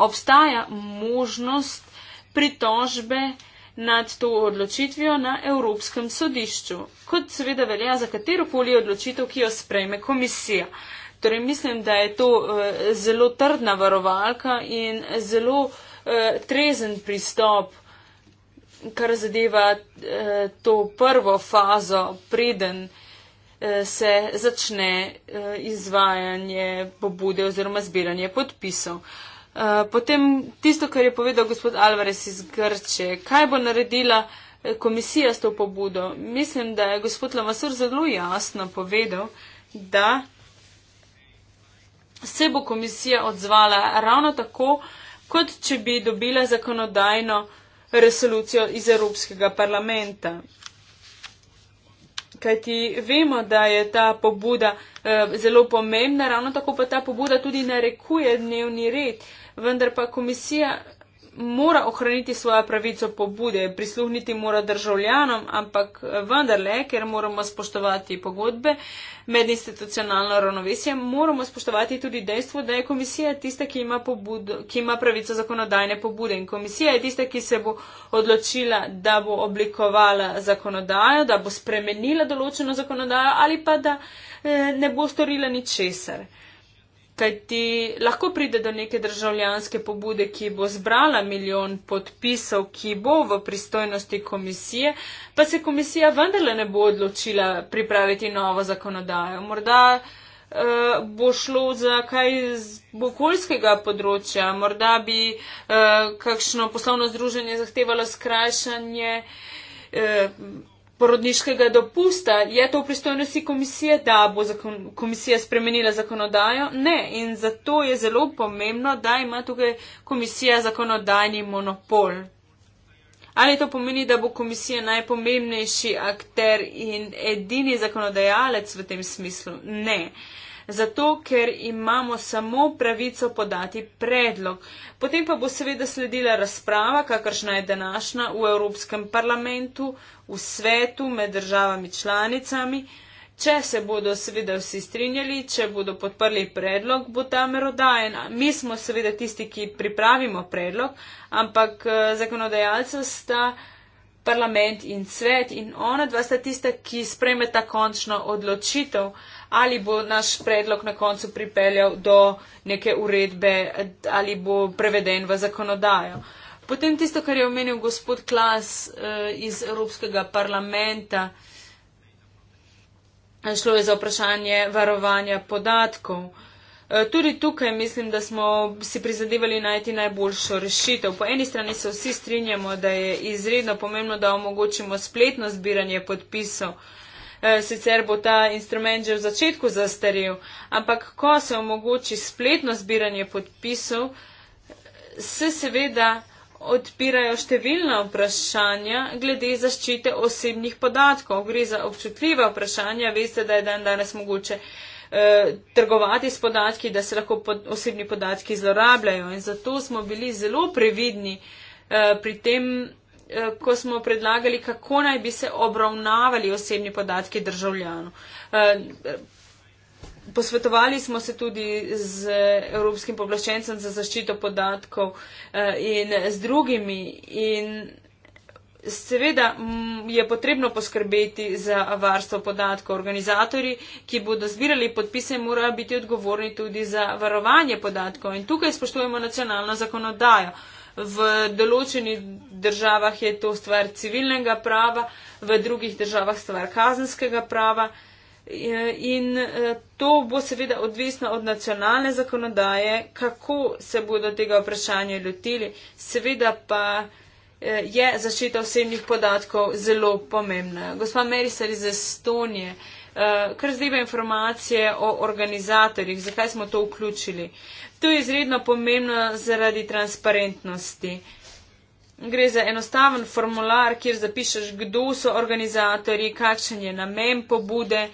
obstaja možnost pritožbe nad to odločitvijo na Evropskem sodišču, kot seveda velja za katero koli odločitev, ki jo sprejme komisija. Uh, Torej, mislim, da je to uh, zelo trdna varovalka in zelo uh, trezen pristop, kar zadeva uh, to prvo fazo, preden uh, se začne uh, izvajanje pobude oziroma zbiranje podpisov. Uh, potem tisto, kar je povedal gospod Alvarez iz Grče, kaj bo naredila komisija s to pobudo. Mislim, da je gospod Lamasur zelo jasno povedal, da se bo komisija odzvala ravno tako, kot če bi dobila zakonodajno resolucijo iz Evropskega parlamenta. Kajti vemo, da je ta pobuda eh, zelo pomembna, ravno tako pa ta pobuda tudi narekuje dnevni red. Vendar pa komisija mora ohraniti svojo pravico pobude, prisluhniti mora državljanom, ampak vendarle, ker moramo spoštovati pogodbe med institucionalno ravnovesje, moramo spoštovati tudi dejstvo, da je komisija tista, ki ima, pobudo, ki ima pravico zakonodajne pobude in komisija je tista, ki se bo odločila, da bo oblikovala zakonodajo, da bo spremenila določeno zakonodajo ali pa da eh, ne bo storila ničesar. Kajti lahko pride do neke državljanske pobude, ki bo zbrala milijon podpisov, ki bo v pristojnosti komisije, pa se komisija vendarle ne bo odločila pripraviti novo zakonodajo. Morda eh, bo šlo za kaj z okoljskega področja, morda bi eh, kakšno poslovno združenje zahtevalo skrajšanje eh, porodniškega dopusta, je to v pristojnosti komisije, da bo zakon, komisija spremenila zakonodajo? Ne, in zato je zelo pomembno, da ima tukaj komisija zakonodajni monopol. Ali to pomeni, da bo komisija najpomembnejši akter in edini zakonodajalec v tem smislu? Ne. Uh, zato ker imamo samo pravico podati predlog. Potem pa bo seveda sledila razprava, kakršna je današnja v Evropskem parlamentu, v svetu, med državami članicami. Če se bodo seveda vsi strinjali, če bodo podprli predlog, bo ta merodajen. Mi smo seveda tisti, ki pripravimo predlog, ampak eh, zakonodajalca sta parlament in svet in ona dva sta tista, ki sprejme ta končno odločitev ali bo naš predlog na koncu pripeljal do neke uredbe ali bo preveden v zakonodajo. Potem tisto, kar je omenil gospod Klas eh, iz Evropskega parlamenta, eh, šlo je za vprašanje varovanja podatkov. Eh, tudi tukaj mislim, da smo si prizadevali najti najboljšo rešitev. Po eni strani se vsi strinjamo, da je izredno pomembno, da omogočimo spletno zbiranje podpisov. Eh, sicer bo ta instrument že v začetku zastarel, ampak ko se omogoči spletno zbiranje podpisov, se seveda odpirajo številna vprašanja glede zaščite osebnih podatkov. Gre za občutljiva vprašanja, veste, da je dan danes mogoče eh, trgovati s podatki, da se lahko pod, osebni podatki zlorabljajo. In zato smo bili zelo previdni eh, pri tem Eh, ko smo predlagali, kako naj bi se obravnavali osebni podatki državljanov. Eh, posvetovali smo se tudi z Evropskim poblaščencem za zaščito podatkov eh, in z drugimi. In Seveda mm, je potrebno poskrbeti za varstvo podatkov. Organizatori, ki bodo zbirali podpise, morajo biti odgovorni tudi za varovanje podatkov. In tukaj spoštujemo nacionalno zakonodajo. Uh, V določenih državah je to stvar civilnega prava, v drugih državah stvar kazenskega prava. In eh, to bo seveda odvisno od nacionalne zakonodaje, kako se bodo tega vprašanja lotili. Seveda pa eh, je zaščita osebnih podatkov zelo pomembna. Gospa Merisar iz Estonije, Eh, kar zdaj informacije o organizatorjih, zakaj smo to vključili. To je izredno pomembno zaradi transparentnosti. Gre za enostaven formular, kjer zapišeš, kdo so organizatorji, kakšen je namen pobude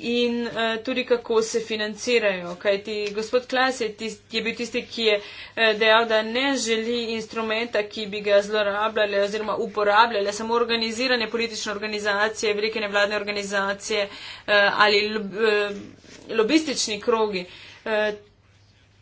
in uh, tudi kako se financirajo. Kaj ti gospod Klas je, tist, je bil tisti, ki je uh, dejal, da ne želi instrumenta, ki bi ga zlorabljali oziroma uporabljali samo organizirane politične organizacije, velike nevladne organizacije uh, ali lob, uh, lobistični krogi. Uh,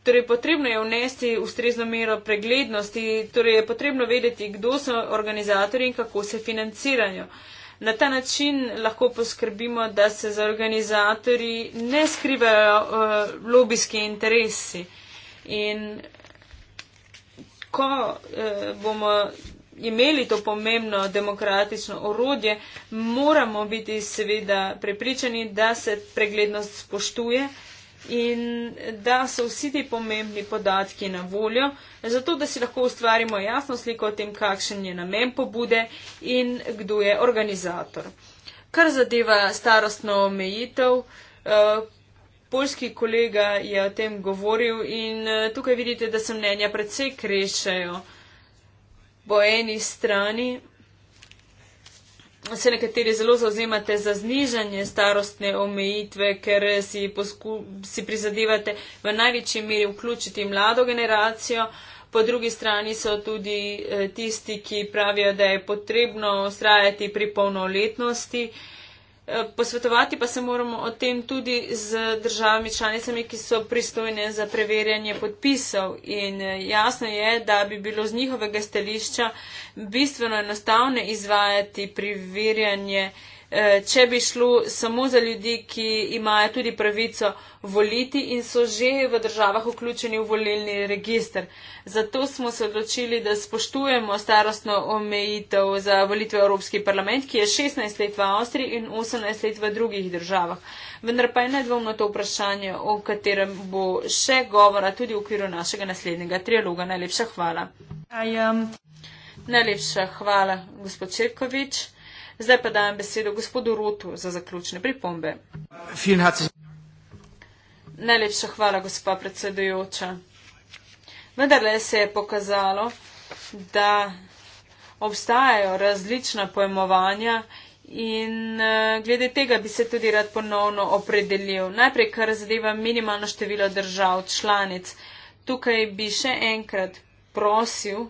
Torej, potrebno je vnesti ustrezno mero preglednosti, torej je potrebno vedeti, kdo so organizatori in kako se financirajo. Uh, Na ta način lahko poskrbimo, da se za organizatorji ne skrivajo uh, lobijski interesi. In ko uh, bomo imeli to pomembno demokratično orodje, moramo biti seveda prepričani, da se preglednost spoštuje in da so vsi ti pomembni podatki na voljo, zato da si lahko ustvarimo jasno sliko o tem, kakšen je namen pobude in kdo je organizator. Kar zadeva starostno omejitev, eh, poljski kolega je o tem govoril in eh, tukaj vidite, da se mnenja predvsej krešajo. Po eni strani se nekateri zelo zauzemate za znižanje starostne omejitve, ker si, posku, si prizadevate v največji meri vključiti mlado generacijo. Po drugi strani so tudi eh, tisti, ki pravijo, da je potrebno ustrajati pri polnoletnosti. Uh, Eh, posvetovati pa se moramo o tem tudi z državami članicami, ki so pristojne za preverjanje podpisov. In eh, jasno je, da bi bilo z njihovega stališča bistveno enostavne izvajati preverjanje podpisov. Eh, če bi šlo samo za ljudi, ki imajo tudi pravico voliti in so že v državah vključeni v volilni register. Zato smo se odločili, da spoštujemo starostno omejitev za volitve v Evropski parlament, ki je 16 let v Avstriji in 18 let v drugih državah. Vendar pa je nedvomno to vprašanje, o katerem bo še govora tudi v okviru našega naslednjega trialoga. Najlepša hvala. I, um... Najlepša hvala, gospod Čirkovič. Zdaj pa dajem besedo gospodu Rotu za zaključne pripombe. Najlepša hvala, gospa predsedujoča. Vendarle se je pokazalo, da obstajajo različna pojmovanja in eh, glede tega bi se tudi rad ponovno opredelil. Najprej, kar zadeva minimalno število držav članic. Tukaj bi še enkrat prosil,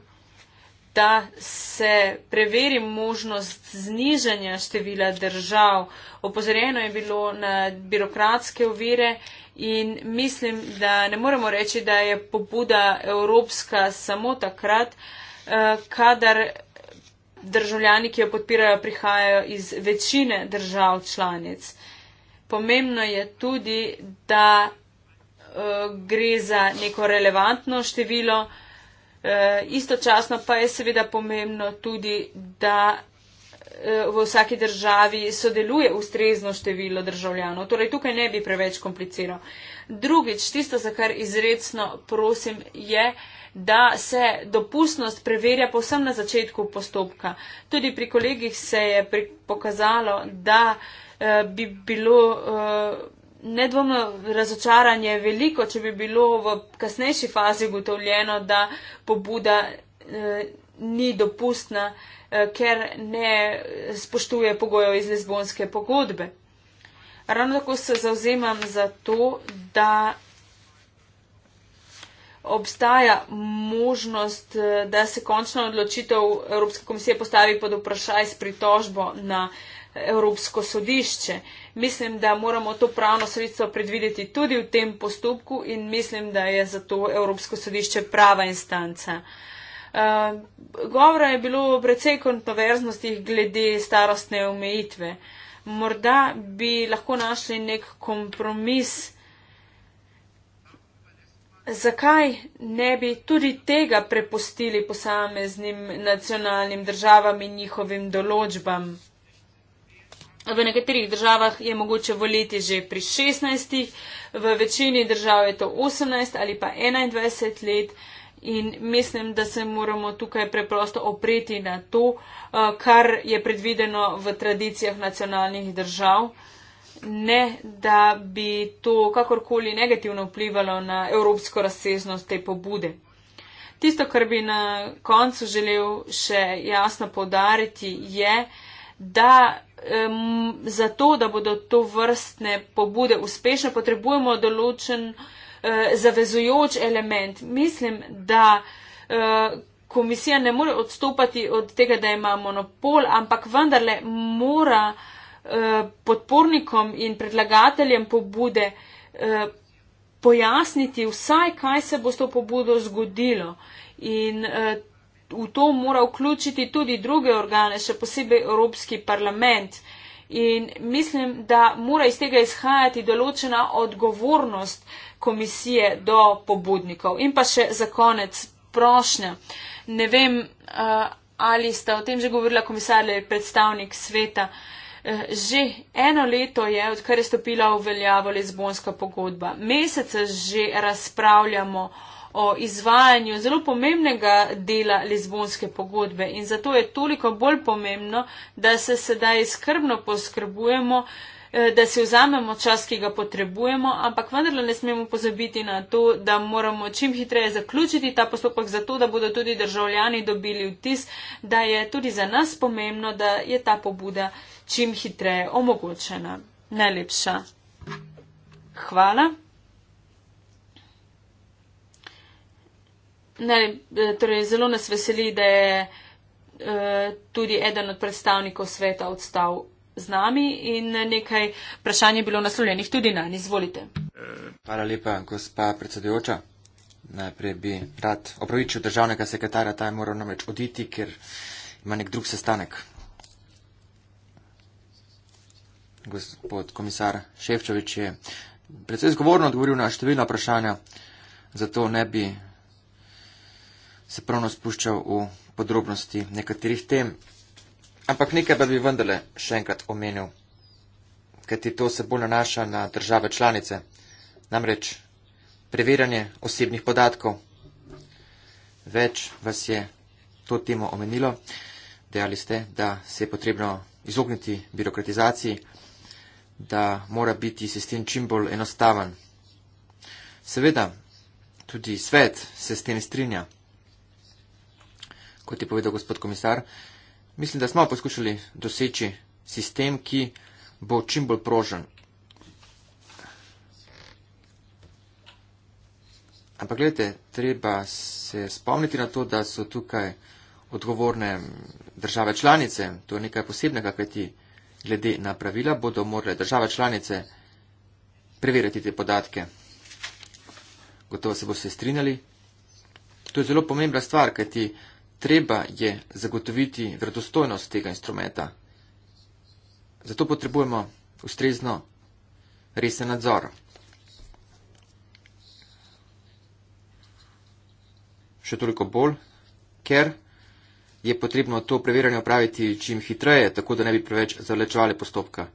da se preveri možnost znižanja števila držav. Opozorjeno je bilo na birokratske ovire in mislim, da ne moremo reči, da je pobuda evropska samo takrat, eh, kadar državljani, ki jo podpirajo, prihajajo iz večine držav članic. Pomembno je tudi, da eh, gre za neko relevantno število, Eh, istočasno pa je seveda pomembno tudi, da eh, v vsaki državi sodeluje ustrezno število državljanov. Torej, tukaj ne bi preveč kompliciral. Drugič, tisto, za kar izredno prosim, je, da se dopustnost preverja povsem na začetku postopka. Tudi pri kolegih se je pokazalo, da eh, bi bilo nedvomno razočaranje veliko, če bi bilo v kasnejši fazi gotovljeno, da pobuda eh, ni dopustna, eh, ker ne spoštuje pogojev iz lezbonske pogodbe. Ravno tako se zauzemam za to, da obstaja možnost, eh, da se končna odločitev Evropske komisije postavi pod vprašaj s pritožbo na uh, Evropsko sodišče. Mislim, da moramo to pravno sredstvo predvideti tudi v tem postopku in mislim, da je zato Evropsko sodišče prava instanca. Eh, govora je bilo o precej kontroverznostih glede starostne omejitve. Morda bi lahko našli nek kompromis. Zakaj ne bi tudi tega prepustili posameznim nacionalnim državam in njihovim določbam? V nekaterih državah je mogoče voliti že pri 16, v večini držav je to 18 ali pa 21 let. In mislim, da se moramo tukaj preprosto opreti na to, eh, kar je predvideno v tradicijah nacionalnih držav. Ne, da bi to kakorkoli negativno vplivalo na evropsko razsežnost te pobude. Tisto, kar bi na koncu želel še jasno podariti, je, da da um, za to, da bodo to vrstne pobude uspešne, potrebujemo določen uh, zavezujoč element. Mislim, da uh, komisija ne more odstopati od tega, da ima monopol, ampak vendarle mora uh, podpornikom in predlagateljem pobude uh, pojasniti vsaj, kaj se bo s to pobudo zgodilo. In, uh, v to mora vključiti tudi druge organe, še posebej Evropski parlament. In mislim, da mora iz tega izhajati določena odgovornost komisije do pobudnikov. In pa še za konec prošnja. Ne vem, ali sta o tem že govorila komisar ali predstavnik sveta. E, že eno leto je, odkar je stopila v veljavo Lizbonska pogodba. Mesece že razpravljamo o o izvajanju zelo pomembnega dela Lizbonske pogodbe in zato je toliko bolj pomembno, da se sedaj skrbno poskrbujemo, eh, da si vzamemo čas, ki ga potrebujemo, ampak vendarle ne smemo pozabiti na to, da moramo čim hitreje zaključiti ta postopek, zato da bodo tudi državljani dobili vtis, da je tudi za nas pomembno, da je ta pobuda čim hitreje omogočena. Najlepša. Hvala. Ne, e, torej zelo nas veseli, da je e, tudi eden od predstavnikov sveta odstav z nami in nekaj vprašanj je bilo naslovljenih tudi na njih. Izvolite. Hvala lepa, gospa predsedujoča. Najprej bi rad opravičil državnega sekretarja, ta je moral namreč oditi, ker ima nek drug sestanek. Gospod komisar Ševčovič je predvsej zgovorno odgovoril na številna vprašanja, zato ne bi se pravno spuščal v podrobnosti nekaterih tem. Ampak nekaj pa bi vendarle še enkrat omenil, kajti to se bolj nanaša na države članice, namreč preverjanje osebnih podatkov. Več vas je to temo omenilo, dejali ste, da se je potrebno izogniti birokratizaciji, da mora biti sistem čim bolj enostavan. Seveda, tudi svet se s tem strinja kot je povedal gospod komisar, mislim, da smo poskušali doseči sistem, ki bo čim bolj prožen. Ampak gledajte, treba se spomniti na to, da so tukaj odgovorne države članice. To je nekaj posebnega, kajti glede na pravila bodo morale države članice preveriti te podatke. Gotovo se boste strinjali. To je zelo pomembna stvar, kajti Treba je zagotoviti vredostojnost tega instrumenta. Zato potrebujemo ustrezno resen nadzor. Še toliko bolj, ker je potrebno to preverjanje opraviti čim hitreje, tako da ne bi preveč zalečevali postopka.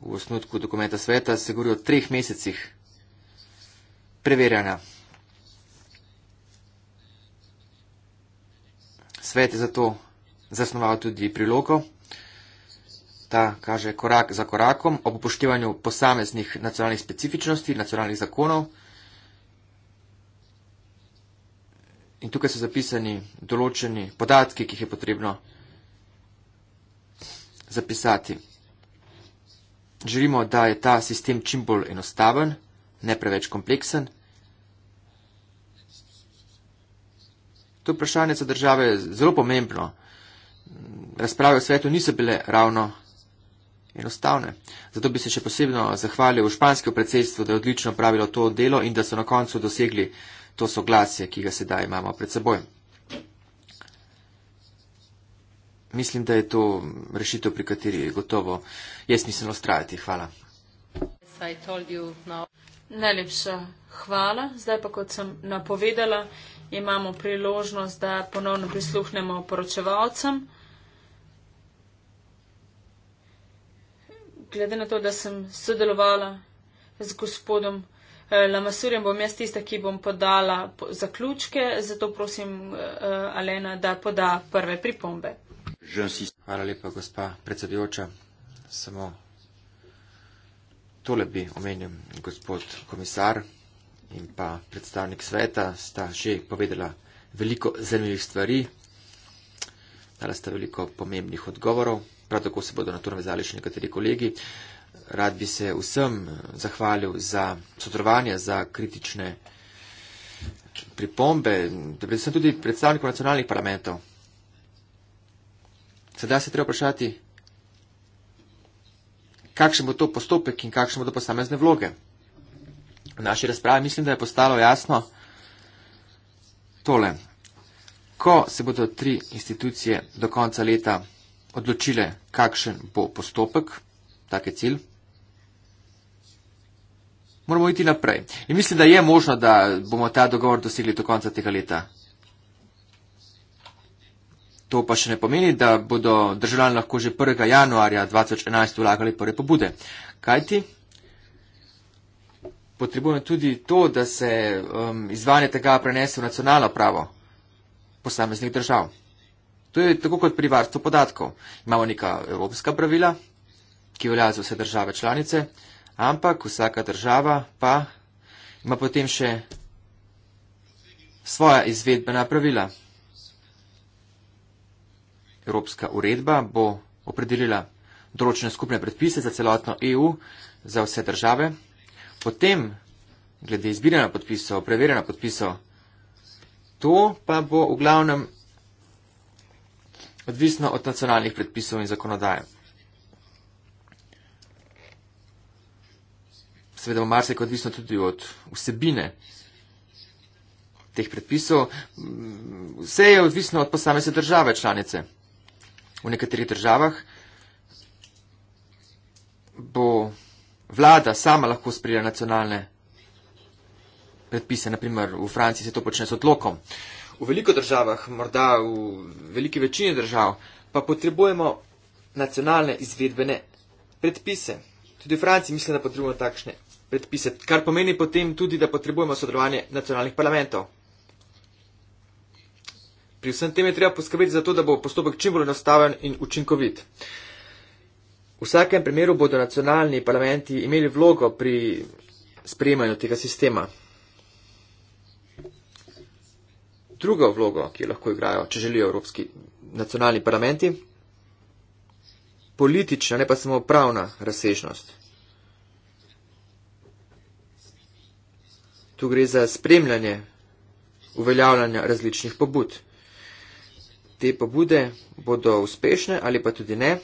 V osnutku dokumenta sveta se govori o treh mesecih preverjanja. Svet je zato zasnoval tudi prilogo. Ta kaže korak za korakom ob upoštevanju posameznih nacionalnih specifičnosti, nacionalnih zakonov. In tukaj so zapisani določeni podatki, ki jih je potrebno zapisati. Želimo, da je ta sistem čim bolj enostaven, ne preveč kompleksen. to vprašanje za države je zelo pomembno. Razprave v svetu niso bile ravno enostavne. Zato bi se še posebno zahvalil španskemu predsedstvu, da je odlično pravilo to delo in da so na koncu dosegli to soglasje, ki ga sedaj imamo pred seboj. Mislim, da je to rešitev, pri kateri je gotovo jaz smiselno ustrajati. Hvala. Najlepša hvala. Zdaj pa, kot sem napovedala, imamo priložnost, da ponovno prisluhnemo poročevalcem. Glede na to, da sem sodelovala z gospodom eh, Lamasurjem, bom jaz tista, ki bom podala zaključke, zato prosim eh, Alena, da poda prve pripombe. Hvala lepa, gospa predsedujoča. Samo tole bi omenil gospod komisar in pa predstavnik sveta sta že povedala veliko zanimivih stvari, dala sta veliko pomembnih odgovorov, prav tako se bodo na to navezali še nekateri kolegi. Rad bi se vsem eh, zahvalil za sodelovanje, za kritične pripombe, predvsem tudi predstavnikov nacionalnih parlamentov. Sedaj se treba vprašati, kakšen bo to postopek in kakšne bodo posamezne vloge naši razpravi, mislim, da je postalo jasno tole. Ko se bodo tri institucije do konca leta odločile, kakšen bo postopek, tak je cilj, moramo iti naprej. In mislim, da je možno, da bomo ta dogovor dosegli do konca tega leta. To pa še ne pomeni, da bodo državljani lahko že 1. januarja 2011 vlagali prve pobude. Kaj ti? potrebujemo tudi to, da se um, izvajanje tega prenese v nacionalno pravo posameznih držav. To je tako kot pri varstvu podatkov. Imamo neka evropska pravila, ki veljajo za vse države članice, ampak vsaka država pa ima potem še svoja izvedbena pravila. Evropska uredba bo opredelila določene skupne predpise za celotno EU, za vse države potem, glede izbiranja podpisov, preverjanja podpisov, to pa bo v glavnem odvisno od nacionalnih predpisov in zakonodaje. Seveda bo marsik odvisno tudi od vsebine teh predpisov. Vse je odvisno od posamezne države članice. V nekaterih državah bo vlada sama lahko sprejela nacionalne predpise, naprimer v Franciji se to počne s odlokom. V veliko državah, morda v veliki večini držav, pa potrebujemo nacionalne izvedbene predpise. Tudi v Franciji mislim, da potrebujemo takšne predpise, kar pomeni potem tudi, da potrebujemo sodelovanje nacionalnih parlamentov. Pri vsem tem je treba poskrbeti za to, da bo postopek čim bolj enostaven in učinkovit. V vsakem primeru bodo nacionalni parlamenti imeli vlogo pri sprejemanju tega sistema. Drugo vlogo, ki jo lahko igrajo, če želijo evropski nacionalni parlamenti, politična, ne pa samo pravna razsežnost. Tu gre za spremljanje uveljavljanja različnih pobud. Te pobude bodo uspešne ali pa tudi ne,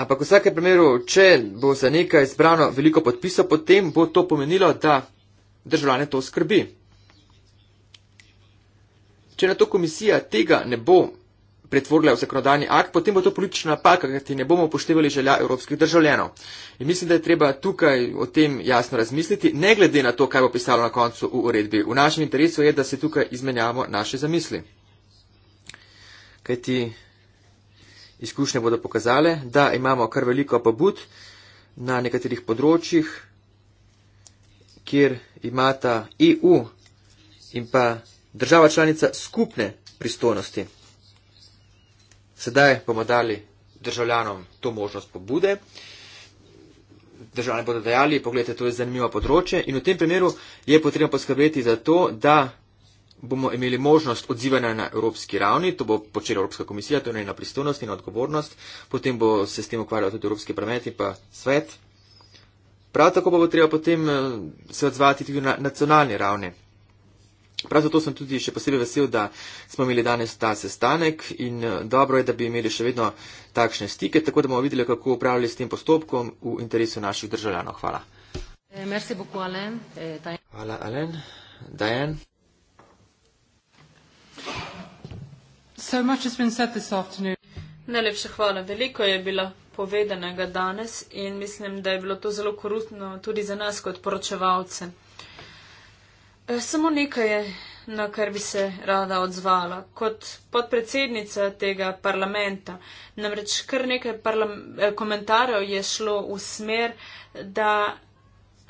Ampak v vsakem primeru, če bo za nekaj izbrano veliko podpisov, potem bo to pomenilo, da državljane to skrbi. Če na to komisija tega ne bo pretvorila v zakonodajni akt, potem bo to politična napaka, kajti ne bomo upoštevali želja evropskih državljanov. In mislim, da je treba tukaj o tem jasno razmisliti, ne glede na to, kaj bo pisalo na koncu v uredbi. V našem interesu je, da se tukaj izmenjamo naše zamisli. Kajti izkušnje bodo pokazale, da imamo kar veliko pobud na nekaterih področjih, kjer imata EU in pa država članica skupne pristojnosti. Sedaj bomo dali državljanom to možnost pobude. Državljani bodo dejali, pogledajte, to je zanimivo področje in v tem primeru je potrebno poskrbeti za to, da bomo imeli možnost odzivanja na evropski ravni, to bo počela Evropska komisija, to torej je njena pristojnost in odgovornost, potem bo se s tem ukvarjal tudi Evropski parlament in pa svet. Prav tako pa bo treba potem eh, se odzvati tudi na nacionalni ravni. Prav zato sem tudi še posebej vesel, da smo imeli danes ta sestanek in eh, dobro je, da bi imeli še vedno takšne stike, tako da bomo videli, kako upravljali s tem postopkom v interesu naših državljanov. Hvala. Eh, merci beaucoup, Alain. Hvala, Alain. Dajan. Najlepša hvala. Veliko je bilo povedanega danes in mislim, da je bilo to zelo korutno tudi za nas kot poročevalce. Eh, samo nekaj je, na kar bi se rada odzvala. Kot podpredsednica tega parlamenta, namreč kar nekaj eh, komentarjev je šlo v smer, da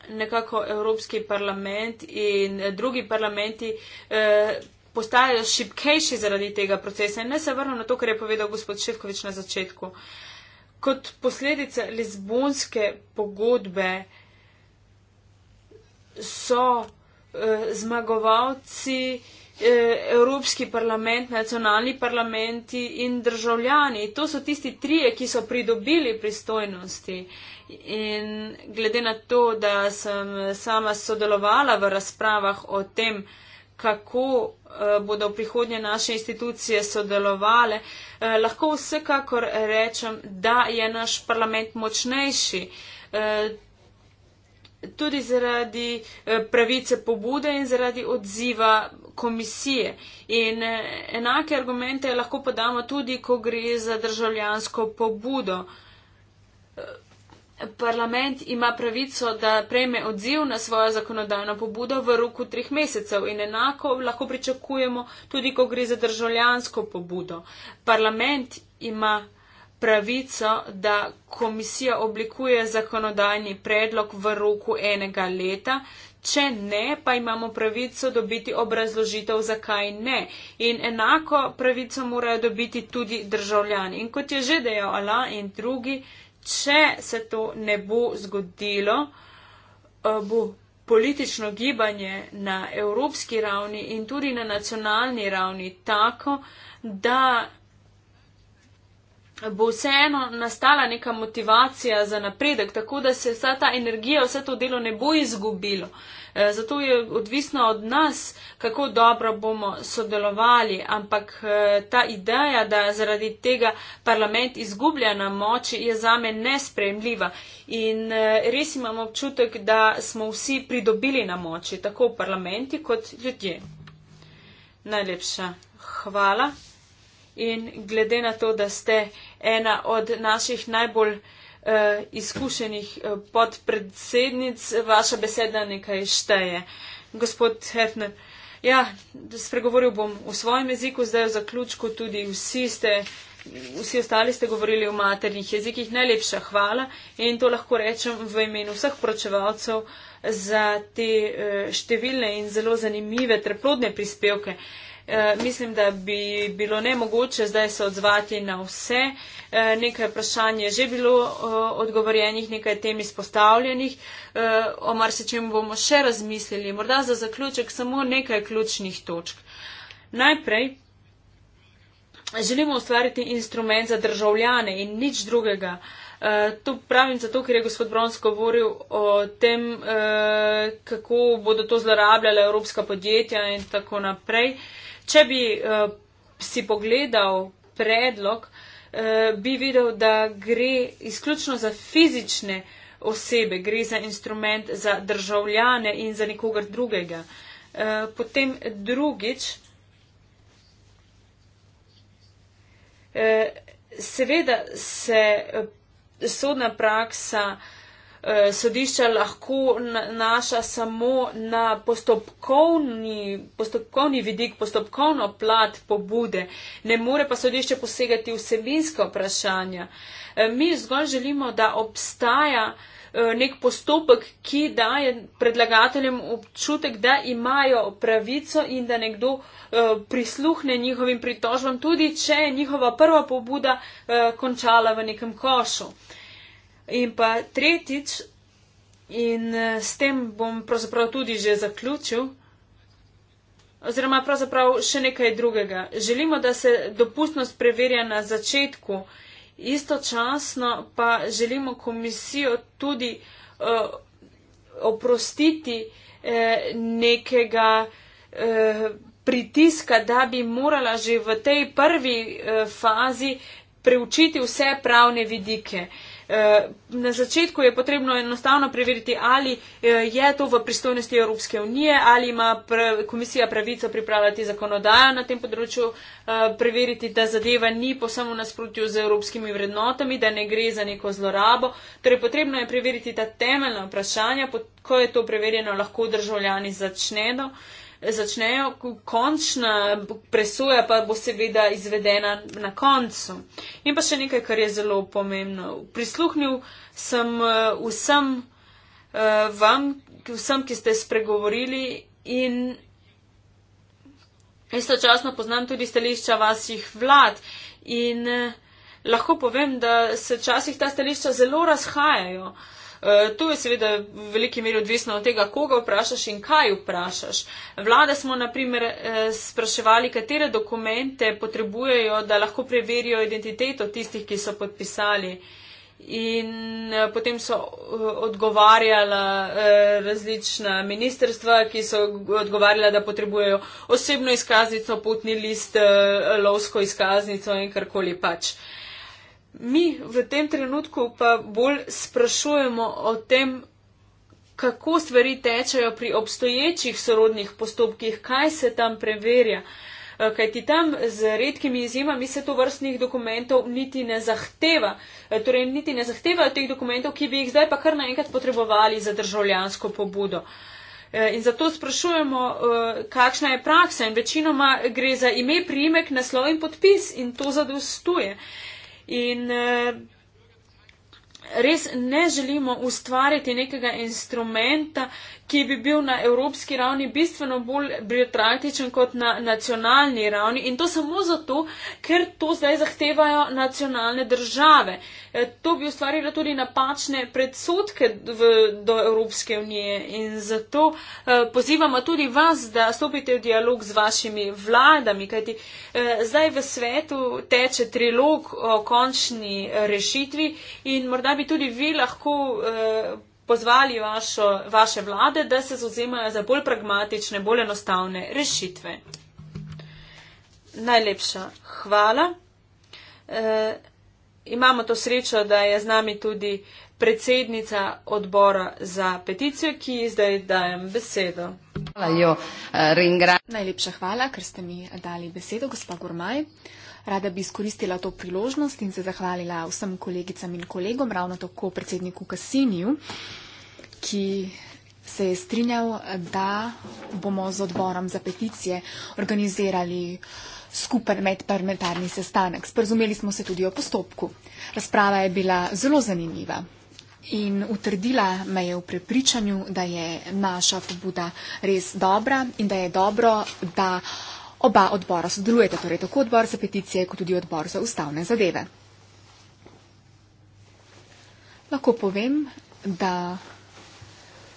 nekako Evropski parlament in drugi parlamenti. Eh, postajajo šipkejši zaradi tega procesa. In ne se vrnem na to, kar je povedal gospod Šefkovič na začetku. Kot posledica Lizbonske pogodbe so eh, zmagovalci eh, Evropski parlament, nacionalni parlamenti in državljani. To so tisti trije, ki so pridobili pristojnosti. In glede na to, da sem sama sodelovala v razpravah o tem, eh, kako eh, bodo v prihodnje naše institucije sodelovale, eh, lahko vsekakor rečem, da je naš parlament močnejši. Eh, tudi zaradi pravice pobude in zaradi odziva komisije. In enake argumente lahko podamo tudi, ko gre za državljansko pobudo. Parlament ima pravico, da prejme odziv na svojo zakonodajno pobudo v roku treh mesecev in enako lahko pričakujemo tudi, ko gre za državljansko pobudo. Parlament ima pravico, da komisija oblikuje zakonodajni predlog v roku enega leta, če ne, pa imamo pravico dobiti obrazložitev, zakaj ne. In enako pravico morajo dobiti tudi državljani. In kot je že dejal Ala in drugi, če se to ne bo zgodilo, eh, bo politično gibanje na evropski ravni in tudi na nacionalni ravni tako, da bo vseeno nastala neka motivacija za napredek, tako da se vsa ta energija, vse to delo ne bo izgubilo. Uh, Eh, zato je odvisno od nas, kako dobro bomo sodelovali, ampak eh, ta ideja, da zaradi tega parlament izgublja na moči, je za me nespremljiva. In eh, res imam občutek, da smo vsi pridobili na moči, tako v parlamenti kot ljudje. Najlepša hvala. In glede na to, da ste ena od naših najbolj eh, izkušenih eh, podpredsednic, vaša beseda nekaj šteje. Gospod Hefner, ja, spregovoril bom v svojem jeziku, zdaj v zaključku tudi vsi ste. Vsi ostali ste govorili o maternih jezikih. Najlepša hvala in to lahko rečem v imenu vseh pročevalcev za te eh, številne in zelo zanimive treplodne prispevke. Eh, mislim, da bi bilo nemogoče zdaj se odzvati na vse. Eh, nekaj vprašanj je že bilo eh, odgovorjenih, nekaj tem izpostavljenih. O marsičem bomo še razmislili. Morda za zaključek samo nekaj ključnih točk. Najprej. Želimo ustvariti instrument za državljane in nič drugega. To pravim zato, ker je gospod Brons govoril o tem, kako bodo to zlorabljala evropska podjetja in tako naprej če bi uh, si pogledal predlog, uh, bi videl, da gre izključno za fizične osebe, gre za instrument za državljane in za nikogar drugega. Uh, potem drugič, uh, seveda se uh, sodna praksa uh, Eh, sodišča lahko naša samo na postopkovni, postopkovni vidik, postopkovno plat pobude, ne more pa sodišče posegati vsebinska vprašanja. Eh, mi zgolj želimo, da obstaja eh, nek postopek, ki daje predlagateljem občutek, da imajo pravico in da nekdo prisluhne njihovim pritožbam, tudi če je njihova prva pobuda končala v nekem košu. In pa tretjič, in eh, s tem bom pravzaprav tudi že zaključil, oziroma pravzaprav še nekaj drugega. Želimo, da se dopustnost preverja na začetku, istočasno pa želimo komisijo tudi uh, oprostiti eh, nekega eh, pritiska, da bi morala že v tej prvi eh, fazi preučiti vse pravne vidike. Eh, Eh, na začetku je potrebno enostavno preveriti, ali eh, je to v pristojnosti Evropske unije, ali ima komisija pravico pripravljati zakonodajo na tem področju, eh, preveriti, da zadeva ni posebno nasprotju z evropskimi vrednotami, da ne gre za neko zlorabo. Torej, potrebno je preveriti ta temeljna vprašanja, ko je to preverjeno, lahko državljani začnejo začnejo, končna presoja pa bo seveda izvedena na koncu. In pa še nekaj, kar je zelo pomembno. Prisluhnil sem eh, vsem eh, vam, vsem, ki ste spregovorili in istočasno poznam tudi stališča vaših vlad. In eh, lahko povem, da se včasih ta stališča zelo razhajajo. Eh, to je seveda v veliki meri odvisno od tega, koga vprašaš in kaj vprašaš. Vlade smo naprimer eh, spraševali, katere dokumente potrebujejo, da lahko preverijo identiteto tistih, ki so podpisali. In eh, potem so odgovarjala različna ministerstva, ki so odgovarjala, da potrebujejo osebno izkaznico, potni list, lovsko izkaznico in karkoli pač mi v tem trenutku pa bolj sprašujemo o tem, kako stvari tečejo pri obstoječih sorodnih postopkih, kaj se tam preverja. Eh, kaj ti tam z redkimi izjemami se to vrstnih dokumentov niti ne zahteva. Eh, torej, niti ne zahtevajo teh dokumentov, ki bi jih zdaj pa kar naenkrat potrebovali za državljansko pobudo. Eh, in zato sprašujemo, kakšna je praksa in večinoma gre za ime, priimek, naslov in podpis in to zadostuje. In eh, res ne želimo ustvariti nekega instrumenta, ki bi bil na evropski ravni bistveno bolj biotraktičen kot na nacionalni ravni in to samo zato, ker to zdaj zahtevajo nacionalne države. E, to bi ustvarilo tudi napačne predsotke v, do Evropske unije in zato e, pozivamo tudi vas, da stopite v dialog z vašimi vladami, kajti e, zdaj v svetu teče trilog o končni rešitvi in morda bi bi tudi vi lahko eh, pozvali vašo, vaše vlade, da se zauzemajo za bolj pragmatične, bolj enostavne rešitve. Najlepša hvala. Eh, imamo to srečo, da je z nami tudi predsednica odbora za peticijo, ki ji zdaj dajem besedo. Hvala jo, eh, Ringra. Najlepša hvala, ker ste mi dali besedo, gospa Gormaj. Rada bi izkoristila to priložnost in se zahvalila vsem kolegicam in kolegom, ravno tako predsedniku Kasiniju, ki se je strinjal, da bomo z odborom za peticije organizirali skupen medparlamentarni sestanek. Sporazumeli smo se tudi o postopku. Razprava je bila zelo zanimiva in utrdila me je v prepričanju, da je naša pobuda res dobra in da je dobro, da Oba odbora sodelujete, torej tako odbor za peticije, kot tudi odbor za ustavne zadeve. Lahko povem, da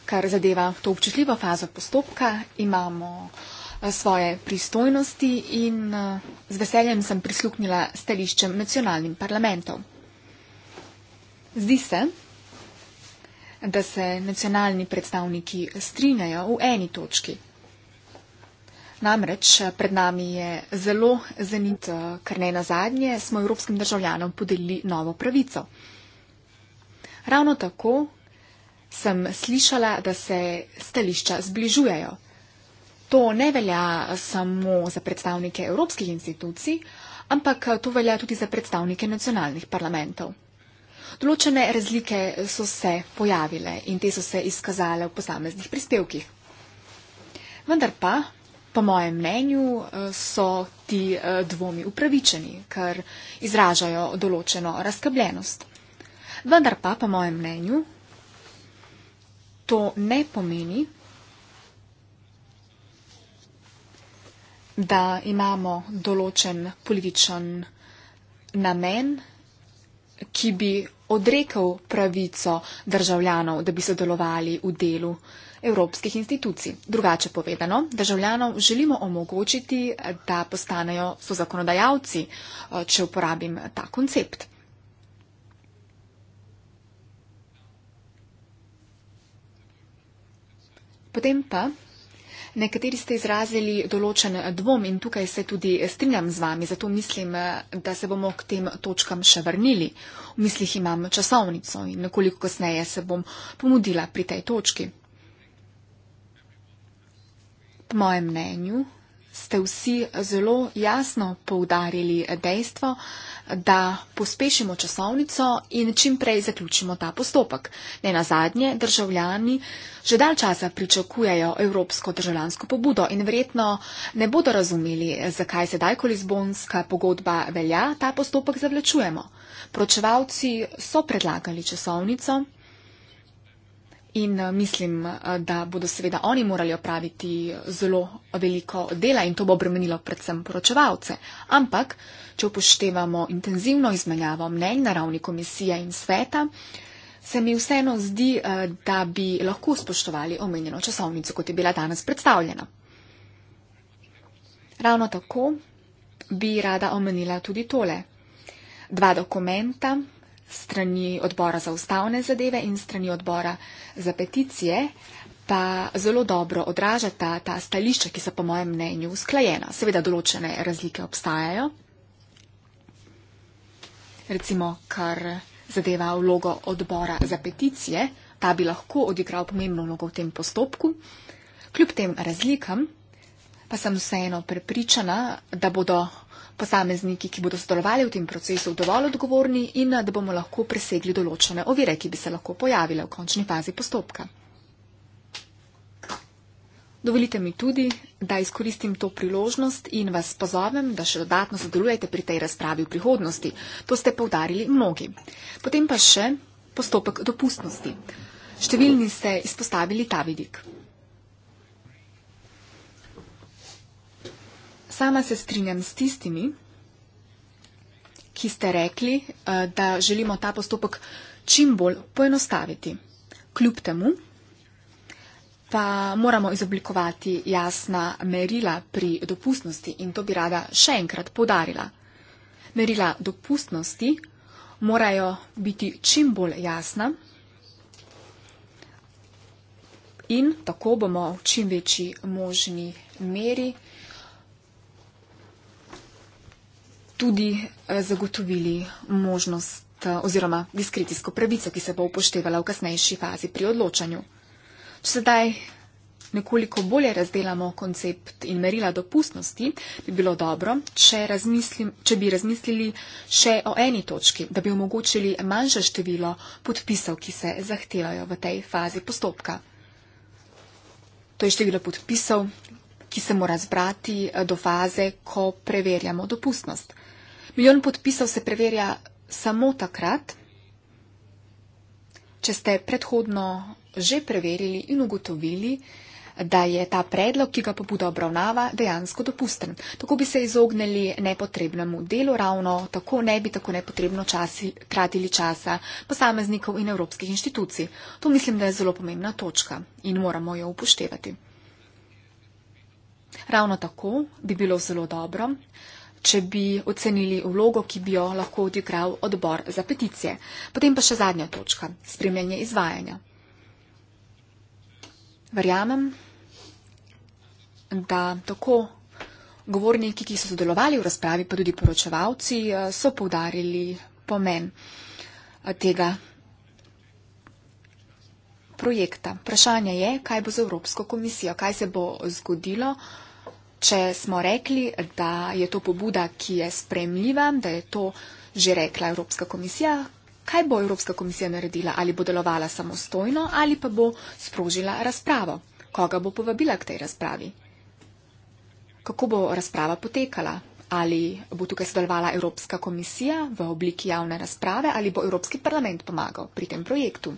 kar zadeva to občutljivo fazo postopka, imamo eh, svoje pristojnosti in eh, z veseljem sem prisluhnila stališčem nacionalnim parlamentov. Zdi se, da se nacionalni predstavniki strinjajo v eni točki. Namreč eh, pred nami je zelo zanit, eh, ker ne na zadnje smo evropskim državljanom podelili novo pravico. Ravno tako sem slišala, da se stališča zbližujejo. To ne velja samo za predstavnike evropskih institucij, ampak eh, to velja tudi za predstavnike nacionalnih parlamentov. Določene razlike so se pojavile in te so se izkazale v posameznih prispevkih. Vendar pa Po mojem mnenju eh, so ti eh, dvomi upravičeni, ker izražajo določeno razkabljenost. Vendar pa, po mojem mnenju, to ne pomeni, da imamo določen političen namen, ki bi odrekel pravico državljanov, da bi sodelovali v delu uh, evropskih institucij. Drugače povedano, državljanom želimo omogočiti, da postanejo so zakonodajalci, eh, če uporabim ta koncept. Potem pa. Nekateri ste izrazili določen dvom in tukaj se tudi strinjam z vami, zato mislim, da se bomo k tem točkam še vrnili. V mislih imam časovnico in nekoliko kasneje se bom pomudila pri tej točki mojem mnenju ste vsi zelo jasno poudarili dejstvo, da pospešimo časovnico in čim prej zaključimo ta postopek. Ne na zadnje, državljani že dal časa pričakujejo evropsko državljansko pobudo in verjetno ne bodo razumeli, zakaj se daj, ko Lizbonska pogodba velja, ta postopek zavlačujemo. Pročevalci so predlagali časovnico. In eh, mislim, eh, da bodo seveda oni morali opraviti eh, zelo veliko dela in to bo obremenilo predvsem poročevalce. Ampak, če upoštevamo intenzivno izmenjavo mnenj na ravni komisije in sveta, se mi vseeno zdi, da bi lahko spoštovali omenjeno časovnico, kot je bila danes predstavljena. Ravno tako bi rada omenila tudi tole. Dva dokumenta strani odbora za ustavne zadeve in strani odbora za peticije pa zelo dobro odraža ta, ta stališča, ki so po mojem mnenju usklajena. Seveda določene razlike obstajajo. Recimo, kar zadeva vlogo odbora za peticije, ta bi lahko odigral pomembno vlogo v tem postopku. Kljub tem razlikam pa sem vseeno prepričana, da bodo posamezniki, ki bodo sodelovali v tem procesu, dovolj odgovorni in da bomo lahko presegli določene ovire, ki bi se lahko pojavile v končni fazi postopka. Dovolite mi tudi, da izkoristim to priložnost in vas pozovem, da še dodatno sodelujete pri tej razpravi v prihodnosti. To ste povdarili mnogi. Potem pa še postopek dopustnosti. Številni ste izpostavili ta vidik. Sama se strinjam s tistimi, ki ste rekli, eh, da želimo ta postopek čim bolj poenostaviti. Kljub temu pa moramo izoblikovati jasna merila pri dopustnosti in to bi rada še enkrat podarila. Merila dopustnosti morajo biti čim bolj jasna in tako bomo v čim večji možni meri tudi eh, zagotovili možnost eh, oziroma diskricijsko pravico, ki se bo upoštevala v kasnejši fazi pri odločanju. Če sedaj nekoliko bolje razdelamo koncept in merila dopustnosti, bi bilo dobro, če, če bi razmislili še o eni točki, da bi omogočili manjše število podpisov, ki se zahtevajo v tej fazi postopka. To je število podpisov, ki se mora zbrati eh, do faze, ko preverjamo dopustnost. Milijon podpisov se preverja samo takrat, če ste predhodno že preverili in ugotovili, da je ta predlog, ki ga pobuda obravnava, dejansko dopusten. Tako bi se izognili nepotrebnemu delu ravno, tako ne bi tako nepotrebno časi, tratili časa posameznikov in evropskih inštitucij. To mislim, da je zelo pomembna točka in moramo jo upoštevati. Ravno tako bi bilo zelo dobro, če bi ocenili vlogo, ki bi jo lahko odigral odbor za peticije. Potem pa še zadnja točka, spremljanje izvajanja. Verjamem, da tako govorniki, ki so sodelovali v razpravi, pa tudi poročevalci, eh, so poudarili pomen eh, tega projekta. Vprašanje je, kaj bo z Evropsko komisijo, kaj se bo zgodilo. Če smo rekli, da je to pobuda, ki je spremljiva, da je to že rekla Evropska komisija, kaj bo Evropska komisija naredila? Ali bo delovala samostojno ali pa bo sprožila razpravo? Koga bo povabila k tej razpravi? Kako bo razprava potekala? Ali bo tukaj sodelovala Evropska komisija v obliki javne razprave ali bo Evropski parlament pomagal pri tem projektu?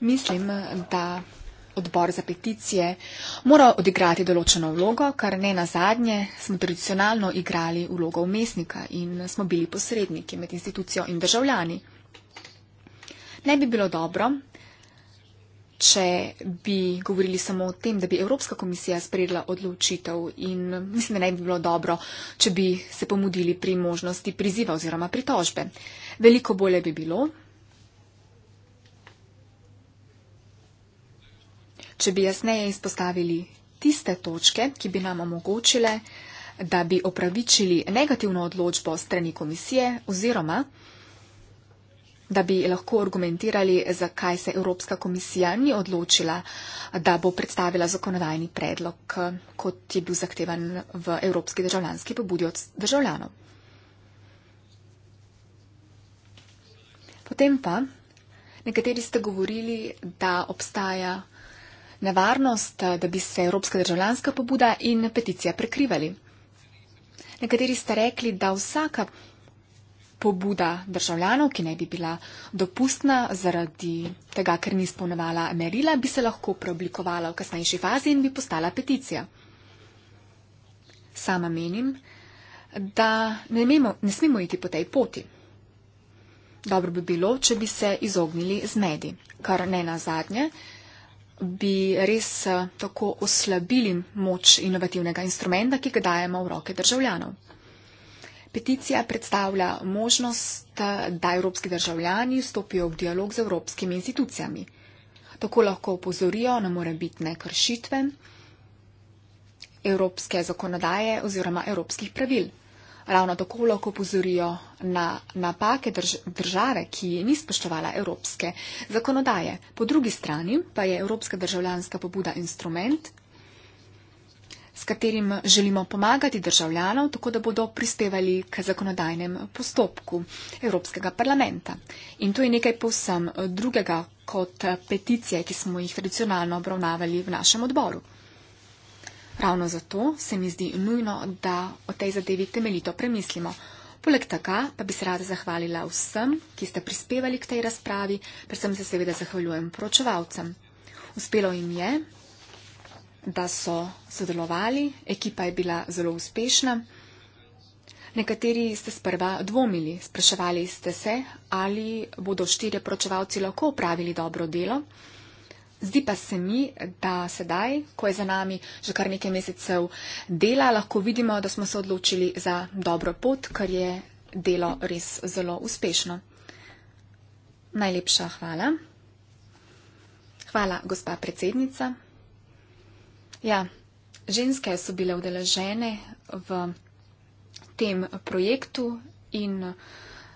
Mislim, da odbor za peticije mora odigrati določeno vlogo, kar ne na zadnje smo tradicionalno igrali vlogo umestnika in smo bili posredniki med institucijo in državljani. Ne bi bilo dobro, če bi govorili samo o tem, da bi Evropska komisija sprejela odločitev in mislim, da ne bi bilo dobro, če bi se pomudili pri možnosti priziva oziroma pritožbe. Veliko bolje bi bilo, Če bi jasneje izpostavili tiste točke, ki bi nam omogočile, da bi opravičili negativno odločbo strani komisije oziroma da bi lahko argumentirali, zakaj se Evropska komisija ni odločila, da bo predstavila zakonodajni predlog, kot je bil zahtevan v Evropski državljanski pobudi od državljanov. Potem pa, nekateri ste govorili, da obstaja nevarnost, da bi se evropska državljanska pobuda in peticija prekrivali. Nekateri ste rekli, da vsaka pobuda državljanov, ki naj bi bila dopustna zaradi tega, ker ni spolnevala merila, bi se lahko preoblikovala v kasnejši fazi in bi postala peticija. Sama menim, da ne, imemo, ne smemo iti po tej poti. Dobro bi bilo, če bi se izognili zmedi, kar ne na zadnje bi res eh, tako oslabili moč inovativnega instrumenta, ki ga dajemo v roke državljanov. Peticija predstavlja možnost, eh, da evropski državljani vstopijo v dialog z evropskimi institucijami. Tako lahko opozorijo na morebitne kršitve evropske zakonodaje oziroma evropskih pravil. Ravno tako lahko pozorijo na napake drž države, ki ni spoštovala evropske zakonodaje. Po drugi strani pa je evropska državljanska pobuda instrument, s katerim želimo pomagati državljanov, tako da bodo prispevali k zakonodajnem postopku Evropskega parlamenta. In to je nekaj povsem drugega kot peticije, ki smo jih tradicionalno obravnavali v našem odboru. Ravno zato se mi zdi nujno, da o tej zadevi temeljito premislimo. Poleg tega pa bi se rada zahvalila vsem, ki ste prispevali k tej razpravi, predvsem se seveda zahvaljujem poročevalcem. Uspelo jim je, da so sodelovali, ekipa je bila zelo uspešna. Nekateri ste sprva dvomili, spraševali ste se, ali bodo štirje poročevalci lahko upravili dobro delo. Zdi pa se mi, da sedaj, ko je za nami že kar nekaj mesecev dela, lahko vidimo, da smo se odločili za dobro pot, ker je delo res zelo uspešno. Najlepša hvala. Hvala, gospa predsednica. Ja, ženske so bile udeležene v tem projektu in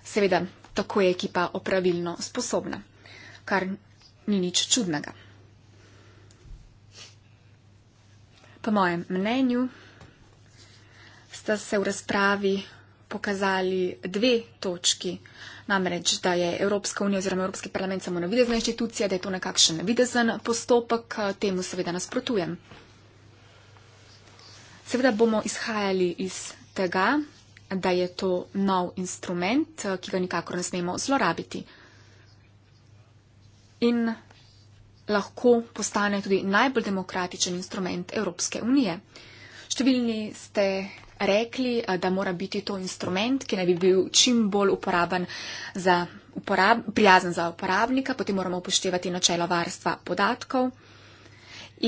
seveda tako je ekipa opravilno sposobna, kar ni nič čudnega. po mojem mnenju sta se v razpravi pokazali dve točki. Namreč, da je Evropska unija oziroma Evropski parlament samo navidezna inštitucija, da je to nekakšen navidezen postopek, temu seveda nasprotujem. Seveda bomo izhajali iz tega, da je to nov instrument, ki ga nikakor ne smemo zlorabiti. In lahko postane tudi najbolj demokratičen instrument Evropske unije. Številni ste rekli, eh, da mora biti to instrument, ki naj bi bil čim bolj uporaben za uporab, prijazen za uporabnika, potem moramo upoštevati načelo varstva podatkov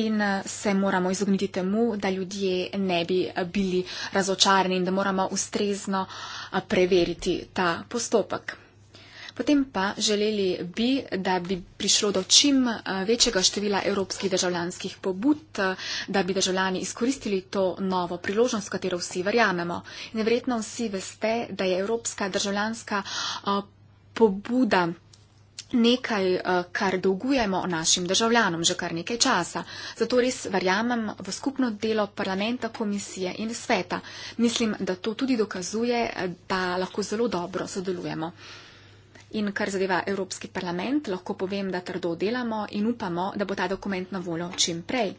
in eh, se moramo izogniti temu, da ljudje ne bi eh, bili razočarani in da moramo ustrezno preveriti ta postopek. Potem pa želeli bi, da bi prišlo do čim eh, večjega števila evropskih državljanskih pobud, eh, da bi državljani izkoristili to novo priložnost, v katero vsi verjamemo. Nevredno vsi veste, da je evropska državljanska eh, pobuda nekaj, kar dolgujemo našim državljanom že kar nekaj časa. Zato res verjamem v skupno delo parlamenta, komisije in sveta. Mislim, da to tudi dokazuje, da lahko zelo dobro sodelujemo. In kar zadeva Evropski parlament, lahko povem, da trdo delamo in upamo, da bo ta dokument na voljo čim prej.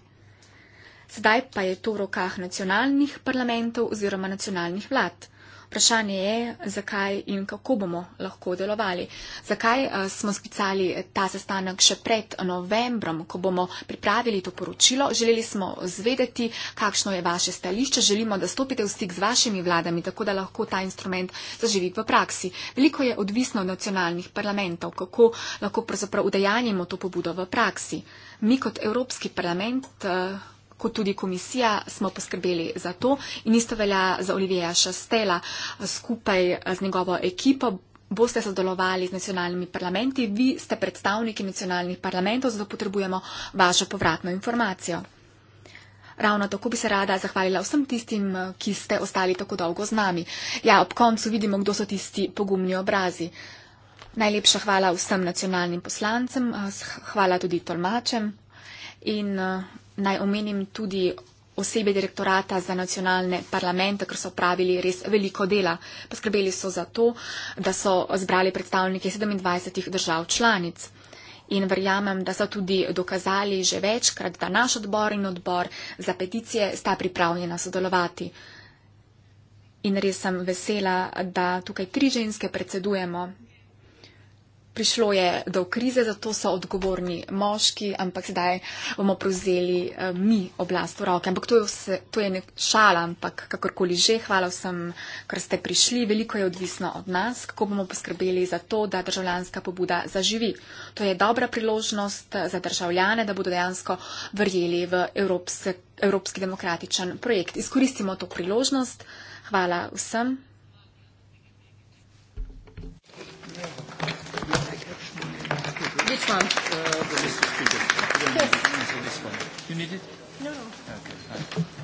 Zdaj pa je to v rokah nacionalnih parlamentov oziroma nacionalnih vlad. Vprašanje je, zakaj in kako bomo lahko delovali. Zakaj eh, smo spicali ta sestanek še pred novembrom, ko bomo pripravili to poročilo? Želeli smo zvedeti, kakšno je vaše stališče. Želimo, da stopite v stik z vašimi vladami, tako da lahko ta instrument zaživi v praksi. Veliko je odvisno od nacionalnih parlamentov, kako lahko pravzaprav udejanjimo to pobudo v praksi. Mi kot Evropski parlament. Uh, kot tudi komisija smo poskrbeli za to in isto velja za Olivija Šastela skupaj eh, z njegovo ekipo. Boste sodelovali z nacionalnimi parlamenti, vi ste predstavniki nacionalnih parlamentov, zato potrebujemo vašo povratno informacijo. Ravno tako bi se rada zahvalila vsem tistim, eh, ki ste ostali tako dolgo z nami. Ja, ob koncu vidimo, kdo so tisti pogumni obrazi. Najlepša hvala vsem nacionalnim poslancem, eh, hvala tudi tolmačem in naj omenim tudi osebe direktorata za nacionalne parlamente, ker so pravili res veliko dela. Poskrbeli so za to, da so zbrali predstavnike 27 držav članic. In verjamem, da so tudi dokazali že večkrat, da naš odbor in odbor za peticije sta pripravljena sodelovati. In res sem vesela, da tukaj tri ženske predsedujemo prišlo je do krize, zato so odgovorni moški, ampak zdaj bomo prevzeli uh, mi oblast v roke. Ampak to je, vse, to je nek šala, ampak kakorkoli že, hvala vsem, ker ste prišli. Veliko je odvisno od nas, kako bomo poskrbeli za to, da državljanska pobuda zaživi. To je dobra priložnost eh, za državljane, da bodo dejansko verjeli v evropske, evropski demokratičen projekt. Izkoristimo to priložnost. Hvala vsem. Thank you fun. Uh, the list of speakers. You need it? No, no. Okay. Fine.